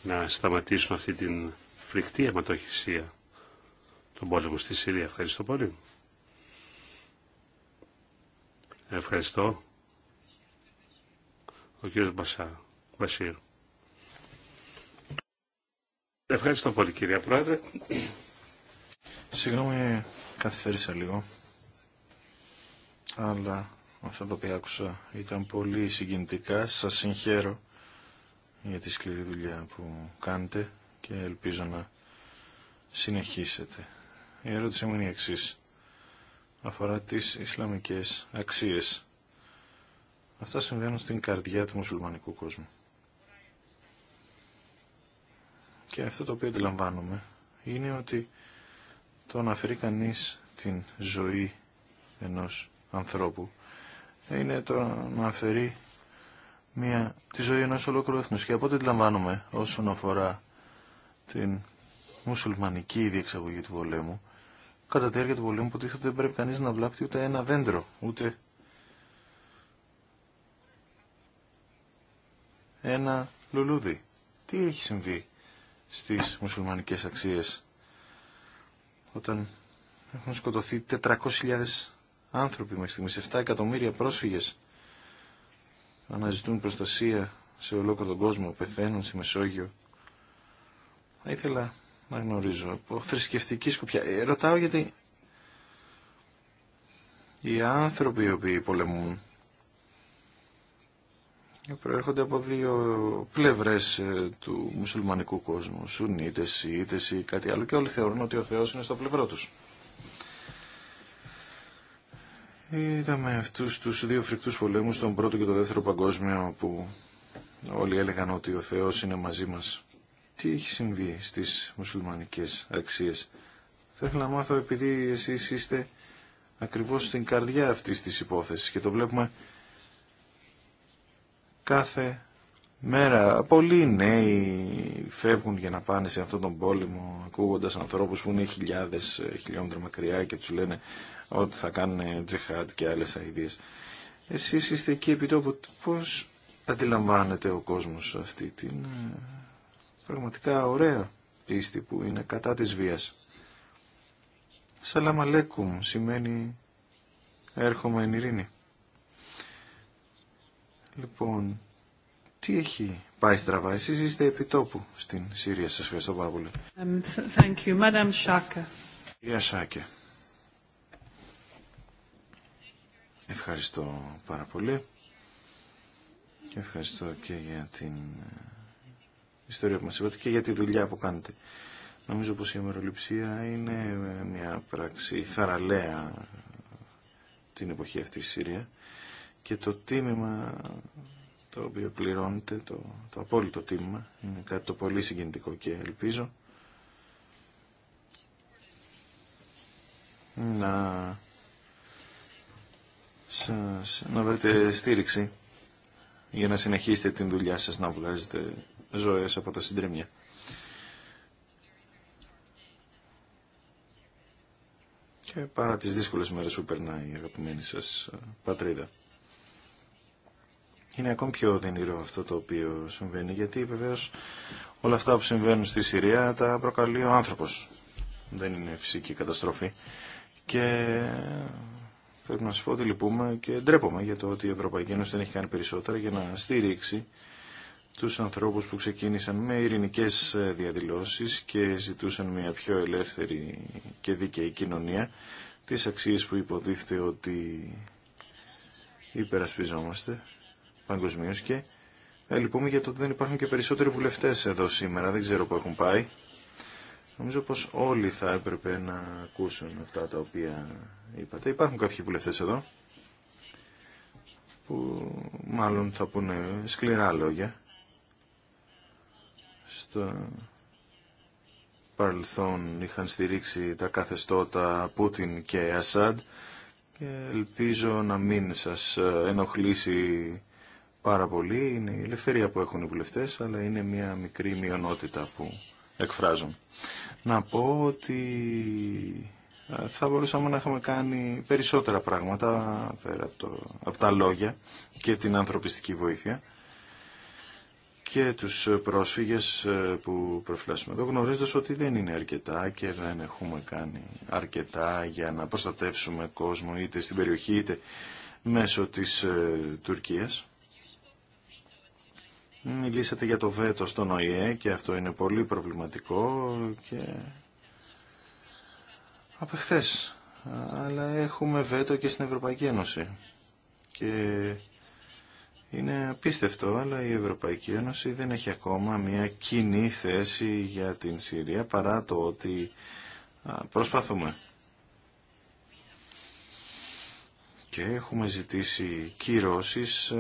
να σταματήσουν αυτή την φρικτή αιματοχυσία των πόλεμο στη Συρία. Ευχαριστώ πολύ. Ευχαριστώ. Ο κύριος Μπασά, Μπασίρ. Ευχαριστώ πολύ κύριε Πρόεδρε. Συγγνώμη, καθυστέρησα λίγο. Αλλά αυτά τα οποία άκουσα ήταν πολύ συγκινητικά. Σας συγχαίρω για τη σκληρή δουλειά που κάνετε και ελπίζω να συνεχίσετε. Η ερώτησή μου είναι η εξής αφορά τις Ισλαμικές αξίες. Αυτά συμβαίνουν στην καρδιά του μουσουλμανικού κόσμου. Και αυτό το οποίο αντιλαμβάνομαι είναι ότι το να αφαιρεί κανείς την ζωή ενός ανθρώπου είναι το να αφαιρεί μια, τη ζωή ενός ολόκληρου έθνους. Και από ό,τι αντιλαμβάνομαι όσον αφορά την μουσουλμανική διεξαγωγή του πολέμου, κατά τη διάρκεια του πολέμου που τίθεται δεν πρέπει κανείς να βλάπτει ούτε ένα δέντρο, ούτε ένα λουλούδι. Τι έχει συμβεί στις μουσουλμανικές αξίες όταν έχουν σκοτωθεί 400.000 άνθρωποι μέχρι στιγμής, 7 εκατομμύρια πρόσφυγες αναζητούν προστασία σε ολόκληρο τον κόσμο, πεθαίνουν στη Μεσόγειο. Θα ήθελα δεν γνωρίζω. Από θρησκευτική σκοπιά. Ε, ρωτάω γιατί οι άνθρωποι οι οποίοι πολεμούν ε, προέρχονται από δύο πλευρές ε, του μουσουλμανικού κόσμου. Σουνίτες, Ιήτες ή κάτι άλλο και όλοι θεωρούν ότι ο Θεός είναι στο πλευρό τους. Είδαμε αυτούς τους δύο φρικτούς πολέμους, τον πρώτο και τον δεύτερο παγκόσμιο, που όλοι έλεγαν ότι ο Θεός είναι μαζί μας τι έχει συμβεί στις μουσουλμανικές αξίες. Θα ήθελα να μάθω επειδή εσείς είστε ακριβώς στην καρδιά αυτής της υπόθεσης και το βλέπουμε κάθε μέρα. Πολλοί νέοι φεύγουν για να πάνε σε αυτόν τον πόλεμο ακούγοντας ανθρώπους που είναι χιλιάδες χιλιόμετρα μακριά και τους λένε ότι θα κάνουν τζεχάτ και άλλες αηδίες. Εσείς είστε εκεί επί τόπου. Πώς αντιλαμβάνεται ο κόσμος αυτή την ε, πραγματικά ωραία πίστη που είναι κατά της βίας. Σαλαμαλέκουμ σημαίνει έρχομαι εν ειρήνη. Λοιπόν, τι έχει πάει στραβά. Εσείς είστε επιτόπου στην Συρία. Σας ευχαριστώ πάρα πολύ. Um, Κυρία Σάκε. Ευχαριστώ πάρα πολύ. ευχαριστώ και για την ιστορία που μας είπατε και για τη δουλειά που κάνετε. Νομίζω πως η αμεροληψία είναι μια πράξη θαραλέα την εποχή αυτή στη Συρία και το τίμημα το οποίο πληρώνεται, το, το απόλυτο τίμημα, είναι κάτι το πολύ συγκινητικό και ελπίζω να, να βρείτε στήριξη για να συνεχίσετε την δουλειά σας να βγάζετε Ζωέ από τα συντρίμια. Και παρά τις δύσκολες μέρες που περνάει η αγαπημένη σας ε, πατρίδα. Είναι ακόμη πιο οδυνηρό αυτό το οποίο συμβαίνει, γιατί βεβαίως όλα αυτά που συμβαίνουν στη Συρία τα προκαλεί ο άνθρωπος. Δεν είναι φυσική καταστροφή. Και ε, πρέπει να σα πω ότι λυπούμε και ντρέπομαι για το ότι η Ευρωπαϊκή Ένωση δεν έχει κάνει περισσότερα για να στηρίξει τους ανθρώπους που ξεκίνησαν με ειρηνικές ε, διαδηλώσεις και ζητούσαν μια πιο ελεύθερη και δίκαιη κοινωνία, τις αξίες που υποτίθεται ότι υπερασπιζόμαστε παγκοσμίω και ε, λυπούμε για το ότι δεν υπάρχουν και περισσότεροι βουλευτές εδώ σήμερα, δεν ξέρω που έχουν πάει. Νομίζω πως όλοι θα έπρεπε να ακούσουν αυτά τα οποία είπατε. Υπάρχουν κάποιοι βουλευτές εδώ που μάλλον θα πούνε σκληρά λόγια στο παρελθόν είχαν στηρίξει τα καθεστώτα Πούτιν και Ασάντ και ελπίζω να μην σας ε, ενοχλήσει πάρα πολύ. Είναι η ελευθερία που έχουν οι βουλευτές, αλλά είναι μια μικρή μειονότητα που εκφράζουν. Να πω ότι ε, θα μπορούσαμε να έχουμε κάνει περισσότερα πράγματα πέρα από, το, από τα λόγια και την ανθρωπιστική βοήθεια και τους πρόσφυγες ε, που προφυλάσσουμε εδώ γνωρίζοντας ότι δεν είναι αρκετά και δεν έχουμε κάνει αρκετά για να προστατεύσουμε κόσμο είτε στην περιοχή είτε μέσω της ε, Τουρκίας. Μιλήσατε για το βέτο στον ΟΗΕ και αυτό είναι πολύ προβληματικό και από Αλλά έχουμε βέτο και στην Ευρωπαϊκή Ένωση. Και είναι απίστευτο, αλλά η Ευρωπαϊκή Ένωση δεν έχει ακόμα μια κοινή θέση για την Συρία, παρά το ότι προσπαθούμε. Και έχουμε ζητήσει κυρώσεις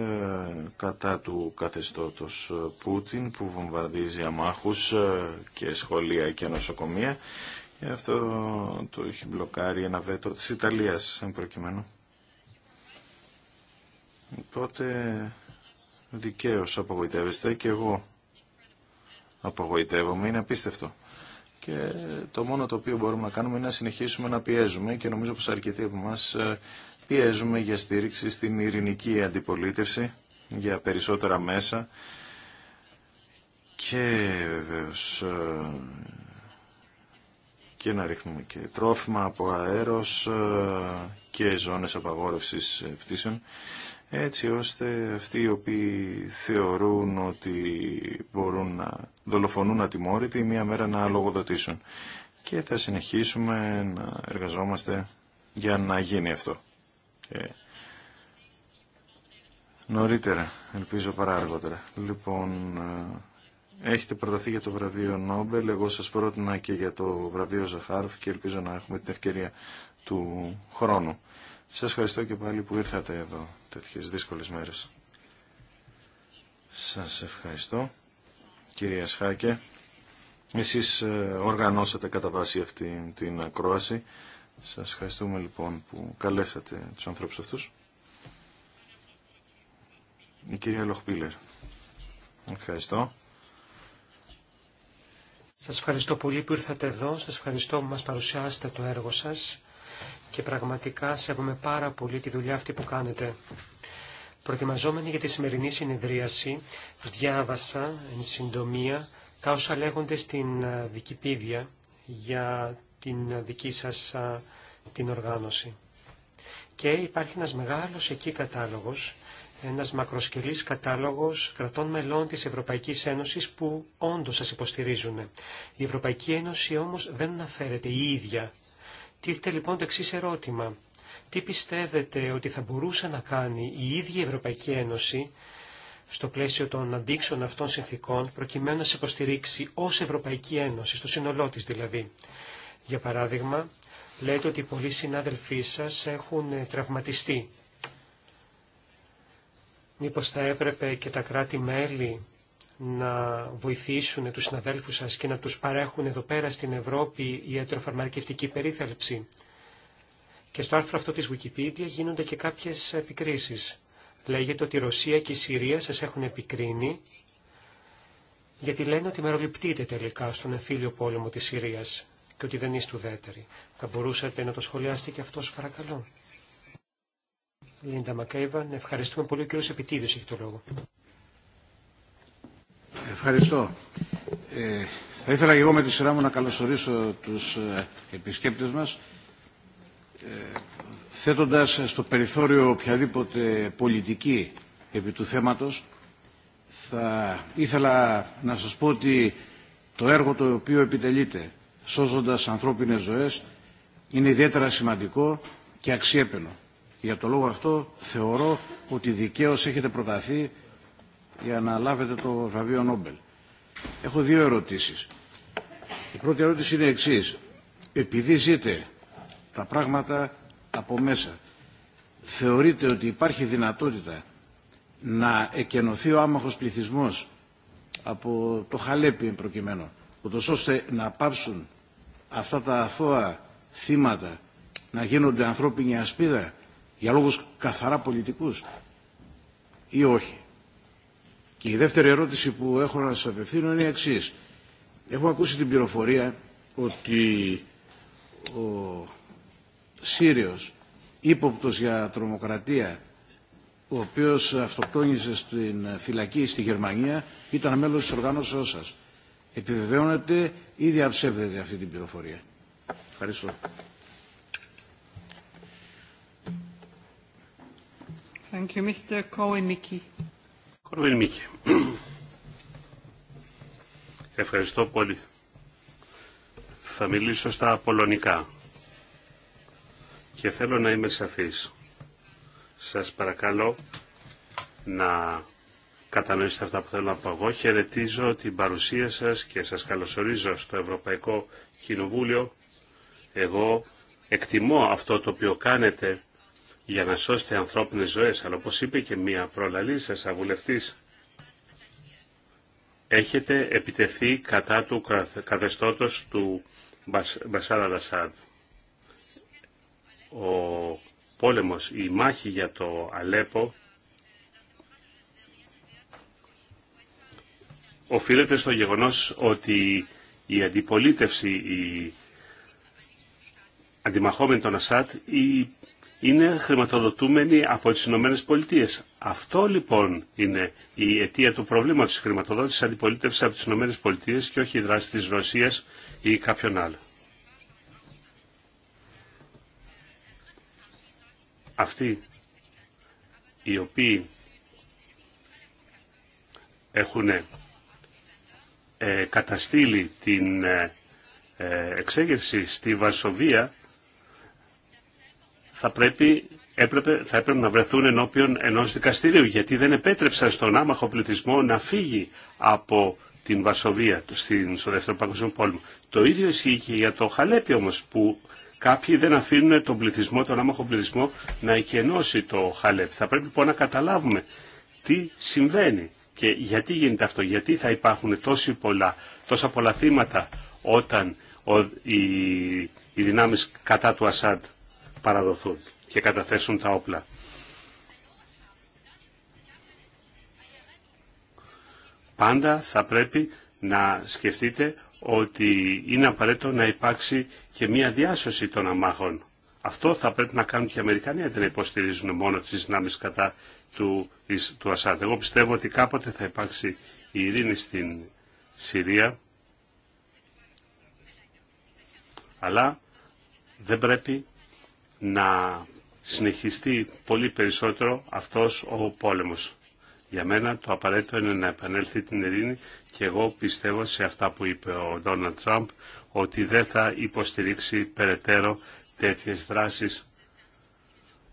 κατά του καθεστώτος Πούτιν που βομβαρδίζει αμάχους και σχολεία και νοσοκομεία. Και αυτό το έχει μπλοκάρει ένα βέτο της Ιταλίας, εν προκειμένου. Οπότε δικαίως απογοητεύεστε και εγώ απογοητεύομαι. Είναι απίστευτο. Και το μόνο το οποίο μπορούμε να κάνουμε είναι να συνεχίσουμε να πιέζουμε και νομίζω πως αρκετοί από εμάς ε, πιέζουμε για στήριξη στην ειρηνική αντιπολίτευση, για περισσότερα μέσα και βεβαίως ε, και να ρίχνουμε και τρόφιμα από αέρος ε, και ζώνες απαγόρευσης πτήσεων έτσι ώστε αυτοί οι οποίοι θεωρούν ότι μπορούν να δολοφονούν ατιμόρυτοι μία μέρα να λογοδοτήσουν. Και θα συνεχίσουμε να εργαζόμαστε για να γίνει αυτό. Ε, νωρίτερα, ελπίζω παρά αργότερα. Λοιπόν, ε, έχετε προταθεί για το βραβείο Νόμπελ, εγώ σας πρότεινα και για το βραβείο Ζαχάρφ και ελπίζω να έχουμε την ευκαιρία του χρόνου. Σας ευχαριστώ και πάλι που ήρθατε εδώ τέτοιες δύσκολες μέρες. Σας ευχαριστώ. Κυρία Σχάκε, εσείς ε, οργανώσατε κατά βάση αυτή την ακρόαση. Σας ευχαριστούμε λοιπόν που καλέσατε τους ανθρώπους αυτούς. Η κυρία Λοχπίλερ. Ευχαριστώ. Σας ευχαριστώ πολύ που ήρθατε εδώ. Σας ευχαριστώ που μας παρουσιάσετε το έργο σας και πραγματικά σέβομαι πάρα πολύ τη δουλειά αυτή που κάνετε. Προετοιμαζόμενοι για τη σημερινή συνεδρίαση, διάβασα εν συντομία τα όσα λέγονται στην ε, Wikipedia για την ε, δική σας την οργάνωση. Και υπάρχει ένας μεγάλος εκεί κατάλογος, ένας μακροσκελής κατάλογος κρατών μελών της Ευρωπαϊκής Ένωσης που όντως σας υποστηρίζουν. Η Ευρωπαϊκή Ένωση όμως δεν αναφέρεται η ίδια Τίθεται λοιπόν το εξή ερώτημα. Τι πιστεύετε ότι θα μπορούσε να κάνει η ίδια η Ευρωπαϊκή Ένωση στο πλαίσιο των αντίξεων αυτών συνθήκων προκειμένου να σε υποστηρίξει ως Ευρωπαϊκή Ένωση, στο σύνολό της δηλαδή. Για παράδειγμα, λέτε ότι πολλοί συνάδελφοί σας έχουν ε, τραυματιστεί. Μήπως θα έπρεπε και τα κράτη-μέλη να βοηθήσουν τους συναδέλφους σας και να τους παρέχουν εδώ πέρα στην Ευρώπη η ιατροφαρμακευτική περίθαλψη. Και στο άρθρο αυτό της Wikipedia γίνονται και κάποιες επικρίσεις. Λέγεται ότι η Ρωσία και η Συρία σας έχουν επικρίνει γιατί λένε ότι μεροληπτείτε τελικά στον εμφύλιο πόλεμο της Συρίας και ότι δεν είστε ουδέτεροι. Θα μπορούσατε να το σχολιάσετε και αυτό παρακαλώ. Λίντα Μακέιβαν, ευχαριστούμε πολύ. Ο κύριος Επιτίδης έχει το λόγο. Ευχαριστώ. Ε, θα ήθελα και εγώ με τη σειρά μου να καλωσορίσω τους ε, επισκέπτες μας ε, θέτοντας στο περιθώριο οποιαδήποτε πολιτική επί του θέματος θα ήθελα να σας πω ότι το έργο το οποίο επιτελείται σώζοντας ανθρώπινες ζωές είναι ιδιαίτερα σημαντικό και αξιέπαινο. Για το λόγο αυτό θεωρώ ότι δικαίως έχετε προταθεί για να λάβετε το βραβείο Νόμπελ. Έχω δύο ερωτήσεις. Η πρώτη ερώτηση είναι εξή. Επειδή ζείτε τα πράγματα από μέσα, θεωρείτε ότι υπάρχει δυνατότητα να εκενωθεί ο άμαχος πληθυσμός από το χαλέπι προκειμένου, ούτως ώστε να πάψουν αυτά τα αθώα θύματα να γίνονται ανθρώπινη ασπίδα για λόγους καθαρά πολιτικούς ή όχι. Και η δεύτερη ερώτηση που έχω να σας απευθύνω είναι η εξής. Έχω ακούσει την πληροφορία ότι ο Σύριος ύποπτος για τρομοκρατία ο οποίος αυτοκτόνησε στην φυλακή στη Γερμανία ήταν μέλος της οργάνωσης σας. Επιβεβαιώνεται ή διαψεύδεται αυτή την πληροφορία. Ευχαριστώ. Thank you, Mr. Ευχαριστώ πολύ. Θα μιλήσω στα πολωνικά και θέλω να είμαι σαφής. Σας παρακαλώ να κατανοήσετε αυτά που θέλω να πω. Εγώ χαιρετίζω την παρουσία σας και σας καλωσορίζω στο Ευρωπαϊκό Κοινοβούλιο. Εγώ εκτιμώ αυτό το οποίο κάνετε για να σώσετε ανθρώπινες ζωές. Αλλά όπως είπε και μία προλαλή σας αβουλευτής, έχετε επιτεθεί κατά του καθεστώτος του Μπασάρα Λασάντ. Ο πόλεμος, η μάχη για το Αλέπο οφείλεται στο γεγονός ότι η αντιπολίτευση, η αντιμαχόμενη των Ασάτ ή είναι χρηματοδοτούμενοι από τις Ηνωμένες Πολιτείες. Αυτό λοιπόν είναι η αιτία του προβλήματος χρηματοδότησης αντιπολίτευσης από τις Ηνωμένες Πολιτείες και όχι η δράση της Ρωσίας ή κάποιον άλλο. Αυτοί οι οποίοι έχουν ε, καταστήλει την ε, ε, εξέγερση στη Βαρσοβία θα πρέπει έπρεπε, θα έπρεπε να βρεθούν ενώπιον ενός δικαστηρίου, γιατί δεν επέτρεψαν στον άμαχο πληθυσμό να φύγει από την Βασοβία στην, στο Δεύτερο Παγκόσμιο Πόλεμο. Το ίδιο ισχύει και για το Χαλέπι όμως, που κάποιοι δεν αφήνουν τον πληθυσμό, τον άμαχο πληθυσμό, να εκενώσει το Χαλέπι. Θα πρέπει λοιπόν να καταλάβουμε τι συμβαίνει και γιατί γίνεται αυτό, γιατί θα υπάρχουν τόση πολλά, τόσα πολλά θύματα όταν οι, οι δυνάμεις κατά του Ασάντ παραδοθούν και καταθέσουν τα όπλα. Πάντα θα πρέπει να σκεφτείτε ότι είναι απαραίτητο να υπάρξει και μία διάσωση των αμάχων. Αυτό θα πρέπει να κάνουν και οι Αμερικανοί, δεν υποστηρίζουν μόνο τις δυνάμεις κατά του, του Ασάντ. Εγώ πιστεύω ότι κάποτε θα υπάρξει η ειρήνη στην Συρία, αλλά δεν πρέπει να συνεχιστεί πολύ περισσότερο αυτός ο πόλεμος. Για μένα το απαραίτητο είναι να επανέλθει την ειρήνη και εγώ πιστεύω σε αυτά που είπε ο Ντόναλτ Τραμπ ότι δεν θα υποστηρίξει περαιτέρω τέτοιες δράσεις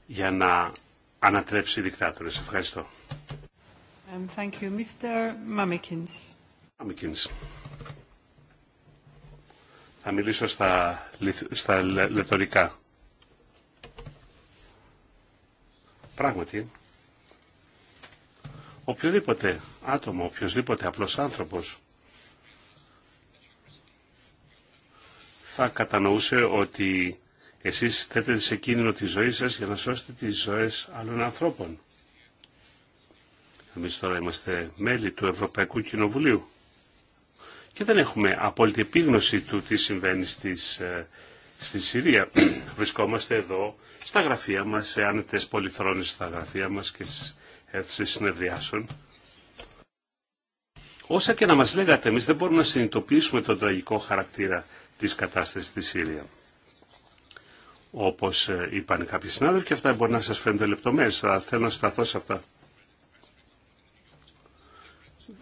για να ανατρέψει δικτάτορες. Ευχαριστώ. Um, thank you, Mr. Θα μιλήσω στα, στα λετορικά. Πράγματι, οποιοδήποτε άτομο, οποιοδήποτε απλός άνθρωπος θα κατανοούσε ότι εσείς θέτετε σε κίνδυνο τη ζωή σας για να σώσετε τις ζωές άλλων ανθρώπων. Εμείς τώρα είμαστε μέλη του Ευρωπαϊκού Κοινοβουλίου και δεν έχουμε απόλυτη επίγνωση του τι συμβαίνει στις ε, στη Συρία. [CLEARS THROAT] Βρισκόμαστε εδώ στα γραφεία μας, σε άνετες πολυθρόνες στα γραφεία μας και στις αίθουσες συνεδριάσεων. Όσα και να μας λέγατε, εμείς δεν μπορούμε να συνειδητοποιήσουμε τον τραγικό χαρακτήρα της κατάστασης στη Συρία. Όπως ε, είπαν κάποιοι συνάδελφοι, και αυτά μπορεί να σας φαίνονται λεπτομέρειες, αλλά θέλω να σταθώ σε αυτά.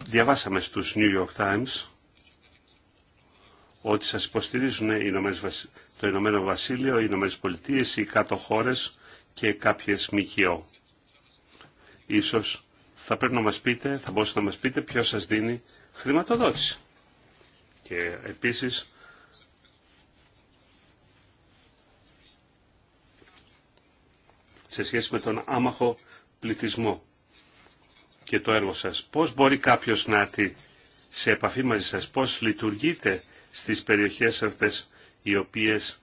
Διαβάσαμε στους New York Times ότι σας υποστηρίζουν οι Ηνωμένες Βασίλειες το Ηνωμένο Βασίλειο, οι Ηνωμένε Πολιτείε, οι κάτω χώρε και κάποιε ΜΚΟ. Ίσως θα πρέπει να μας πείτε, θα μπορούσατε να μας πείτε ποιος σας δίνει χρηματοδότηση. Και επίσης σε σχέση με τον άμαχο πληθυσμό και το έργο σας. Πώς μπορεί κάποιος να έρθει σε επαφή μαζί σας, πώς λειτουργείτε στις περιοχές αυτές οι οποίες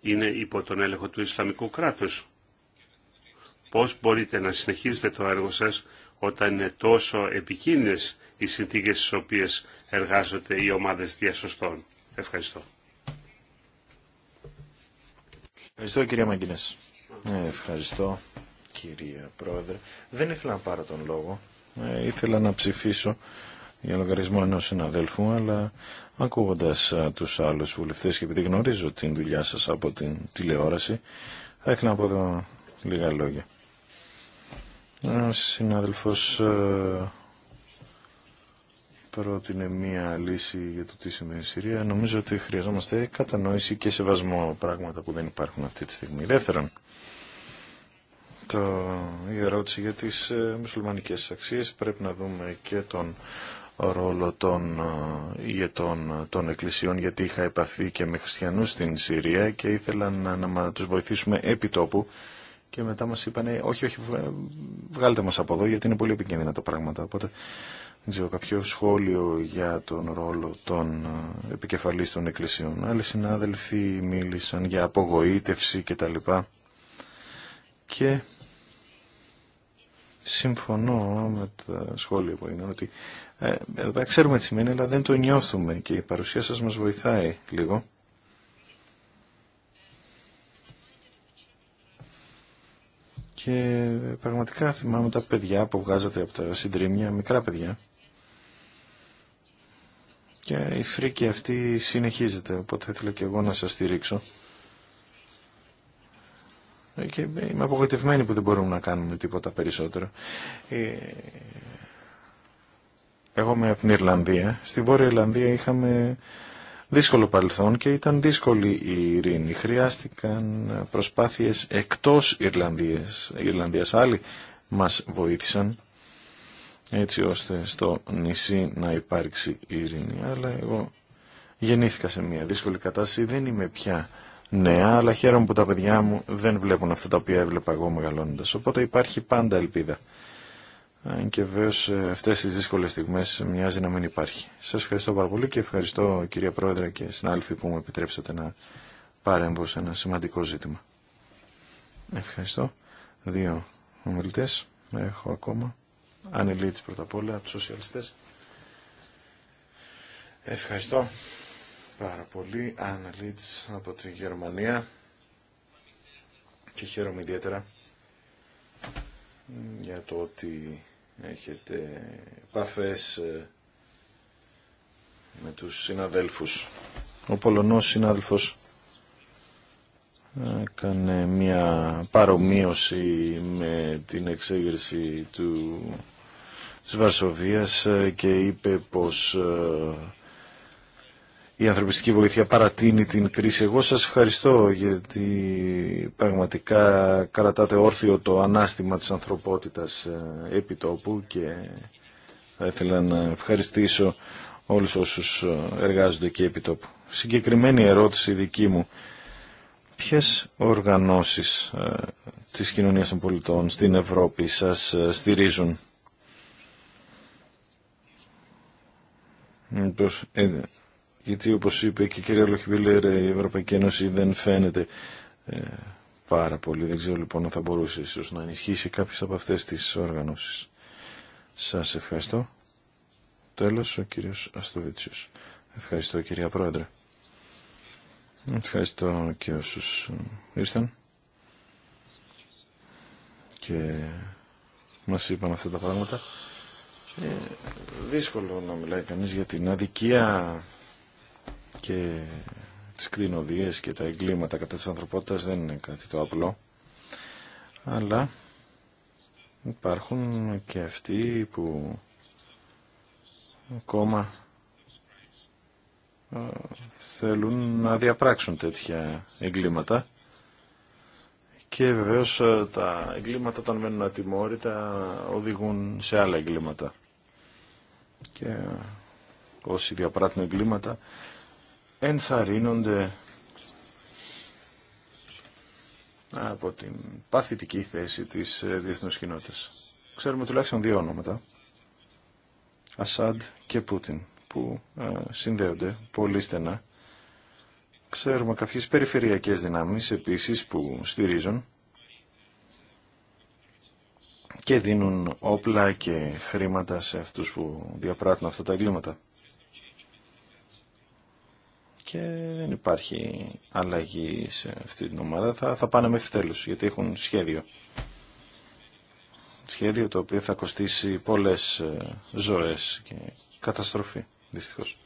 είναι υπό τον έλεγχο του Ισλαμικού κράτους. Πώς μπορείτε να συνεχίσετε το έργο σας όταν είναι τόσο επικίνδυνες οι συνθήκες στις οποίες εργάζονται οι ομάδες διασωστών. Ευχαριστώ. Ευχαριστώ κυρία Μαγκίνες. Ε, ευχαριστώ κυρία Πρόεδρε. Δεν ήθελα να πάρω τον λόγο. Ε, ήθελα να ψηφίσω για λογαριασμό ενός συναδέλφου, αλλά ακούγοντας τους άλλους βουλευτές και επειδή γνωρίζω την δουλειά σας από την τηλεόραση, θα ήθελα να πω εδώ λίγα λόγια. Ο συνάδελφος πρότεινε μία λύση για το τι σημαίνει Συρία. Νομίζω ότι χρειαζόμαστε κατανόηση και σεβασμό πράγματα που δεν υπάρχουν αυτή τη στιγμή. Δεύτερον, το, η ερώτηση για τις ε, μουσουλμανικές αξίες πρέπει να δούμε και τον ρόλο των ε, ηγετών των εκκλησιών γιατί είχα επαφή και με χριστιανούς στην Συρία και ήθελαν να, να τους βοηθήσουμε επί τόπου και μετά μας είπαν όχι, όχι, βγάλτε μας από εδώ γιατί είναι πολύ επικίνδυνα τα πράγματα. Οπότε δεν ξέρω κάποιο σχόλιο για τον ρόλο των ε, επικεφαλής των εκκλησιών. Άλλοι συνάδελφοι μίλησαν για απογοήτευση κτλ. Και, και συμφωνώ με τα σχόλια που είναι, ότι ε, εδώ ξέρουμε τι σημαίνει αλλά δεν το νιώθουμε και η παρουσία σας μας βοηθάει λίγο. Και πραγματικά θυμάμαι τα παιδιά που βγάζατε από τα συντρίμια, μικρά παιδιά. Και η φρίκη αυτή συνεχίζεται, οπότε θέλω και εγώ να σας στηρίξω. Ε, και είμαι απογοητευμένη που δεν μπορούμε να κάνουμε τίποτα περισσότερο. Ε, εγώ είμαι από την Ιρλανδία. Στη Βόρεια Ιρλανδία είχαμε δύσκολο παρελθόν και ήταν δύσκολη η ειρήνη. Χρειάστηκαν προσπάθειες εκτός Ιρλανδίας. Ιρλανδίας άλλοι μας βοήθησαν έτσι ώστε στο νησί να υπάρξει ειρήνη. Αλλά εγώ γεννήθηκα σε μια δύσκολη κατάσταση. Δεν είμαι πια νέα, αλλά χαίρομαι που τα παιδιά μου δεν βλέπουν αυτά τα οποία έβλεπα εγώ μεγαλώνοντα. Οπότε υπάρχει πάντα ελπίδα. Αν και βεβαίω ε, αυτέ τι δύσκολε στιγμέ μοιάζει να μην υπάρχει. Σα ευχαριστώ πάρα πολύ και ευχαριστώ κυρία Πρόεδρε και συνάδελφοι που μου επιτρέψατε να παρέμβω σε ένα σημαντικό ζήτημα. Ευχαριστώ. Δύο ομιλητέ. Έχω ακόμα. Ανελίτς πρώτα απ' όλα, του σοσιαλιστέ. Ευχαριστώ πάρα πολύ. Λίτς από τη Γερμανία και χαίρομαι ιδιαίτερα για το ότι έχετε επαφές ε, με τους συναδέλφους. Ο Πολωνός συνάδελφος ε, έκανε μια παρομοίωση με την εξέγερση του της Βαρσοβίας ε, και είπε πως η ανθρωπιστική βοήθεια παρατείνει την κρίση. Εγώ σας ευχαριστώ γιατί πραγματικά κρατάτε όρθιο το ανάστημα της ανθρωπότητας ε, επί τόπου και θα ήθελα να ευχαριστήσω όλους όσους ε, εργάζονται εκεί επί τόπου. Συγκεκριμένη ερώτηση δική μου. Ποιες οργανώσεις ε, της κοινωνίας των πολιτών στην Ευρώπη σας στηρίζουν γιατί όπως είπε και η κυρία Λοχιβίλη, η Ευρωπαϊκή Ένωση δεν φαίνεται ε, πάρα πολύ. Δεν ξέρω λοιπόν αν θα μπορούσε ίσως να ενισχύσει κάποιες από αυτές τις οργανώσεις. Σας ευχαριστώ. Τέλος ο κύριος Αστοβίτσιος. Ευχαριστώ κυρία Πρόεδρε. Ευχαριστώ και όσους ε, ήρθαν και μας είπαν αυτά τα πράγματα. Ε, δύσκολο να μιλάει κανείς για την αδικία και τις κλεινοδίες και τα εγκλήματα κατά της ανθρωπότητας δεν είναι κάτι το απλό. Αλλά υπάρχουν και αυτοί που ακόμα ε, θέλουν να διαπράξουν τέτοια εγκλήματα και βεβαίως ε, τα εγκλήματα όταν μένουν ατιμόρυτα οδηγούν σε άλλα εγκλήματα και ε, όσοι διαπράττουν εγκλήματα ενθαρρύνονται από την παθητική θέση της ε, διεθνούς κοινότητας. Ξέρουμε τουλάχιστον δύο όνοματα, Ασάντ και Πούτιν, που ε, συνδέονται πολύ στενά. Ξέρουμε κάποιες περιφερειακές δυνάμεις επίσης που στηρίζουν και δίνουν όπλα και χρήματα σε αυτούς που διαπράττουν αυτά τα εγκλήματα και δεν υπάρχει αλλαγή σε αυτή την ομάδα. Θα, θα πάνε μέχρι τέλους γιατί έχουν σχέδιο. Σχέδιο το οποίο θα κοστίσει πολλές ε, ζωές και καταστροφή δυστυχώς.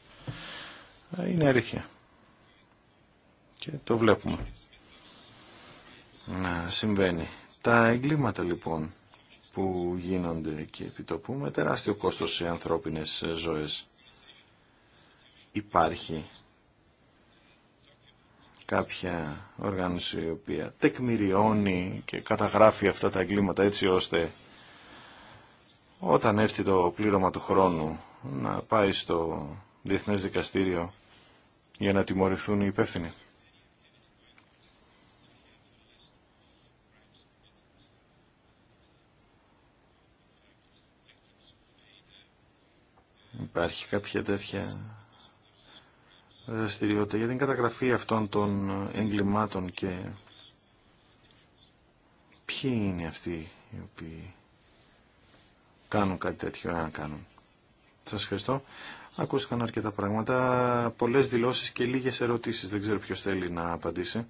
Ε, είναι αλήθεια. Και το βλέπουμε. Να συμβαίνει. Τα εγκλήματα λοιπόν που γίνονται και επιτοπούμε, τεράστιο κόστος σε ανθρώπινες ε, ζωές. Υπάρχει κάποια οργάνωση η οποία τεκμηριώνει και καταγράφει αυτά τα εγκλήματα έτσι ώστε όταν έρθει το πλήρωμα του χρόνου να πάει στο Διεθνές Δικαστήριο για να τιμωρηθούν οι υπεύθυνοι. Υπάρχει κάποια τέτοια δραστηριότητα για την καταγραφή αυτών των εγκλημάτων και ποιοι είναι αυτοί οι οποίοι κάνουν κάτι τέτοιο, αν κάνουν. Σας ευχαριστώ. Ακούστηκαν αρκετά πράγματα, πολλές δηλώσεις και λίγες ερωτήσεις. Δεν ξέρω ποιος θέλει να απαντήσει.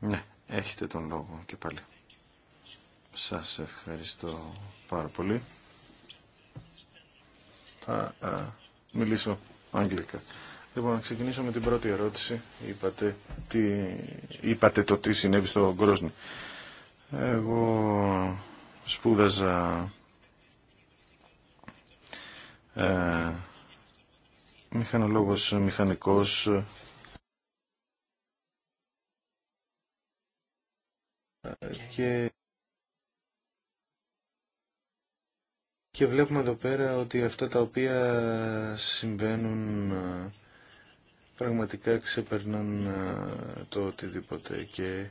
Ναι, έχετε τον λόγο και πάλι. Σας ευχαριστώ πάρα πολύ. Θα μιλήσω αγγλικά. Λοιπόν, να ξεκινήσω με την πρώτη ερώτηση. Είπατε, τι... Είπατε το τι συνέβη στο Γκρόσνη. Εγώ σπούδαζα ε, μηχανολόγος, μηχανικός ε, και, και βλέπουμε εδώ πέρα ότι αυτά τα οποία συμβαίνουν ε, πραγματικά ξεπερνούν ε, το οτιδήποτε και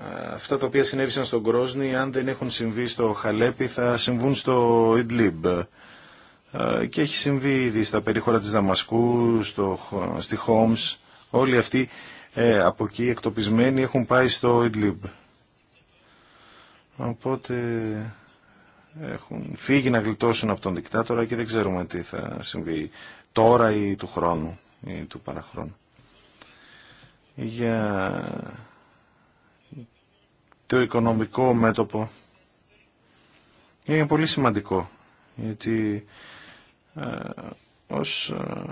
ε, αυτά τα οποία συνέβησαν στον Κρόσνη αν δεν έχουν συμβεί στο Χαλέπι θα συμβούν στο Ιντλίμπ ε, και έχει συμβεί ήδη στα περίχωρα της Δαμασκού, στο, στη Χόμς όλοι αυτοί από εκεί εκτοπισμένοι έχουν πάει στο Ιντλίμπ οπότε έχουν φύγει να γλιτώσουν από τον δικτάτορα και δεν ξέρουμε τι θα συμβεί τώρα ή του χρόνου ή του παραχρόνου. Για το οικονομικό μέτωπο είναι πολύ σημαντικό γιατί ε, ως ε,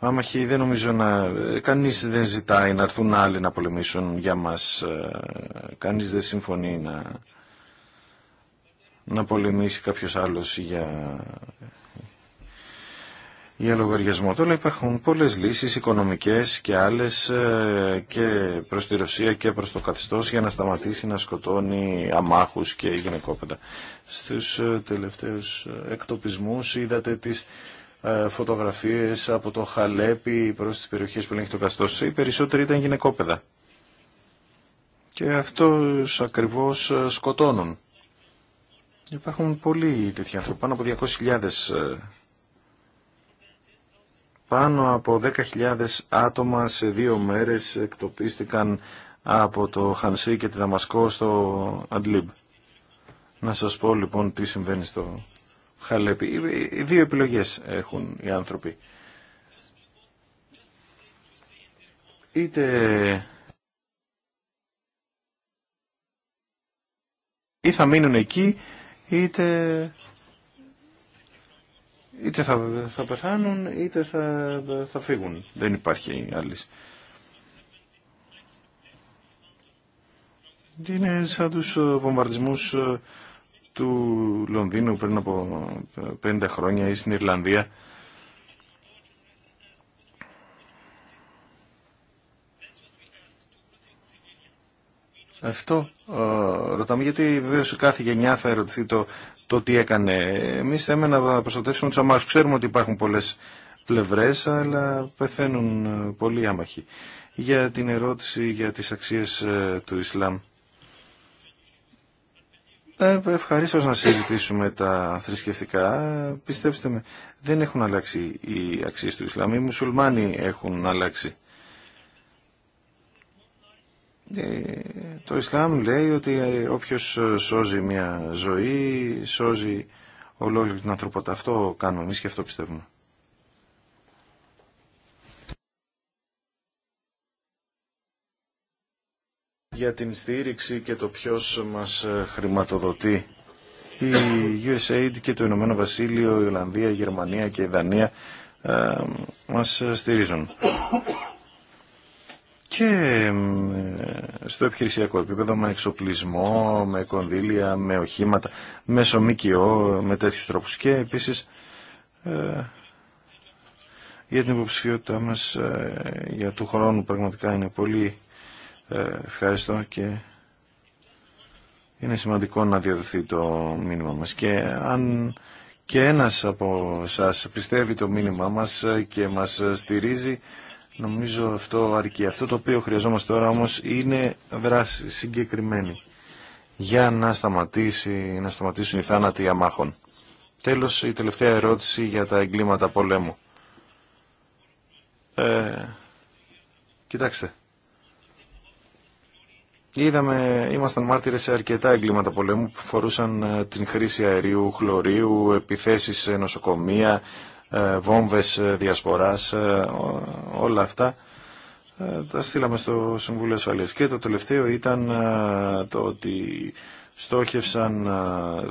άμαχοι δεν νομίζω να κανείς δεν ζητάει να έρθουν άλλοι να πολεμήσουν για μας ε, κανείς δεν συμφωνεί να να πολεμήσει κάποιος άλλος για, για λογαριασμό. Τώρα υπάρχουν πολλές λύσεις οικονομικές και άλλες ε, και προς τη Ρωσία και προς το καθεστώ, για να σταματήσει να σκοτώνει αμάχους και γυναικόπαιδα. Στους ε, τελευταίους ε, εκτοπισμούς είδατε τις φωτογραφίες από το Χαλέπι προς τις περιοχές που έχει το καθιστός. Οι περισσότεροι ήταν γυναικόπαιδα. Και αυτούς ακριβώς σκοτώνουν. Υπάρχουν πολλοί τέτοιοι άνθρωποι, πάνω από 200.000. Ε, πάνω από 10.000 άτομα σε δύο μέρες εκτοπίστηκαν από το Χανσί και τη Δαμασκό στο Αντλίμπ. Να σας πω λοιπόν τι συμβαίνει στο Χαλέπι. Οι δύο επιλογές έχουν οι άνθρωποι. Είτε ή θα μείνουν εκεί είτε είτε θα, πεθάνουν είτε θα, θα φύγουν. Δεν υπάρχει άλλη. Είναι σαν τους ε, βομβαρδισμούς ε, του Λονδίνου πριν από 50 ε, χρόνια ή στην Ιρλανδία Αυτό ε, ρωτάμε γιατί βεβαίω κάθε γενιά θα ερωτηθεί το, το τι έκανε. Εμεί θέλουμε να προστατεύσουμε του αμάχου. Ξέρουμε ότι υπάρχουν πολλέ πλευρέ, αλλά πεθαίνουν ε, πολλοί άμαχοι. Για την ερώτηση για τι αξίε ε, του Ισλάμ. Ευχαρίστω να συζητήσουμε τα θρησκευτικά. Πιστέψτε με, δεν έχουν αλλάξει οι αξίε του Ισλάμ. Οι μουσουλμάνοι έχουν αλλάξει. Ε, το Ισλάμ λέει ότι ε, όποιος ε, σώζει μια ζωή, σώζει ολόκληρη την ανθρωπότητα. Αυτό κάνουμε εμείς και αυτό πιστεύουμε. Για την στήριξη και το ποιος μας χρηματοδοτεί. Η USAID και το Ηνωμένο Βασίλειο, η Ολλανδία, η Γερμανία και η Δανία μας στηρίζουν και ε, στο επιχειρησιακό επίπεδο με εξοπλισμό, με κονδύλια, με οχήματα, με σωμικιό, με τέτοιους τρόπους και επίσης ε, για την υποψηφιότητά μας ε, για του χρόνου πραγματικά είναι πολύ ε, ευχαριστώ και είναι σημαντικό να διαδοθεί το μήνυμα μας και αν και ένας από σας πιστεύει το μήνυμα μας και μας στηρίζει Νομίζω αυτό αρκεί. Αυτό το οποίο χρειαζόμαστε τώρα όμως είναι δράση συγκεκριμένη για να, σταματήσει, να σταματήσουν οι θάνατοι αμάχων. Τέλος, η τελευταία ερώτηση για τα εγκλήματα πολέμου. Ε, κοιτάξτε. Είδαμε, ήμασταν μάρτυρες σε αρκετά εγκλήματα πολέμου που φορούσαν ε, την χρήση αερίου, χλωρίου, επιθέσεις σε νοσοκομεία, ε, βόμβες ε, διασποράς, ε, όλα αυτά τα στείλαμε στο Συμβούλιο Ασφαλείας. Και το τελευταίο ήταν το ότι στόχευσαν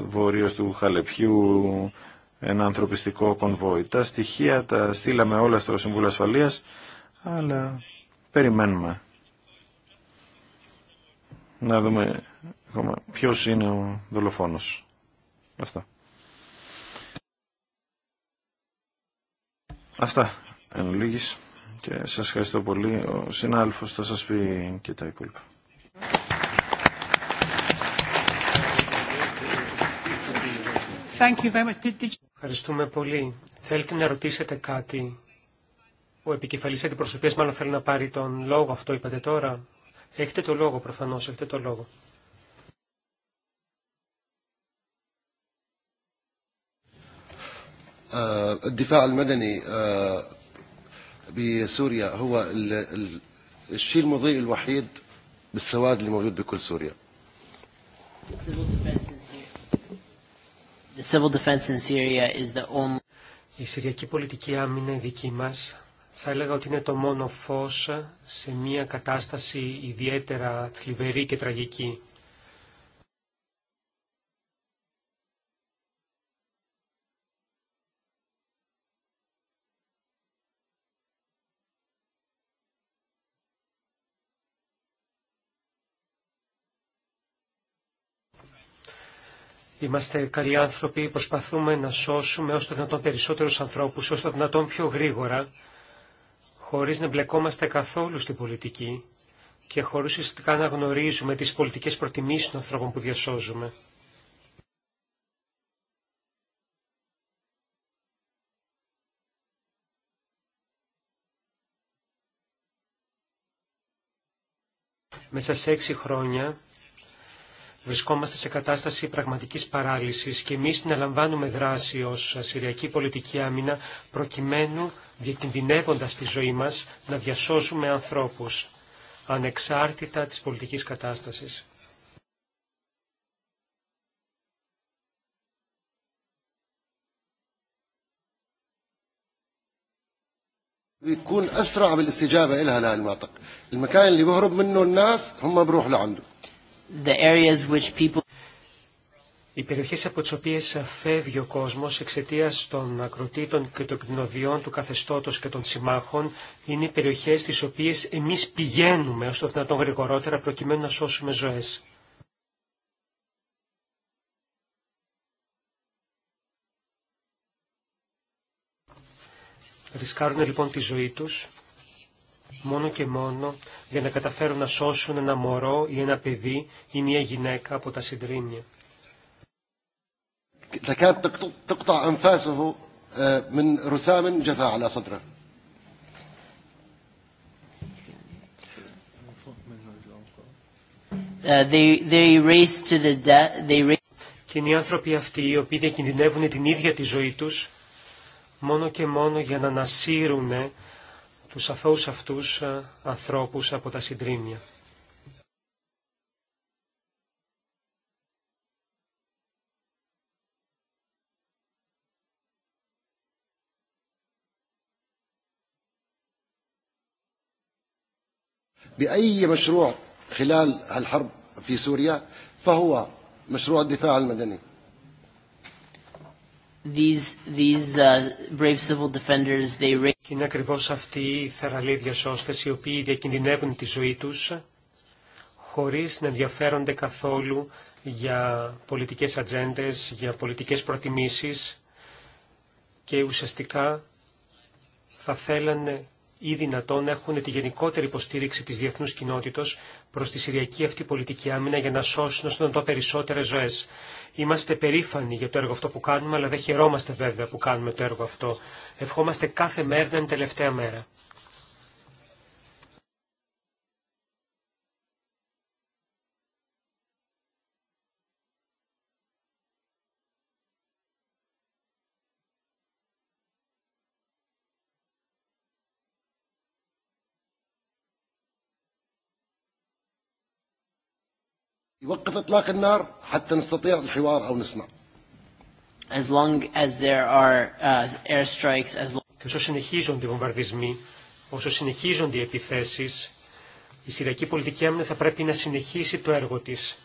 βορείως του Χαλεπιού ένα ανθρωπιστικό κονβόι. Τα στοιχεία τα στείλαμε όλα στο Συμβούλιο Ασφαλείας, αλλά περιμένουμε. Να δούμε ποιος είναι ο δολοφόνος. Αυτά. Αυτά εν ολίγης και σας ευχαριστώ πολύ. Ο συνάδελφος θα σας πει και τα υπόλοιπα. Ευχαριστούμε πολύ. Θέλετε να ρωτήσετε κάτι. Ο επικεφαλής αντιπροσωπείας μάλλον θέλει να πάρει τον λόγο, αυτό είπατε τώρα. Έχετε το λόγο προφανώς, έχετε το λόγο. Η Συριακή πολιτική άμυνα δική μας θα έλεγα ότι είναι το μόνο φως σε μια κατάσταση ιδιαίτερα θλιβερή και τραγική. Είμαστε καλοί άνθρωποι, προσπαθούμε να σώσουμε όσο το δυνατόν περισσότερους ανθρώπους, όσο το δυνατόν πιο γρήγορα, χωρίς να μπλεκόμαστε καθόλου στην πολιτική και χωρίς ουσιαστικά να γνωρίζουμε τις πολιτικές προτιμήσεις των ανθρώπων που διασώζουμε. Μέσα σε έξι χρόνια βρισκόμαστε σε κατάσταση πραγματικής παράλυσης και εμείς να λαμβάνουμε δράση ως ασυριακή Πολιτική Άμυνα προκειμένου, διακινδυνεύοντας τη ζωή μας, να διασώσουμε ανθρώπους, ανεξάρτητα της πολιτικής κατάστασης. بيكون اسرع بالاستجابه لها لهالمناطق المكان اللي بهرب منه الناس هم بروح لعنده the areas which people... Οι περιοχές από τις οποίες φεύγει ο κόσμος εξαιτίας των ακροτήτων και των κτηνοδιών του καθεστώτος και των συμμάχων είναι οι περιοχές στις οποίες εμείς πηγαίνουμε όσο το δυνατόν γρηγορότερα προκειμένου να σώσουμε ζωές. Ρισκάρουν λοιπόν τη ζωή τους μόνο και μόνο για να καταφέρουν να σώσουν ένα μωρό ή ένα παιδί ή μια γυναίκα από τα συντρίμια. Και είναι οι άνθρωποι αυτοί οι οποίοι διακινδυνεύουν την ίδια τη ζωή τους μόνο και μόνο για να ανασύρουν τους αθώους αυτούς ανθρώπους από τα συντρίμια. بأي مشروع خلال الحرب في سوريا فهو مشروع الدفاع المدني Uh, και είναι ακριβώς αυτοί οι θεραλοί σώστε οι οποίοι διακινδυνεύουν τη ζωή τους χωρίς να ενδιαφέρονται καθόλου για πολιτικές ατζέντε, για πολιτικές προτιμήσεις και ουσιαστικά θα θέλανε ή δυνατόν έχουν τη γενικότερη υποστήριξη της διεθνούς κοινότητος προς τη Συριακή αυτή πολιτική άμυνα για να σώσουν όσο να το περισσότερες ζωές. Είμαστε περήφανοι για το έργο αυτό που κάνουμε, αλλά δεν χαιρόμαστε βέβαια που κάνουμε το έργο αυτό. Ευχόμαστε κάθε μέρα την τελευταία μέρα. يوقف Και όσο συνεχίζονται οι βομβαρδισμοί, όσο συνεχίζονται οι επιθέσεις, η Συριακή Πολιτική Άμυνα θα πρέπει να συνεχίσει το έργο της.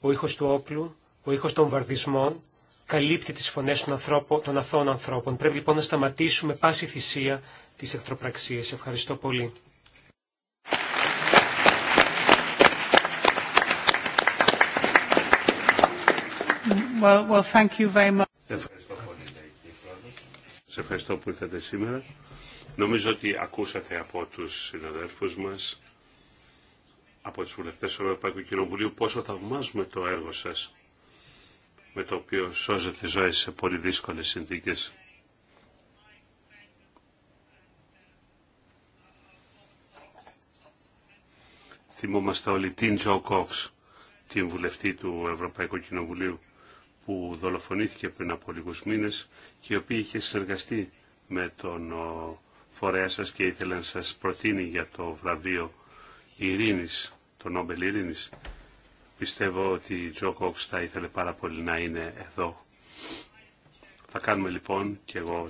Ο ήχος του όπλου, ο ήχος των βαρδισμών, καλύπτει τις φωνές των, ανθρώπων, αθώων ανθρώπων. Πρέπει λοιπόν να σταματήσουμε πάση θυσία τις εχθροπραξίες. Ευχαριστώ πολύ. Well, Σε ευχαριστώ που ήρθατε σήμερα. Νομίζω ότι ακούσατε από τους συναδέλφους μας, από τους βουλευτές του Ευρωπαϊκού Κοινοβουλίου, πόσο θαυμάζουμε το έργο σας, με το οποίο σώζετε ζωές σε πολύ δύσκολες συνθήκες. Θυμόμαστε όλοι την Τζο Κόξ, την βουλευτή του Ευρωπαϊκού Κοινοβουλίου, που δολοφονήθηκε πριν από λίγους μήνες και η οποία είχε συνεργαστεί με τον φορέα σας και ήθελε να σας προτείνει για το βραβείο ειρήνης, το Νόμπελ ειρήνης. Πιστεύω ότι η Τζο Κόξ θα ήθελε πάρα πολύ να είναι εδώ. Θα κάνουμε λοιπόν και εγώ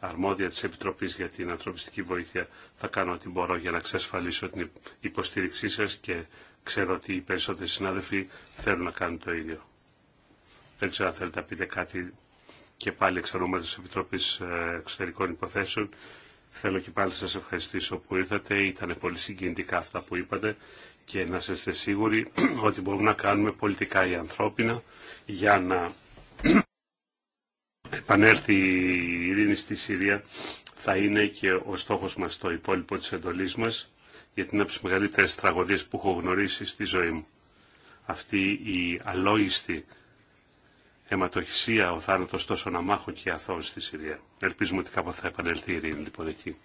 αρμόδια της Επιτροπής για την Ανθρωπιστική Βοήθεια θα κάνω ό,τι μπορώ για να εξασφαλίσω την υποστήριξή σας και ξέρω ότι οι περισσότεροι συνάδελφοι θέλουν να κάνουν το ίδιο. Δεν ξέρω αν θέλετε να πείτε κάτι και πάλι εξ ονόματο τη Επιτροπή ε, Εξωτερικών Υποθέσεων. Θέλω και πάλι σας ευχαριστήσω που ήρθατε. Ήταν πολύ συγκινητικά αυτά που είπατε και να είστε σίγουροι [CLEARS THROAT] ότι μπορούμε να κάνουμε πολιτικά ή ανθρώπινα για να [CLEARS THROAT] επανέλθει η ειρήνη στη Συρία θα είναι και ο στόχος μας το υπόλοιπο της εντολής μας γιατί είναι από τις μεγαλύτερες τραγωδίες που έχω γνωρίσει στη ζωή μου. Αυτή η αλόγιστη αιματοχυσία, ο θάνατος τόσων αμάχων και αθώων στη Συρία. Ελπίζουμε ότι κάποτε θα επανελθεί η ειρήνη λοιπόν εκεί.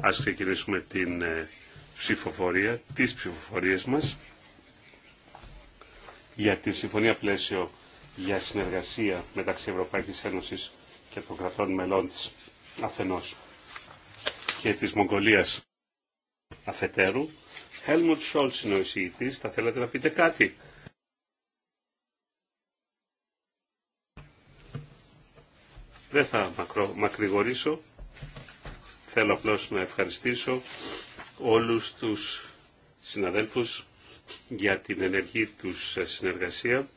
Ας ξεκινήσουμε την ε, ψηφοφορία, τις ψηφοφορίες μας για τη Συμφωνία Πλαίσιο για συνεργασία μεταξύ Ευρωπαϊκής Ένωσης και των κρατών μελών της Αθενός και της Μογγολίας αφετέρου. Χέλμουτ Σόλτς είναι ο εισηγητής. Θα θέλατε να πείτε κάτι. Δεν θα μακρηγορήσω. Θέλω απλώς να ευχαριστήσω όλους τους συναδέλφους για την ενεργή τους συνεργασία.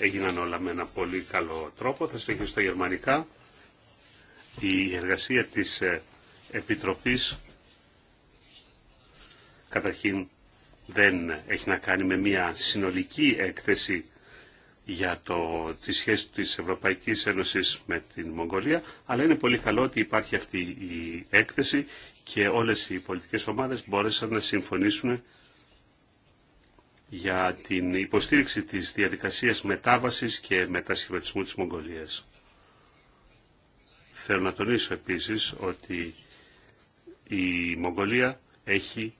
Έγιναν όλα με ένα πολύ καλό τρόπο. Θα συνεχίσω στα γερμανικά. Η εργασία της ε, Επιτροπής καταρχήν δεν έχει να κάνει με μια συνολική έκθεση για το, τη σχέση της Ευρωπαϊκής Ένωσης με την Μογγολία, αλλά είναι πολύ καλό ότι υπάρχει αυτή η έκθεση και όλες οι πολιτικές ομάδες μπόρεσαν να συμφωνήσουν για την υποστήριξη της διαδικασίας μετάβασης και μετασχηματισμού της Μογγολίας. Θέλω να τονίσω επίσης ότι η Μογγολία έχει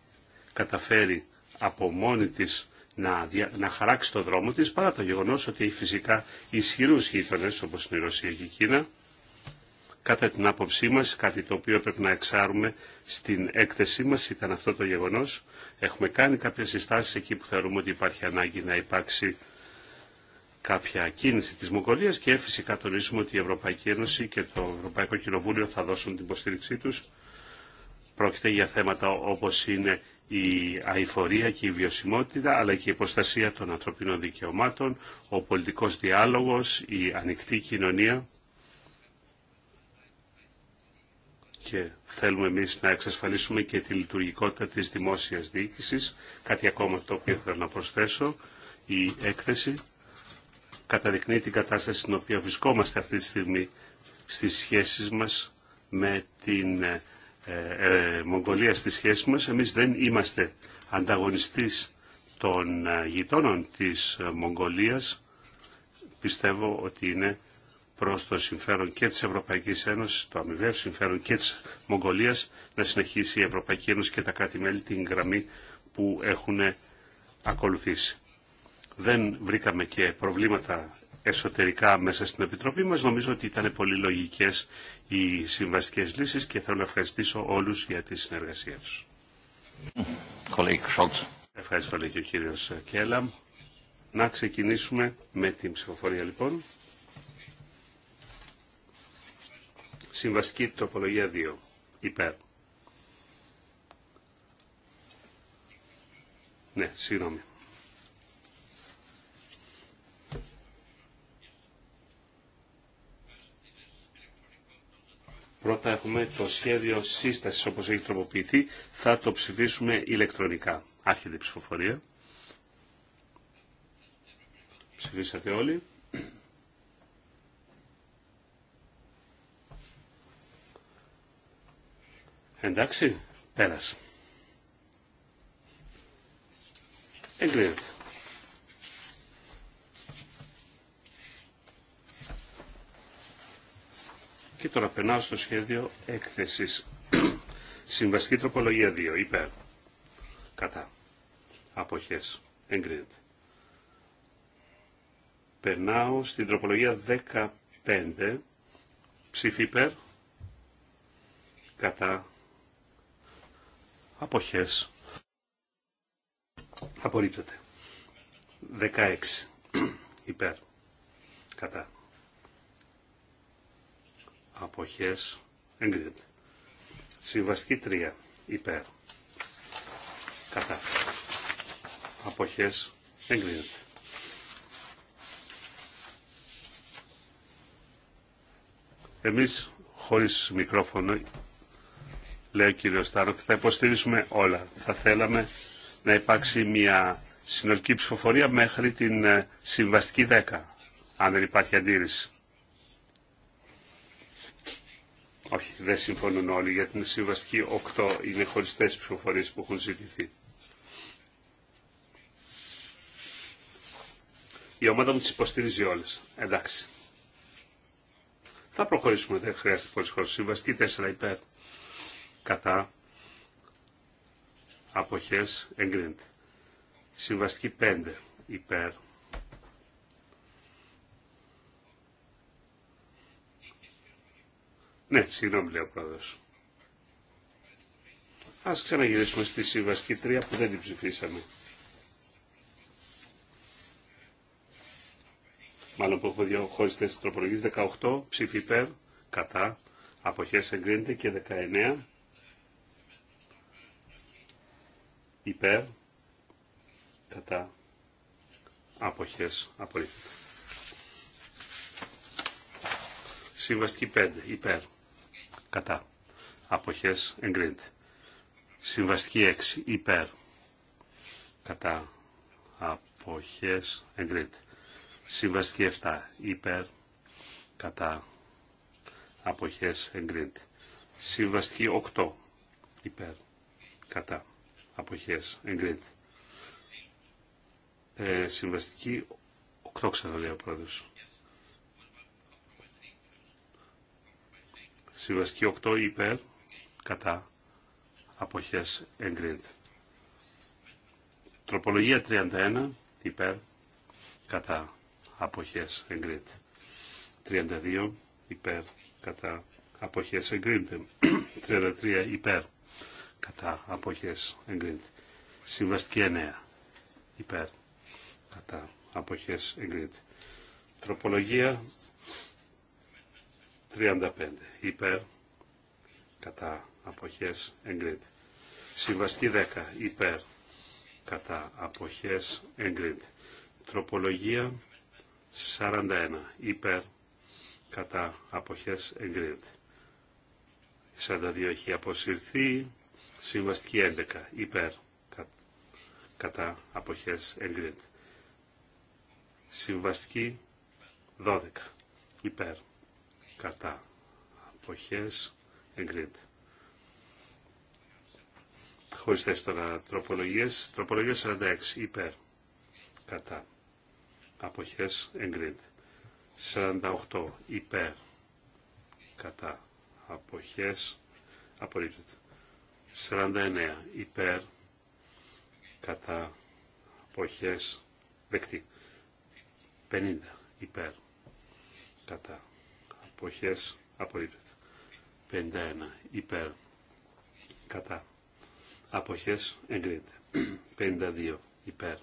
καταφέρει από μόνη της να, να χαράξει το δρόμο της παρά το γεγονός ότι έχει φυσικά ισχυρούς γείτονε όπως είναι η Ρωσία και η Κίνα κατά την άποψή μας, κάτι το οποίο πρέπει να εξάρουμε στην έκθεσή μας ήταν αυτό το γεγονός. Έχουμε κάνει κάποιες συστάσεις εκεί που θεωρούμε ότι υπάρχει ανάγκη να υπάρξει κάποια κίνηση της Μογγολίας και φυσικά τονίσουμε ότι η Ευρωπαϊκή Ένωση και το Ευρωπαϊκό Κοινοβούλιο θα δώσουν την υποστήριξή τους. Πρόκειται για θέματα όπως είναι η αηφορία και η βιωσιμότητα, αλλά και η υποστασία των ανθρωπίνων δικαιωμάτων, ο πολιτικός διάλογος, η ανοιχτή κοινωνία. Και θέλουμε εμείς να εξασφαλίσουμε και τη λειτουργικότητα της δημόσιας διοίκησης. Κάτι ακόμα το οποίο θέλω να προσθέσω, η έκθεση καταδεικνύει την κατάσταση στην οποία βρισκόμαστε αυτή τη στιγμή στις σχέσεις μας με την ε, ε, ε, Μογγολία στη σχέση μας. Εμείς δεν είμαστε ανταγωνιστής των ε, γειτόνων της ε, Μογγολίας. Πιστεύω ότι είναι προς το συμφέρον και της Ευρωπαϊκής Ένωσης, το αμοιβαίο συμφέρον και της Μογγολίας, να συνεχίσει η Ευρωπαϊκή Ένωση και τα κράτη-μέλη την γραμμή που έχουν ακολουθήσει. Δεν βρήκαμε και προβλήματα εσωτερικά μέσα στην Επιτροπή μας. Νομίζω ότι ήταν πολύ λογικές οι συμβαστικές λύσεις και θέλω να ευχαριστήσω όλους για τη συνεργασία τους. Ευχαριστώ λέει και ο κύριος Κέλλαμ. Να ξεκινήσουμε με την ψηφοφορία λοιπόν. Συμβαστική τοπολογία 2. Υπέρ. Ναι, συγγνώμη. Πρώτα έχουμε το σχέδιο σύσταση όπως έχει τροποποιηθεί. Θα το ψηφίσουμε ηλεκτρονικά. Άρχεται η ψηφοφορία. Ψηφίσατε όλοι. Εντάξει, πέρασε. Εγκρίνεται. Και τώρα περνάω στο σχέδιο έκθεσης. [CLEARS THROAT] Συμβαστική τροπολογία 2. Υπέρ. Κατά. Αποχές. Εγκρίνεται. Περνάω στην τροπολογία 15. Ψήφι υπέρ. Κατά. Αποχές. Απορρίπτεται. 16. [CLEARS THROAT] υπέρ. Κατά αποχές εγκρίνεται. Συμβαστική 3 υπέρ κατά αποχές εγκρίνεται. Εμείς χωρίς μικρόφωνο λέει ο κύριος Στάρο, θα υποστηρίσουμε όλα. Θα θέλαμε να υπάρξει μια συνολική ψηφοφορία μέχρι την ε, συμβαστική 10 αν δεν υπάρχει αντίρρηση. Όχι, δεν συμφωνούν όλοι για την συμβαστική 8 είναι χωριστές ψηφοφορίες που έχουν ζητηθεί. Η ομάδα μου τις υποστηρίζει όλες. Εντάξει. Θα προχωρήσουμε, δεν χρειάζεται πολλές χώρες. Συμβαστική 4 υπέρ. Κατά. Αποχές εγκρίνεται. Συμβαστική 5 υπέρ. Ναι, συγγνώμη λέει ο πρόεδρος. Ας ξαναγυρίσουμε στη συμβαστική 3 που δεν την ψηφίσαμε. Μάλλον που έχω δύο χωριστές τροπολογίες. 18 ψήφι υπέρ, κατά, αποχές εγκρίνεται και 19 υπέρ, κατά, αποχές απορρίπτεται. Συμβαστική 5 υπέρ, κατά αποχές εγκρίνεται. Συμβαστική 6 υπέρ κατά αποχές εγκρίνεται. Συμβαστική 7 υπέρ κατά αποχές εγκρίνεται. Συμβαστική 8 υπέρ κατά αποχές εγκρίνεται. Ε, συμβαστική 8 ξαναλέω ο πρόεδρος. Συμβαστική 8 υπέρ κατά αποχές εγκρίνεται. Τροπολογία 31 υπέρ κατά αποχές εγκρίνεται. 32 υπέρ κατά αποχές εγκρίνεται. 33 υπέρ κατά αποχές εγκρίνεται. Συμβαστική 9 υπέρ κατά αποχές εγκρίνεται. Τροπολογία 35 υπέρ κατά αποχές εγκρίνεται. Συμβαστή 10 υπέρ κατά αποχές εγκρίνεται. Τροπολογία 41 υπέρ κατά αποχές εγκρίνεται. 42 έχει αποσυρθεί. Συμβαστική 11 υπέρ κατά αποχές εγκρίνεται. Συμβαστική 12 υπέρ κατά αποχές εγκρίνεται. Χωριστές τώρα τροπολογίες. Τροπολογία 46 υπέρ κατά αποχές εγκρίνεται. 48 υπέρ κατά αποχές απορρίπτεται. 49 υπέρ κατά αποχές δεκτή. 50 υπέρ κατά αποχές απορρίπτεται. 51 υπέρ κατά αποχές εγκρίνεται. 52 υπέρ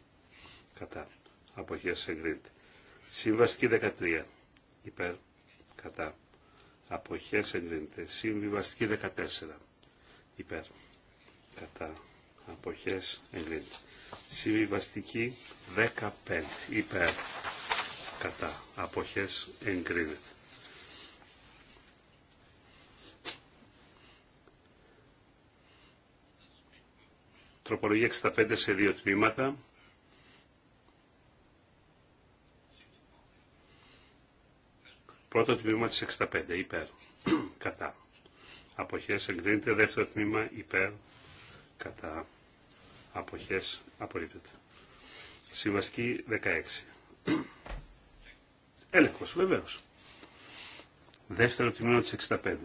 κατά αποχές εγκρίνεται. Συμβαστική 13 υπέρ κατά αποχές εγκρίνεται. Συμβιβαστική 14 υπέρ κατά αποχές εγκρίνεται. Συμβιβαστική 15 υπέρ κατά αποχές εγκρίνεται. τροπολογία 65 σε δύο τμήματα. Πρώτο τμήμα τη 65, υπέρ, [CLEARS THROAT] κατά. Αποχές εγκρίνεται, δεύτερο τμήμα, υπέρ, κατά. Αποχές απορρίπτεται. Συμβαστική 16. [CLEARS THROAT] Έλεγχος, βεβαίως. Δεύτερο τμήμα τη 65.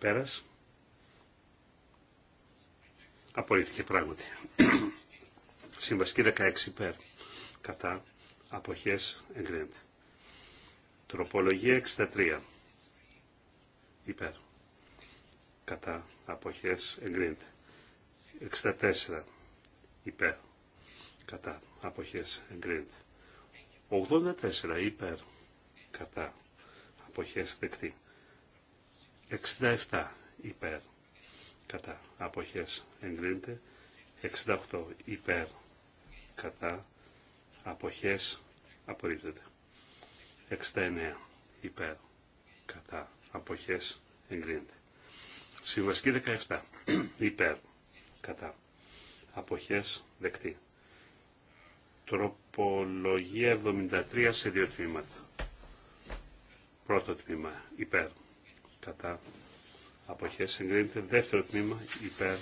Πέρας. απολύθηκε πράγματι. [CLEARS THROAT] Συμβαστική 16 υπέρ. Κατά. Αποχές εγκρίνεται. Τροπολογία 63. Υπέρ. Κατά. Αποχές εγκρίνεται. 64. Υπέρ. Κατά. Αποχές εγκρίνεται. 84. Υπέρ. Κατά. Αποχές δεκτή. 67 υπέρ κατά αποχές εγκρίνεται 68 υπέρ κατά αποχές απορρίπτεται 69 υπέρ κατά αποχές εγκρίνεται Συμβαστική 17 [CLEARS THROAT] υπέρ κατά αποχές δεκτή Τροπολογία 73 σε δύο τμήματα Πρώτο τμήμα υπέρ κατά αποχές εγκρίνεται. Δεύτερο τμήμα υπέρ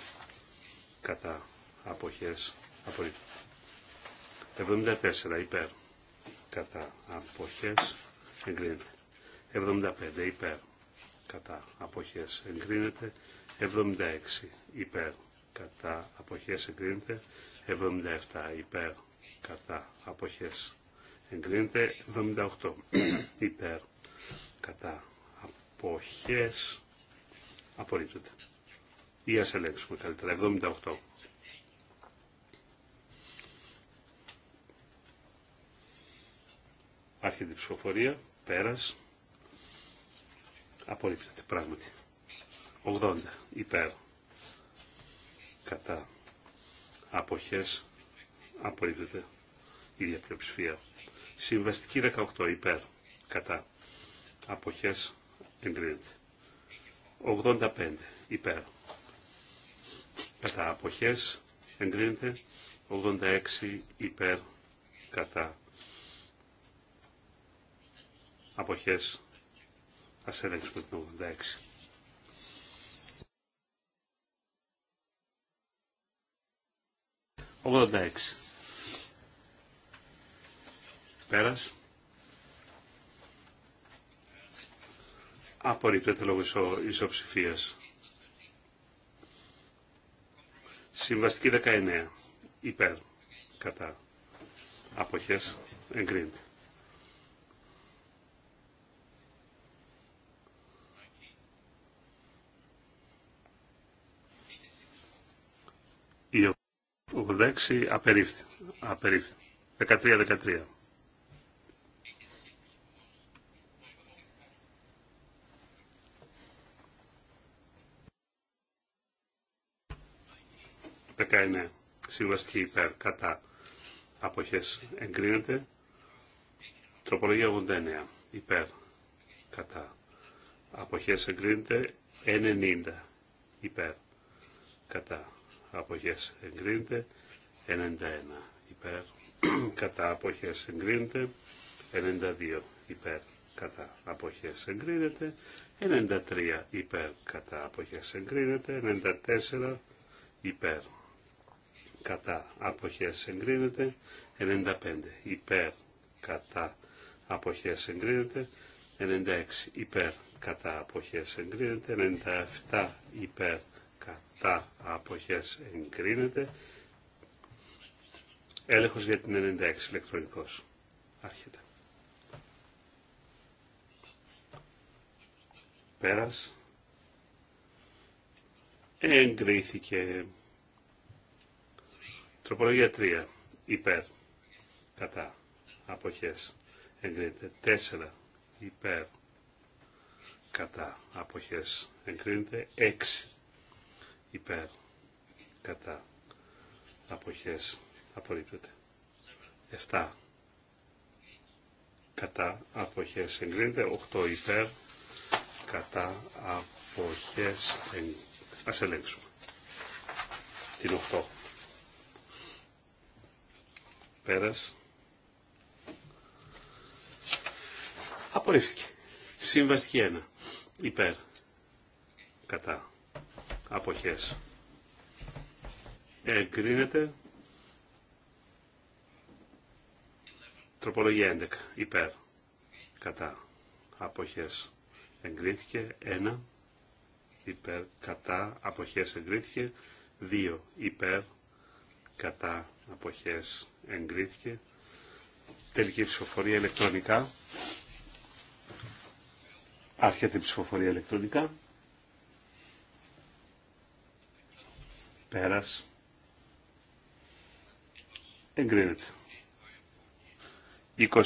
κατά αποχές απορρίτου. 74 υπέρ κατά αποχές εγκρίνεται. 75 υπέρ κατά αποχές εγκρίνεται. 76 υπέρ κατά αποχές εγκρίνεται. 77 υπέρ κατά αποχές εγκρίνεται. 78 [CLEARS THROAT] υπέρ κατά αποχές απορρίπτεται. Ή ας ελέγξουμε καλύτερα. 78. Άρχεται η ψηφοφορία. Πέρας. την ψηφοφορια περας πράγματι. 80. Υπέρ. Κατά. Αποχές. Απορρίπτεται. η πλειοψηφία. Συμβαστική 18. Υπέρ. Κατά. Αποχές εγκρίνεται. 85 υπέρ. Κατά αποχές εγκρίνεται. 86 υπέρ κατά αποχές. Ας ελέγξουμε την 86. 86. έξι. Πέρας. απορρίπτεται λόγω ισοψηφίας. Συμβαστική 19. Υπέρ. Κατά. Αποχές. Η 86. Απερίφθη. Απερίφθη. 13-13. 19. Συμβαστική υπέρ κατά αποχές εγκρίνεται. Τροπολογία 89 υπέρ κατά αποχές εγκρίνεται. 90 υπέρ κατά αποχές εγκρίνεται. 91 [CLEARS THROAT] υπέρ κατά αποχές εγκρίνεται. 92 υπέρ κατά αποχές εγκρίνεται, 93 υπέρ κατά αποχές εγκρίνεται, 94 υπέρ κατά αποχές εγκρίνεται, 95 υπέρ κατά αποχές εγκρίνεται, 96 υπέρ κατά αποχές εγκρίνεται, 97 υπέρ κατά αποχές εγκρίνεται, έλεγχος για την 96 ηλεκτρονικός. Άρχεται. Πέρας. Εγκρίθηκε Τροπολογία 3. Υπέρ. Κατά. Αποχές. Εγκρίνεται. 4. Υπέρ. Κατά. Αποχές. Εγκρίνεται. 6. Υπέρ. Κατά. Αποχές. Απορρίπτεται. 7. Κατά. Αποχές. Εγκρίνεται. 8. Υπέρ. Κατά. Αποχές. Εγκρίνεται. Ας ελέγξουμε. Την 8. Πέρας. Απορρίφθηκε. Συμβαστική 1. Υπέρ. Κατά. Αποχές. Εγκρίνεται. Τροπολογία 11. Υπέρ. Κατά. Αποχές. Εγκρίθηκε. 1. Υπέρ. Κατά. Αποχές. Εγκρίθηκε. 2. Υπέρ. Κατά. Αποχές εγκρίθηκε. Τελική ψηφοφορία ηλεκτρονικά. Άρχεται η ψηφοφορία ηλεκτρονικά. Πέρας. Εγκρίνεται. 24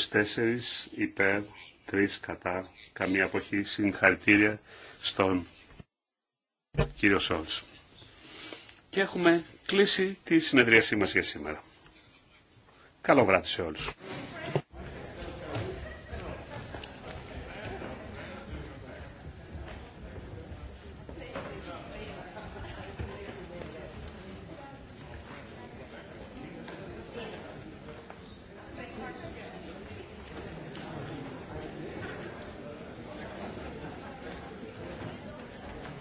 υπέρ, 3 κατά, καμία αποχή. Συγχαρητήρια στον κύριο Σόλτς. Και έχουμε κλείσει τη συνεδρίασή μας για σήμερα. Καλό βράδυ σε όλους.